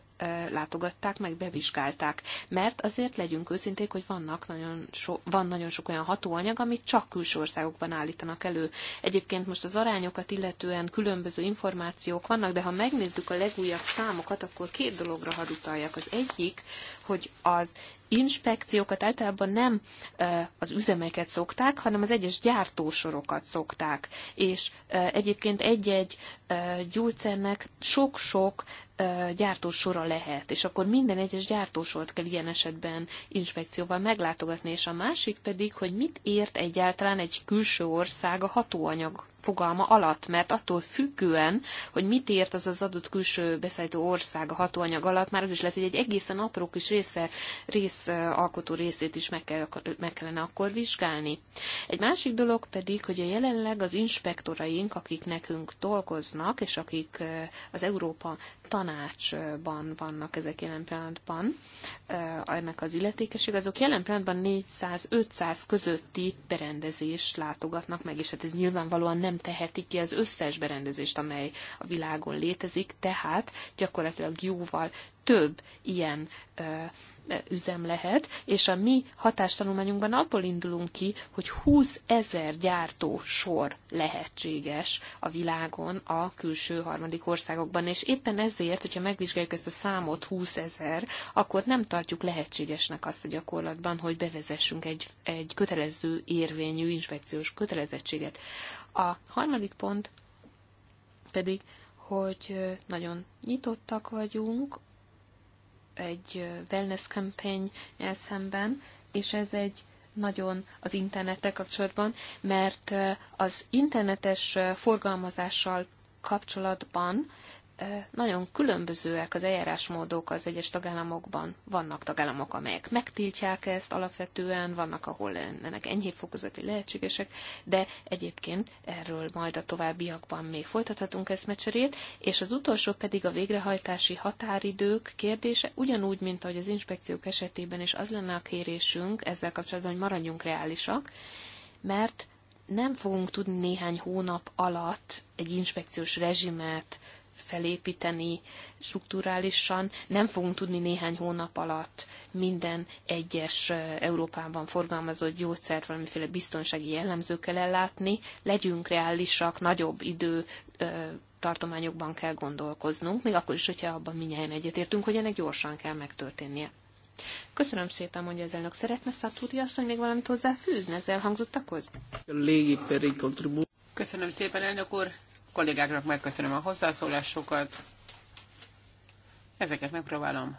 látogatták meg, bevizsgálták. Mert azért legyünk őszinték, hogy vannak nagyon so, van nagyon sok olyan hatóanyag, amit csak külső országokban állítanak elő. Egyébként most az arányokat illetően különböző információk vannak, de ha megnézzük a legújabb számokat, akkor két dologra hadd utaljak. Az egyik, hogy az inspekciókat általában nem az üzemeket szokták, hanem az egyes gyártósorokat szokták. És egyébként egy-egy gyógyszernek sok-sok gyártósora lehet, és akkor minden egyes gyártósort kell ilyen esetben inspekcióval meglátogatni, és a másik pedig, hogy mit ért egyáltalán egy külső ország a hatóanyag fogalma alatt, mert attól függően, hogy mit ért az az adott külső beszállító ország a hatóanyag alatt, már az is lehet, hogy egy egészen apró kis része, rész alkotó részét is meg, kell, meg kellene akkor vizsgálni. Egy másik dolog pedig, hogy a jelenleg az inspektoraink, akik nekünk dolgoznak, és akik az Európa tanácsban vannak ezek jelen pillanatban, ennek az illetékesség, azok jelen pillanatban 400-500 közötti berendezést látogatnak meg, és hát ez nyilvánvalóan nem tehetik ki az összes berendezést, amely a világon létezik, tehát gyakorlatilag jóval több ilyen üzem lehet, és a mi hatástanulmányunkban abból indulunk ki, hogy 20 ezer gyártó sor lehetséges a világon a külső harmadik országokban, és éppen ezért, hogyha megvizsgáljuk ezt a számot 20 ezer, akkor nem tartjuk lehetségesnek azt a gyakorlatban, hogy bevezessünk egy, egy kötelező érvényű inspekciós kötelezettséget. A harmadik pont pedig, hogy nagyon nyitottak vagyunk egy wellness campaign szemben, és ez egy nagyon az internettel kapcsolatban, mert az internetes forgalmazással kapcsolatban nagyon különbözőek az eljárásmódok az egyes tagállamokban. Vannak tagállamok, amelyek megtiltják ezt alapvetően, vannak, ahol ennek enyhébb fokozati lehetségesek, de egyébként erről majd a továbbiakban még folytathatunk ezt mecserét, és az utolsó pedig a végrehajtási határidők kérdése, ugyanúgy, mint ahogy az inspekciók esetében is az lenne a kérésünk ezzel kapcsolatban, hogy maradjunk reálisak, mert nem fogunk tudni néhány hónap alatt egy inspekciós rezsimet felépíteni strukturálisan. Nem fogunk tudni néhány hónap alatt minden egyes Európában forgalmazott gyógyszert valamiféle biztonsági jellemzőkkel ellátni. Legyünk reálisak, nagyobb idő tartományokban kell gondolkoznunk, még akkor is, hogyha abban minnyáján egyetértünk, hogy ennek gyorsan kell megtörténnie. Köszönöm szépen, mondja az elnök. Szeretne Szatúri asszony még valamit hozzáfűzni az elhangzottakhoz? Köszönöm szépen, elnök úr kollégáknak megköszönöm a hozzászólásokat. Ezeket megpróbálom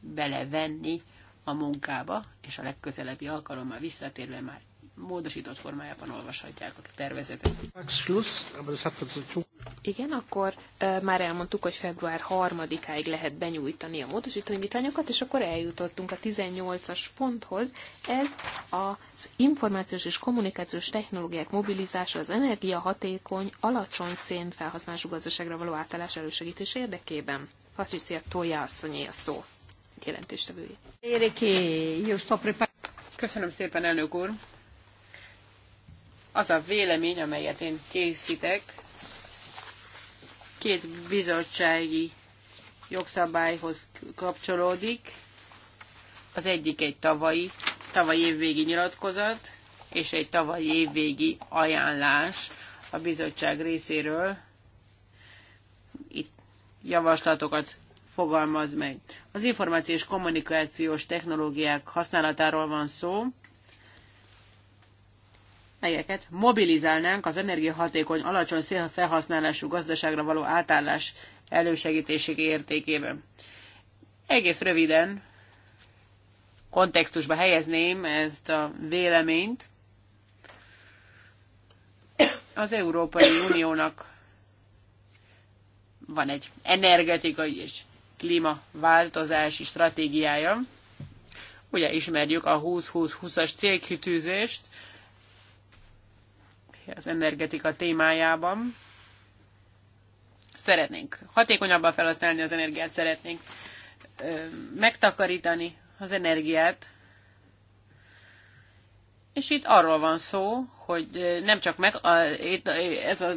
belevenni a munkába, és a legközelebbi alkalommal visszatérve már módosított formájában olvashatják a tervezetet igen, akkor már elmondtuk, hogy február 3-áig lehet benyújtani a módosítóindítványokat, és akkor eljutottunk a 18-as ponthoz. Ez az információs és kommunikációs technológiák mobilizása az energiahatékony, alacsony szén felhasználású gazdaságra való átállás elősegítés érdekében. Patricia Tolja asszonyé a szó. jelentéstevői. Köszönöm szépen, elnök úr! Az a vélemény, amelyet én készítek, két bizottsági jogszabályhoz kapcsolódik. Az egyik egy tavalyi, tavalyi évvégi nyilatkozat, és egy tavalyi évvégi ajánlás a bizottság részéről. Itt javaslatokat fogalmaz meg. Az információs kommunikációs technológiák használatáról van szó, melyeket mobilizálnánk az energiahatékony, alacsony szélfelhasználású gazdaságra való átállás elősegítésége értékében. Egész röviden kontextusba helyezném ezt a véleményt. Az Európai Uniónak van egy energetikai és klímaváltozási stratégiája. Ugye ismerjük a 20-20-20-as célkitűzést, az energetika témájában. Szeretnénk hatékonyabban felhasználni az energiát, szeretnénk megtakarítani az energiát. És itt arról van szó, hogy nem csak meg, a, ez az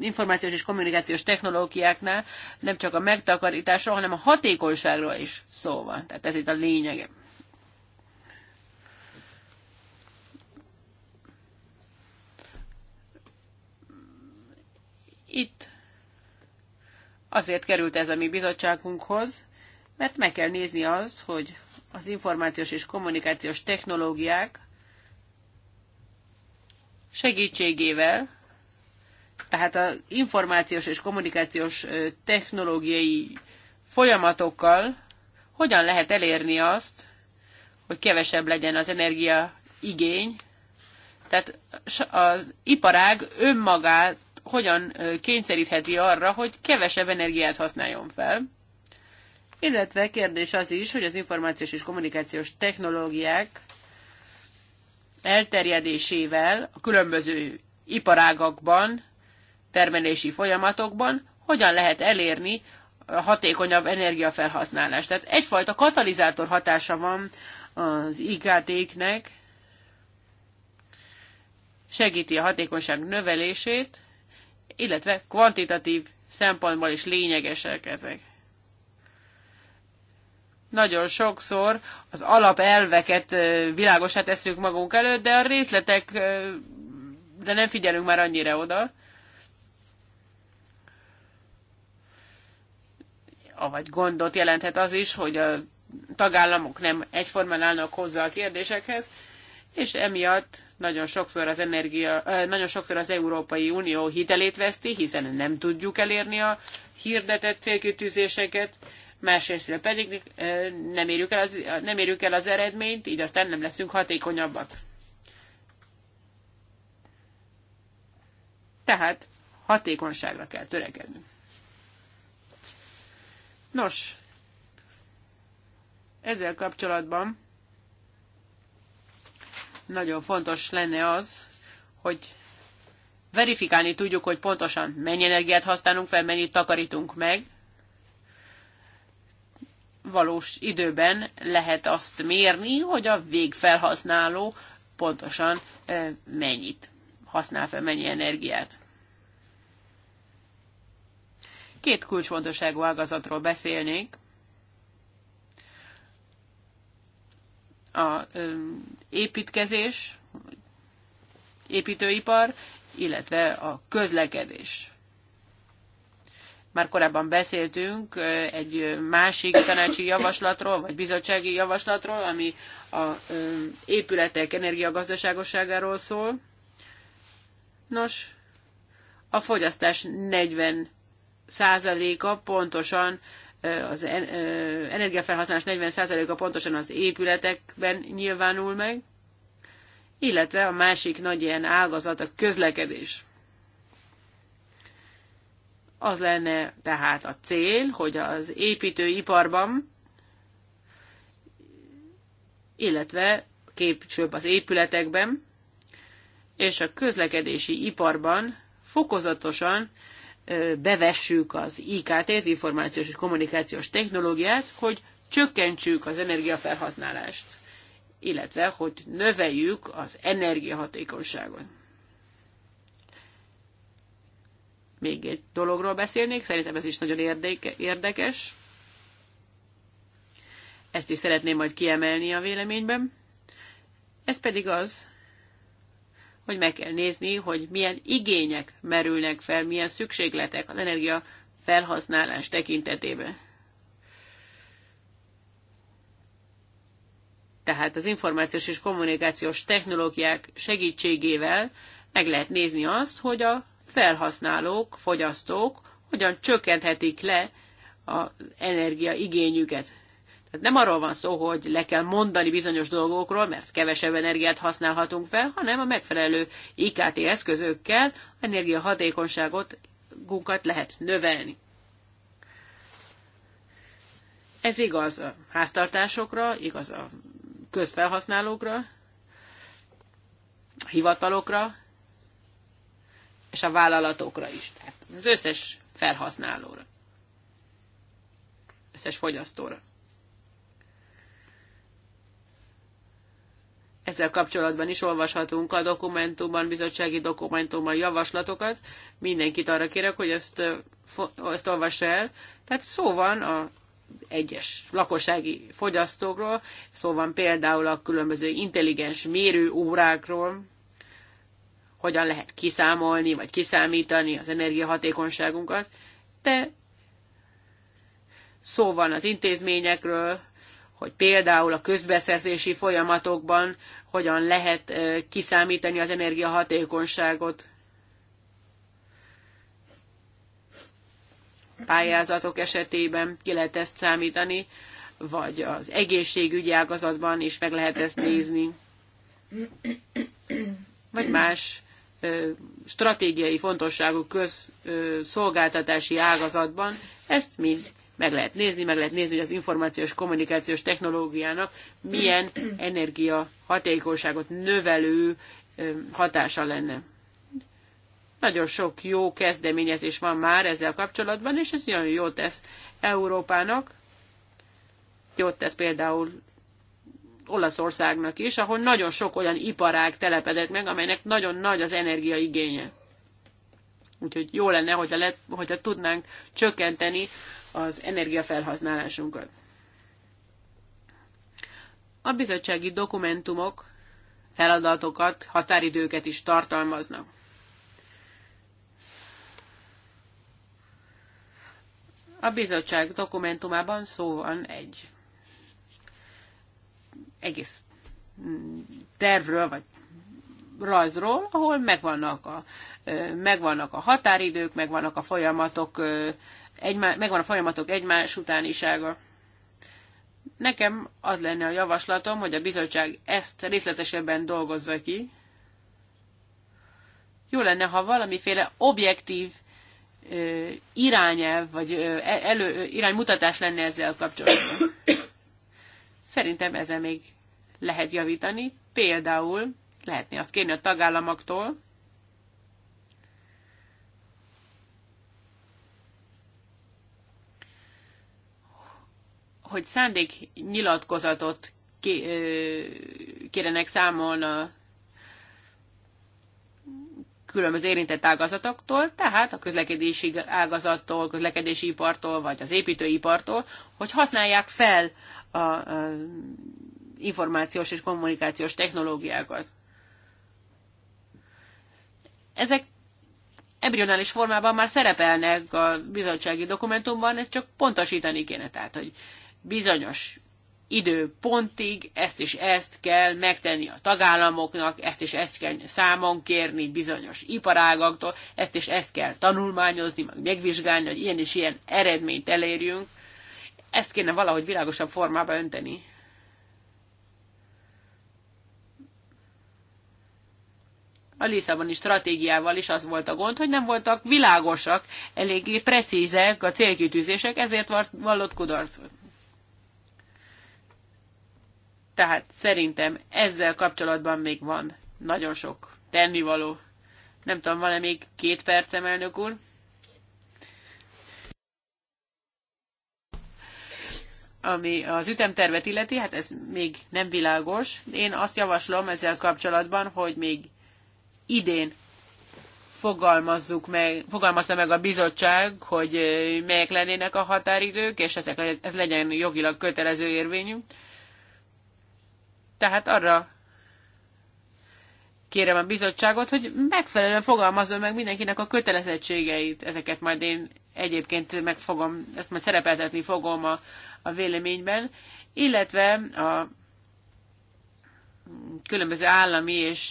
információs és kommunikációs technológiáknál nem csak a megtakarításról, hanem a hatékonyságról is szó van. Tehát ez itt a lényege. Itt azért került ez a mi bizottságunkhoz, mert meg kell nézni azt, hogy az információs és kommunikációs technológiák segítségével, tehát az információs és kommunikációs technológiai folyamatokkal hogyan lehet elérni azt, hogy kevesebb legyen az energia igény, tehát az iparág önmagát hogyan kényszerítheti arra, hogy kevesebb energiát használjon fel. Illetve kérdés az is, hogy az információs és kommunikációs technológiák elterjedésével a különböző iparágakban, termelési folyamatokban hogyan lehet elérni a hatékonyabb energiafelhasználást. Tehát egyfajta katalizátor hatása van az IKT-knek, segíti a hatékonyság növelését, illetve kvantitatív szempontból is lényegesek ezek. Nagyon sokszor az alapelveket világosá tesszük magunk előtt, de a részletek, de nem figyelünk már annyira oda. Avagy gondot jelenthet az is, hogy a tagállamok nem egyformán állnak hozzá a kérdésekhez és emiatt nagyon sokszor az, energia, nagyon sokszor az Európai Unió hitelét veszti, hiszen nem tudjuk elérni a hirdetett célkitűzéseket, másrészt pedig nem érjük, el az, nem érjük el az eredményt, így aztán nem leszünk hatékonyabbak. Tehát hatékonyságra kell törekedni. Nos, ezzel kapcsolatban nagyon fontos lenne az, hogy verifikálni tudjuk, hogy pontosan mennyi energiát használunk fel, mennyit takarítunk meg. Valós időben lehet azt mérni, hogy a végfelhasználó pontosan mennyit használ fel, mennyi energiát. Két kulcsfontosságú ágazatról beszélnék. A építkezés, építőipar, illetve a közlekedés. Már korábban beszéltünk egy másik tanácsi javaslatról, vagy bizottsági javaslatról, ami a épületek energiagazdaságosságáról szól. Nos, a fogyasztás 40 százaléka pontosan az energiafelhasználás 40%-a pontosan az épületekben nyilvánul meg, illetve a másik nagy ilyen ágazat a közlekedés. Az lenne tehát a cél, hogy az építőiparban, illetve képcsőbb az épületekben, és a közlekedési iparban fokozatosan bevessük az ikt az információs és kommunikációs technológiát, hogy csökkentsük az energiafelhasználást, illetve hogy növeljük az energiahatékonyságot. Még egy dologról beszélnék, szerintem ez is nagyon érdekes. Ezt is szeretném majd kiemelni a véleményben. Ez pedig az, hogy meg kell nézni, hogy milyen igények merülnek fel, milyen szükségletek az energia felhasználás tekintetében. Tehát az információs és kommunikációs technológiák segítségével meg lehet nézni azt, hogy a felhasználók, fogyasztók hogyan csökkenthetik le az energiaigényüket. Tehát nem arról van szó, hogy le kell mondani bizonyos dolgokról, mert kevesebb energiát használhatunk fel, hanem a megfelelő IKT eszközökkel energiahatékonyságot gunkat lehet növelni. Ez igaz a háztartásokra, igaz a közfelhasználókra, a hivatalokra, és a vállalatokra is. Tehát az összes felhasználóra, összes fogyasztóra. ezzel kapcsolatban is olvashatunk a dokumentumban, bizottsági dokumentumban javaslatokat. Mindenkit arra kérek, hogy ezt, ezt olvassa el. Tehát szó van a egyes lakossági fogyasztókról, szó van például a különböző intelligens mérőórákról, hogyan lehet kiszámolni, vagy kiszámítani az energiahatékonyságunkat, de szó van az intézményekről, hogy például a közbeszerzési folyamatokban hogyan lehet kiszámítani az energiahatékonyságot. Pályázatok esetében ki lehet ezt számítani, vagy az egészségügyi ágazatban is meg lehet ezt nézni, vagy más stratégiai fontosságú közszolgáltatási ágazatban, ezt mind meg lehet nézni, meg lehet nézni, hogy az információs kommunikációs technológiának milyen energia hatékonyságot növelő hatása lenne. Nagyon sok jó kezdeményezés van már ezzel kapcsolatban, és ez nagyon jót tesz Európának. Jót tesz például Olaszországnak is, ahol nagyon sok olyan iparág telepedett meg, amelynek nagyon nagy az energiaigénye. Úgyhogy jó lenne, hogyha, le, hogyha tudnánk csökkenteni az energiafelhasználásunkat. A bizottsági dokumentumok feladatokat, határidőket is tartalmaznak. A bizottság dokumentumában szó van egy egész tervről, vagy rajzról, ahol megvannak a, megvannak a határidők, megvannak a folyamatok egymá, megvan a folyamatok egymás utánisága. Nekem az lenne a javaslatom, hogy a bizottság ezt részletesebben dolgozza ki. Jó lenne, ha valamiféle objektív ö, irányelv, vagy ö, e- elő, ö, iránymutatás lenne ezzel kapcsolatban. Szerintem ezzel még lehet javítani. Például lehetne azt kérni a tagállamoktól, hogy szándéknyilatkozatot kérenek számon a különböző érintett ágazatoktól, tehát a közlekedési ágazattól, közlekedési ipartól, vagy az építőipartól, hogy használják fel a, a információs és kommunikációs technológiákat. Ezek embrionális formában már szerepelnek a bizottsági dokumentumban, ezt csak pontosítani kéne. Tehát, hogy bizonyos időpontig ezt és ezt kell megtenni a tagállamoknak, ezt és ezt kell számon kérni bizonyos iparágaktól, ezt és ezt kell tanulmányozni, meg megvizsgálni, hogy ilyen és ilyen eredményt elérjünk. Ezt kéne valahogy világosabb formába önteni. A Lisszaboni stratégiával is az volt a gond, hogy nem voltak világosak, eléggé precízek a célkitűzések, ezért vallott kudarcot. Tehát szerintem ezzel kapcsolatban még van nagyon sok tennivaló. Nem tudom, van-e még két percem, elnök úr? Ami az ütemtervet illeti, hát ez még nem világos. Én azt javaslom ezzel kapcsolatban, hogy még idén fogalmazzuk meg, fogalmazza meg a bizottság, hogy eh, melyek lennének a határidők, és ezek, ez legyen jogilag kötelező érvényünk. Tehát arra kérem a bizottságot, hogy megfelelően fogalmazom meg mindenkinek a kötelezettségeit. Ezeket majd én egyébként meg fogom, ezt majd szerepeltetni fogom a, a véleményben, illetve a különböző állami és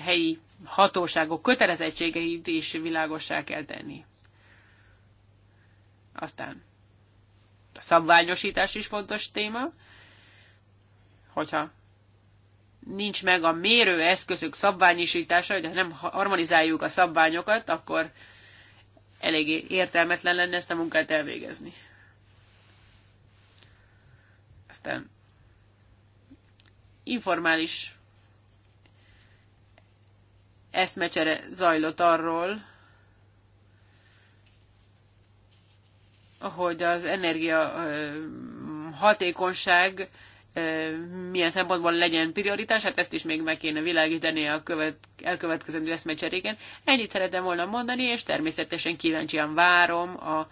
helyi hatóságok kötelezettségeit is világossá kell tenni. Aztán a szabványosítás is fontos téma, hogyha nincs meg a mérőeszközök szabványisítása, hogyha nem harmonizáljuk a szabványokat, akkor eléggé értelmetlen lenne ezt a munkát elvégezni. Aztán informális eszmecsere zajlott arról, hogy az energia hatékonyság milyen szempontból legyen prioritás, hát ezt is még meg kéne világítani a követ, elkövetkezendő eszmecseréken. Ennyit szeretem volna mondani, és természetesen kíváncsian várom a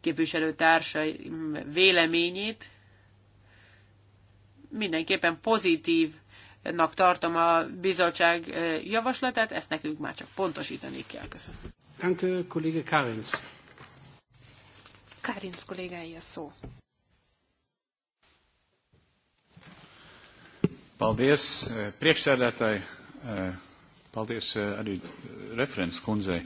képviselőtársaim véleményét. Mindenképpen pozitívnak tartom a bizottság javaslatát, ezt nekünk már csak pontosítani kell. Köszönöm. Danke, kollége Karinz. Karinz kollégája szó. Paldies eh, priekšsēdētāji, eh, paldies eh, arī referents kundzei.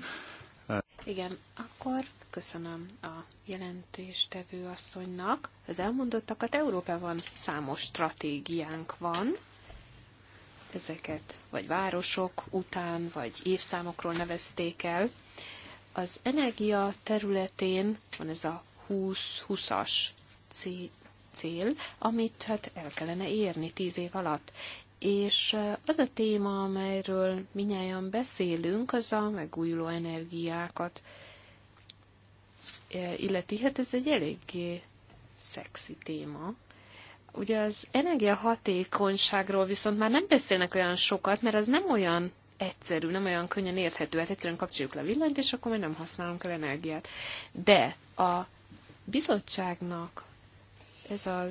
Igen, akkor köszönöm a jelentéstevő asszonynak. Az elmondottakat Európában számos stratégiánk van, ezeket vagy városok után, vagy évszámokról nevezték el. Az energia területén van ez a 20-20-as cél, amit hát el kellene érni tíz év alatt. És az a téma, amelyről minnyáján beszélünk, az a megújuló energiákat illeti. Hát ez egy eléggé szexi téma. Ugye az energiahatékonyságról viszont már nem beszélnek olyan sokat, mert az nem olyan egyszerű, nem olyan könnyen érthető. Hát egyszerűen kapcsoljuk le a villanyt, és akkor mi nem használunk el energiát. De a bizottságnak ez a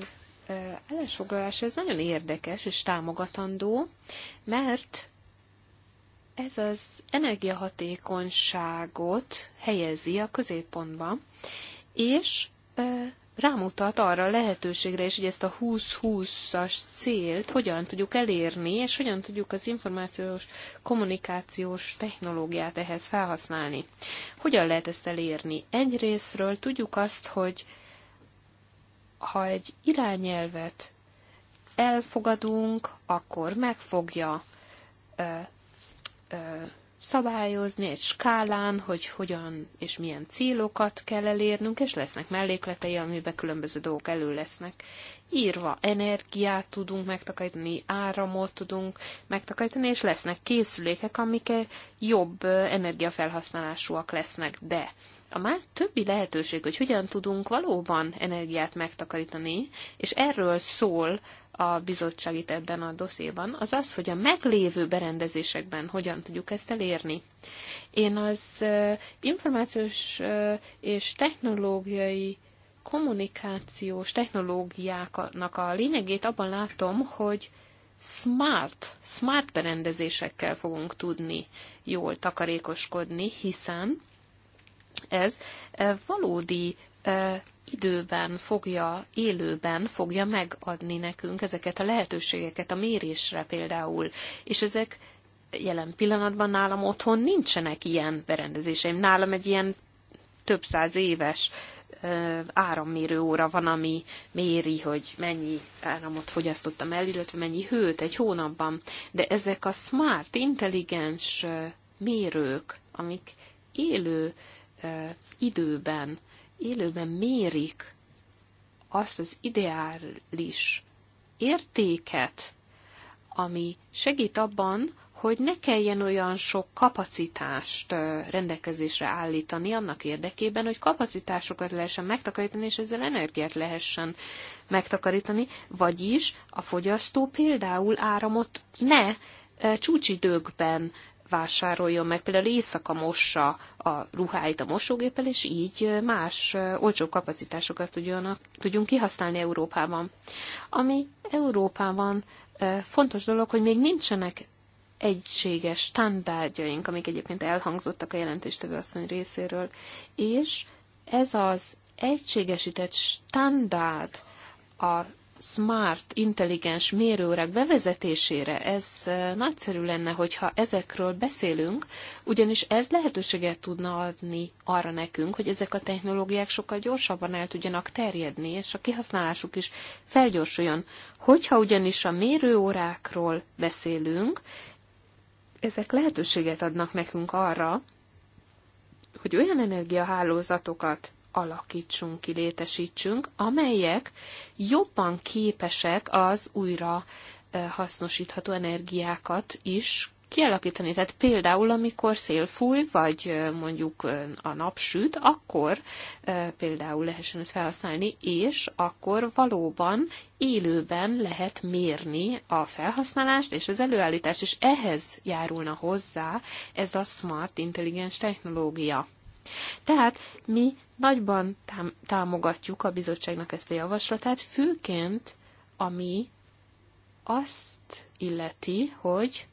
ellensoglalás, ez nagyon érdekes és támogatandó, mert ez az energiahatékonyságot helyezi a középpontba, és rámutat arra a lehetőségre is, hogy ezt a 20-20-as célt hogyan tudjuk elérni, és hogyan tudjuk az információs kommunikációs technológiát ehhez felhasználni. Hogyan lehet ezt elérni? Egyrésztről tudjuk azt, hogy ha egy irányelvet elfogadunk, akkor meg fogja ö, ö, szabályozni egy skálán, hogy hogyan és milyen célokat kell elérnünk, és lesznek mellékletei, amiben különböző dolgok elő lesznek írva. Energiát tudunk megtakarítani, áramot tudunk megtakarítani, és lesznek készülékek, amik jobb energiafelhasználásúak lesznek, de a már többi lehetőség, hogy hogyan tudunk valóban energiát megtakarítani, és erről szól a bizottság itt ebben a doszéban, az az, hogy a meglévő berendezésekben hogyan tudjuk ezt elérni. Én az információs és technológiai kommunikációs technológiáknak a lényegét abban látom, hogy smart, smart berendezésekkel fogunk tudni jól takarékoskodni, hiszen ez valódi időben fogja, élőben fogja megadni nekünk ezeket a lehetőségeket a mérésre például. És ezek jelen pillanatban nálam otthon nincsenek ilyen berendezéseim. Nálam egy ilyen több száz éves árammérő óra van, ami méri, hogy mennyi áramot fogyasztottam el, illetve mennyi hőt egy hónapban. De ezek a smart, intelligens mérők, amik élő időben, élőben mérik azt az ideális értéket, ami segít abban, hogy ne kelljen olyan sok kapacitást rendelkezésre állítani annak érdekében, hogy kapacitásokat lehessen megtakarítani, és ezzel energiát lehessen megtakarítani, vagyis a fogyasztó például áramot ne csúcsidőkben vásároljon meg, például éjszaka mossa a ruháit a mosógéppel, és így más olcsó kapacitásokat tudjanak, tudjunk kihasználni Európában. Ami Európában fontos dolog, hogy még nincsenek egységes standardjaink, amik egyébként elhangzottak a jelentéstevő asszony részéről, és ez az egységesített standard a smart, intelligens mérőórák bevezetésére, ez nagyszerű lenne, hogyha ezekről beszélünk, ugyanis ez lehetőséget tudna adni arra nekünk, hogy ezek a technológiák sokkal gyorsabban el tudjanak terjedni, és a kihasználásuk is felgyorsuljon. Hogyha ugyanis a mérőórákról beszélünk, ezek lehetőséget adnak nekünk arra, hogy olyan energiahálózatokat alakítsunk kilétesítsünk, amelyek jobban képesek az újra hasznosítható energiákat is kialakítani. Tehát például, amikor szél fúj, vagy mondjuk a nap süt, akkor például lehessen ezt felhasználni, és akkor valóban élőben lehet mérni a felhasználást és az előállítást, és ehhez járulna hozzá ez a smart intelligens technológia. Tehát mi nagyban támogatjuk a bizottságnak ezt a javaslatát, főként ami azt illeti, hogy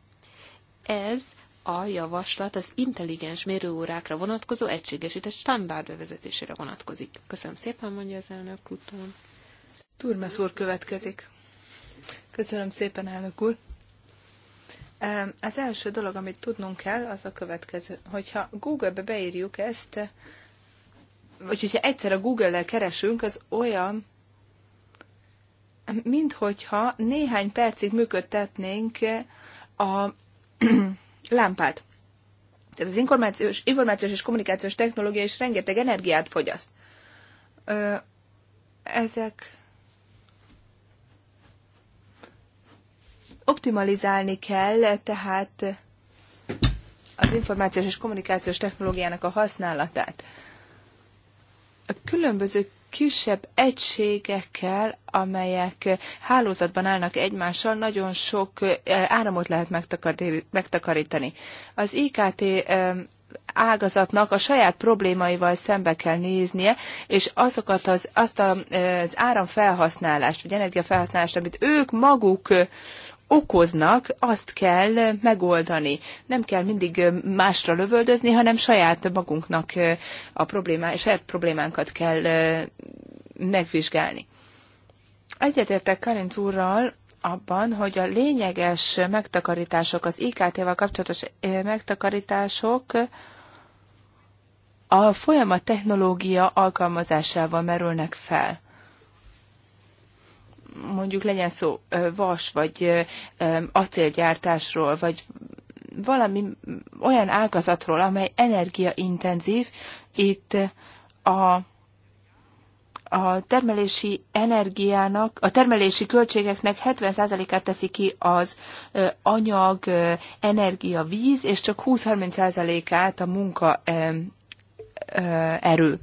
ez a javaslat az intelligens mérőórákra vonatkozó egységesített standard bevezetésére vonatkozik. Köszönöm szépen, mondja az elnök úton. Turmes úr következik. Köszönöm szépen, elnök úr. Az első dolog, amit tudnunk kell, az a következő. Hogyha Google-be beírjuk ezt, vagy hogyha egyszer a Google-lel keresünk, az olyan, minthogyha néhány percig működtetnénk a lámpát. Tehát az információs, információs és kommunikációs technológia is rengeteg energiát fogyaszt. Ezek Optimalizálni kell tehát az információs és kommunikációs technológiának a használatát. A különböző kisebb egységekkel, amelyek hálózatban állnak egymással, nagyon sok áramot lehet megtakarítani. Az IKT ágazatnak a saját problémaival szembe kell néznie, és azokat az, azt az áramfelhasználást, vagy energiafelhasználást, amit ők maguk okoznak, azt kell megoldani. Nem kell mindig másra lövöldözni, hanem saját magunknak a problémá, saját problémánkat kell megvizsgálni. Egyetértek Karinc úrral abban, hogy a lényeges megtakarítások, az IKT-val kapcsolatos megtakarítások a folyamat technológia alkalmazásával merülnek fel mondjuk legyen szó vas vagy acélgyártásról, vagy valami olyan ágazatról, amely energiaintenzív, itt a a termelési energiának, a termelési költségeknek 70%-át teszi ki az anyag, energia, víz, és csak 20-30%-át a munka erő.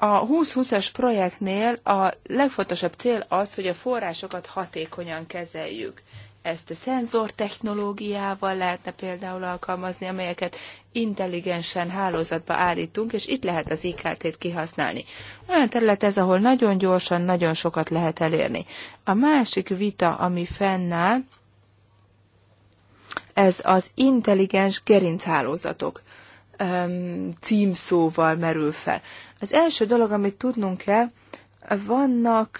A 2020-as projektnél a legfontosabb cél az, hogy a forrásokat hatékonyan kezeljük. Ezt a szenzortechnológiával lehetne például alkalmazni, amelyeket intelligensen hálózatba állítunk, és itt lehet az IKT-t kihasználni. Olyan terület ez, ahol nagyon gyorsan, nagyon sokat lehet elérni. A másik vita, ami fennáll, ez az intelligens gerinchálózatok címszóval merül fel. Az első dolog, amit tudnunk kell, vannak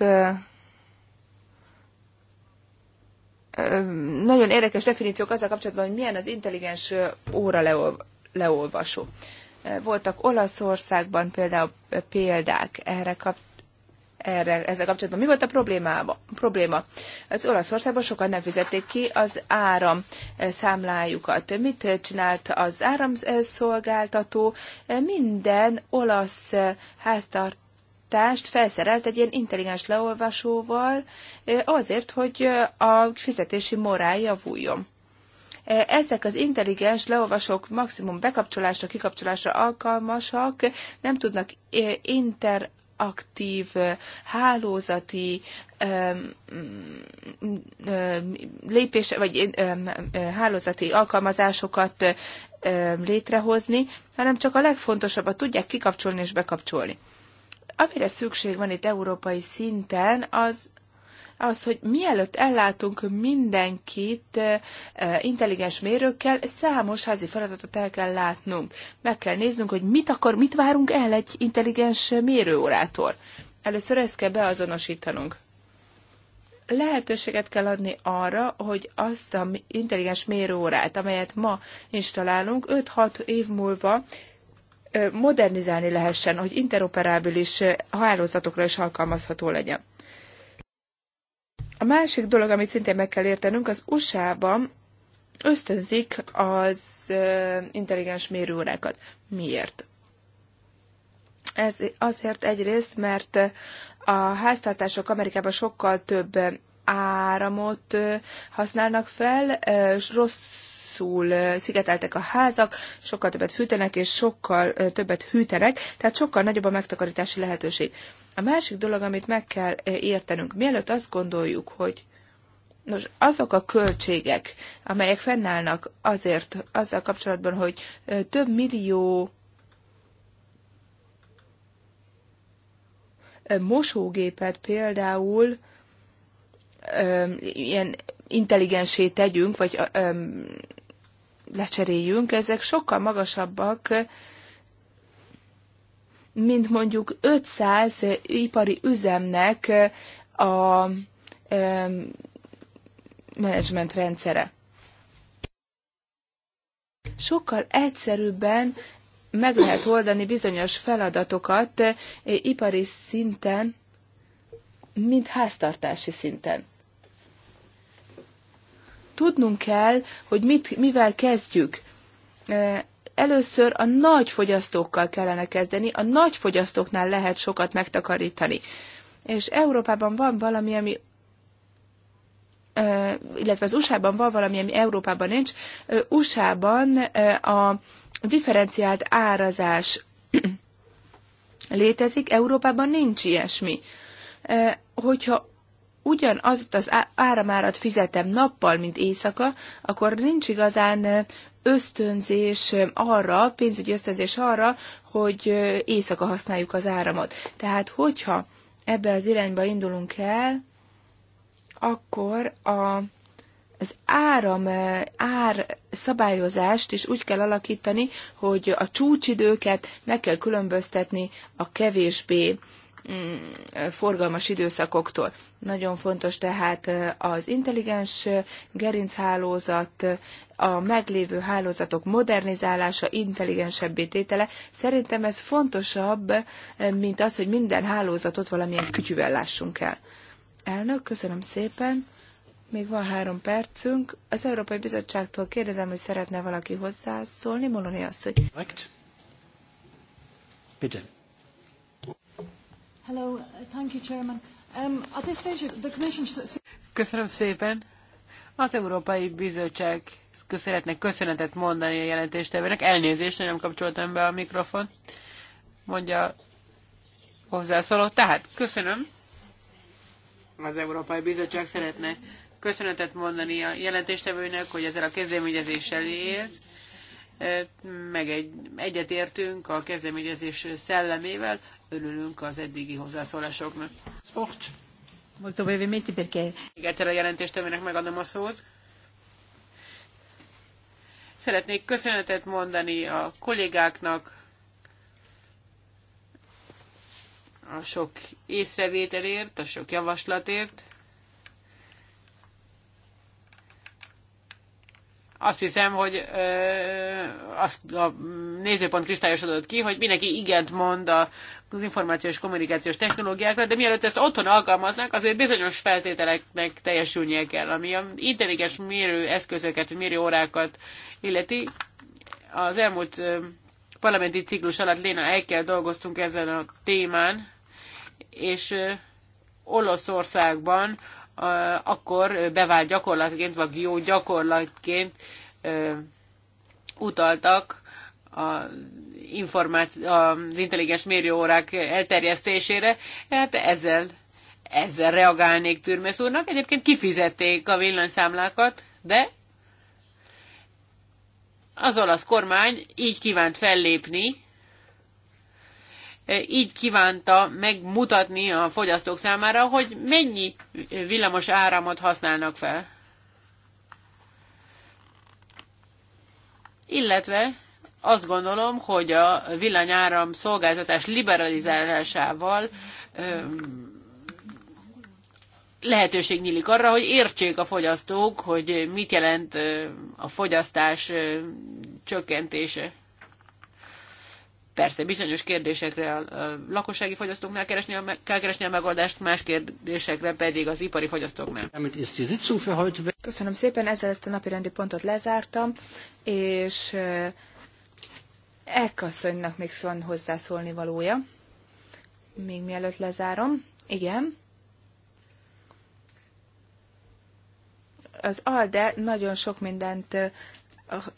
nagyon érdekes definíciók azzal kapcsolatban, hogy milyen az intelligens óra leolvasó. Voltak Olaszországban például példák erre, kapcsolatban, erre, ezzel kapcsolatban. Mi volt a problémába? probléma? Az Olaszországban sokan nem fizették ki az áram számlájukat. Mit csinált az áramszolgáltató? Minden olasz háztartó felszerelt egy ilyen intelligens leolvasóval azért, hogy a fizetési morál javuljon. Ezek az intelligens leolvasók maximum bekapcsolásra, kikapcsolásra alkalmasak, nem tudnak inter aktív hálózati lépése, vagy hálózati alkalmazásokat létrehozni, hanem csak a legfontosabbat tudják kikapcsolni és bekapcsolni. Amire szükség van itt európai szinten, az az, hogy mielőtt ellátunk mindenkit eh, eh, intelligens mérőkkel, számos házi feladatot el kell látnunk. Meg kell néznünk, hogy mit akar, mit várunk el egy intelligens mérőórától. Először ezt kell beazonosítanunk lehetőséget kell adni arra, hogy azt a intelligens mérőórát, amelyet ma installálunk, 5-6 év múlva eh, modernizálni lehessen, hogy interoperábilis hálózatokra is alkalmazható legyen. A másik dolog, amit szintén meg kell értenünk, az USA-ban ösztönzik az intelligens mérőórákat. Miért? Ez azért egyrészt, mert a háztartások Amerikában sokkal több áramot használnak fel, és rosszul szigeteltek a házak, sokkal többet fűtenek, és sokkal többet hűtenek, tehát sokkal nagyobb a megtakarítási lehetőség. A másik dolog, amit meg kell eh, értenünk, mielőtt azt gondoljuk, hogy Nos, azok a költségek, amelyek fennállnak azért, azzal kapcsolatban, hogy eh, több millió eh, mosógépet például ilyen intelligensé tegyünk, vagy lecseréljünk, ezek sokkal magasabbak, mint mondjuk 500 ipari üzemnek a menedzsment rendszere. Sokkal egyszerűbben meg lehet oldani bizonyos feladatokat eh, ipari szinten, mint háztartási szinten. Tudnunk kell, hogy mit, mivel kezdjük eh, először a nagy fogyasztókkal kellene kezdeni, a nagy fogyasztóknál lehet sokat megtakarítani. És Európában van valami, ami illetve az USA-ban van valami, ami Európában nincs. USA-ban a differenciált árazás létezik, Európában nincs ilyesmi. Hogyha ugyanazt az áramárat fizetem nappal, mint éjszaka, akkor nincs igazán ösztönzés arra, pénzügyi ösztönzés arra, hogy éjszaka használjuk az áramot. Tehát hogyha ebbe az irányba indulunk el, akkor a, az áram, ár szabályozást is úgy kell alakítani, hogy a csúcsidőket meg kell különböztetni a kevésbé Mm, forgalmas időszakoktól. Nagyon fontos tehát az intelligens gerinchálózat, a meglévő hálózatok modernizálása, intelligensebbé tétele. Szerintem ez fontosabb, mint az, hogy minden hálózatot valamilyen kütyűvel lássunk el. Elnök, köszönöm szépen. Még van három percünk. Az Európai Bizottságtól kérdezem, hogy szeretne valaki hozzászólni. Moloni asszony. Bitte. Hello, thank you, Chairman. Um, at this stage, the Commission... Köszönöm szépen. Az Európai Bizottság szeretne köszönetet mondani a jelentéstevőnek. Elnézést, hogy nem kapcsoltam be a mikrofon. Mondja hozzászóló. Tehát köszönöm. Az Európai Bizottság szeretne köszönetet mondani a jelentéstevőnek, hogy ezzel a kezdeményezéssel élt meg egy, egyetértünk a kezdeményezés szellemével, örülünk az eddigi hozzászólásoknak. Sport. Molto brevemente perché... Még egyszer a jelentéstevének megadom a szót. Szeretnék köszönetet mondani a kollégáknak, a sok észrevételért, a sok javaslatért. azt hiszem, hogy ö, azt a nézőpont kristályosodott ki, hogy mindenki igent mond az információs és kommunikációs technológiákra, de mielőtt ezt otthon alkalmaznák, azért bizonyos feltételeknek teljesülnie kell, ami a intelligens mérő eszközöket, mérő órákat illeti. Az elmúlt parlamenti ciklus alatt Léna Eikkel dolgoztunk ezen a témán, és Olaszországban akkor bevált gyakorlatként, vagy jó gyakorlatként utaltak a az intelligens mérőórák elterjesztésére, hát ezzel, ezzel reagálnék Türmes úrnak. Egyébként kifizették a villanyszámlákat, de az olasz kormány így kívánt fellépni, így kívánta megmutatni a fogyasztók számára, hogy mennyi villamos áramot használnak fel. Illetve azt gondolom, hogy a villanyáram szolgáltatás liberalizálásával lehetőség nyílik arra, hogy értsék a fogyasztók, hogy mit jelent a fogyasztás csökkentése. Persze bizonyos kérdésekre a lakossági fogyasztóknál keresni a, kell keresni a megoldást, más kérdésekre pedig az ipari fogyasztóknál. Köszönöm szépen, ezzel ezt a napirendi pontot lezártam, és eh, Ekkasszonynak még szóval hozzászólni valója. Még mielőtt lezárom. Igen. Az ALDE nagyon sok mindent eh,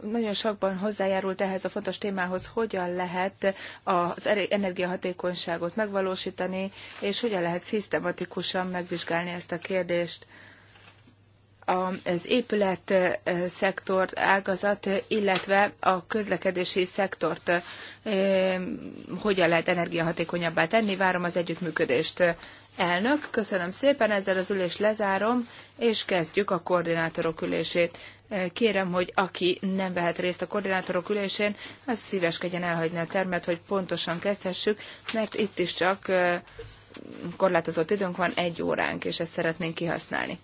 nagyon sokban hozzájárult ehhez a fontos témához, hogyan lehet az energiahatékonyságot megvalósítani, és hogyan lehet szisztematikusan megvizsgálni ezt a kérdést az épület szektor ágazat, illetve a közlekedési szektort hogyan lehet energiahatékonyabbá tenni. Várom az együttműködést. Elnök, köszönöm szépen, ezzel az ülés lezárom, és kezdjük a koordinátorok ülését. Kérem, hogy aki nem vehet részt a koordinátorok ülésén, az szíveskedjen elhagyni a termet, hogy pontosan kezdhessük, mert itt is csak korlátozott időnk van, egy óránk, és ezt szeretnénk kihasználni.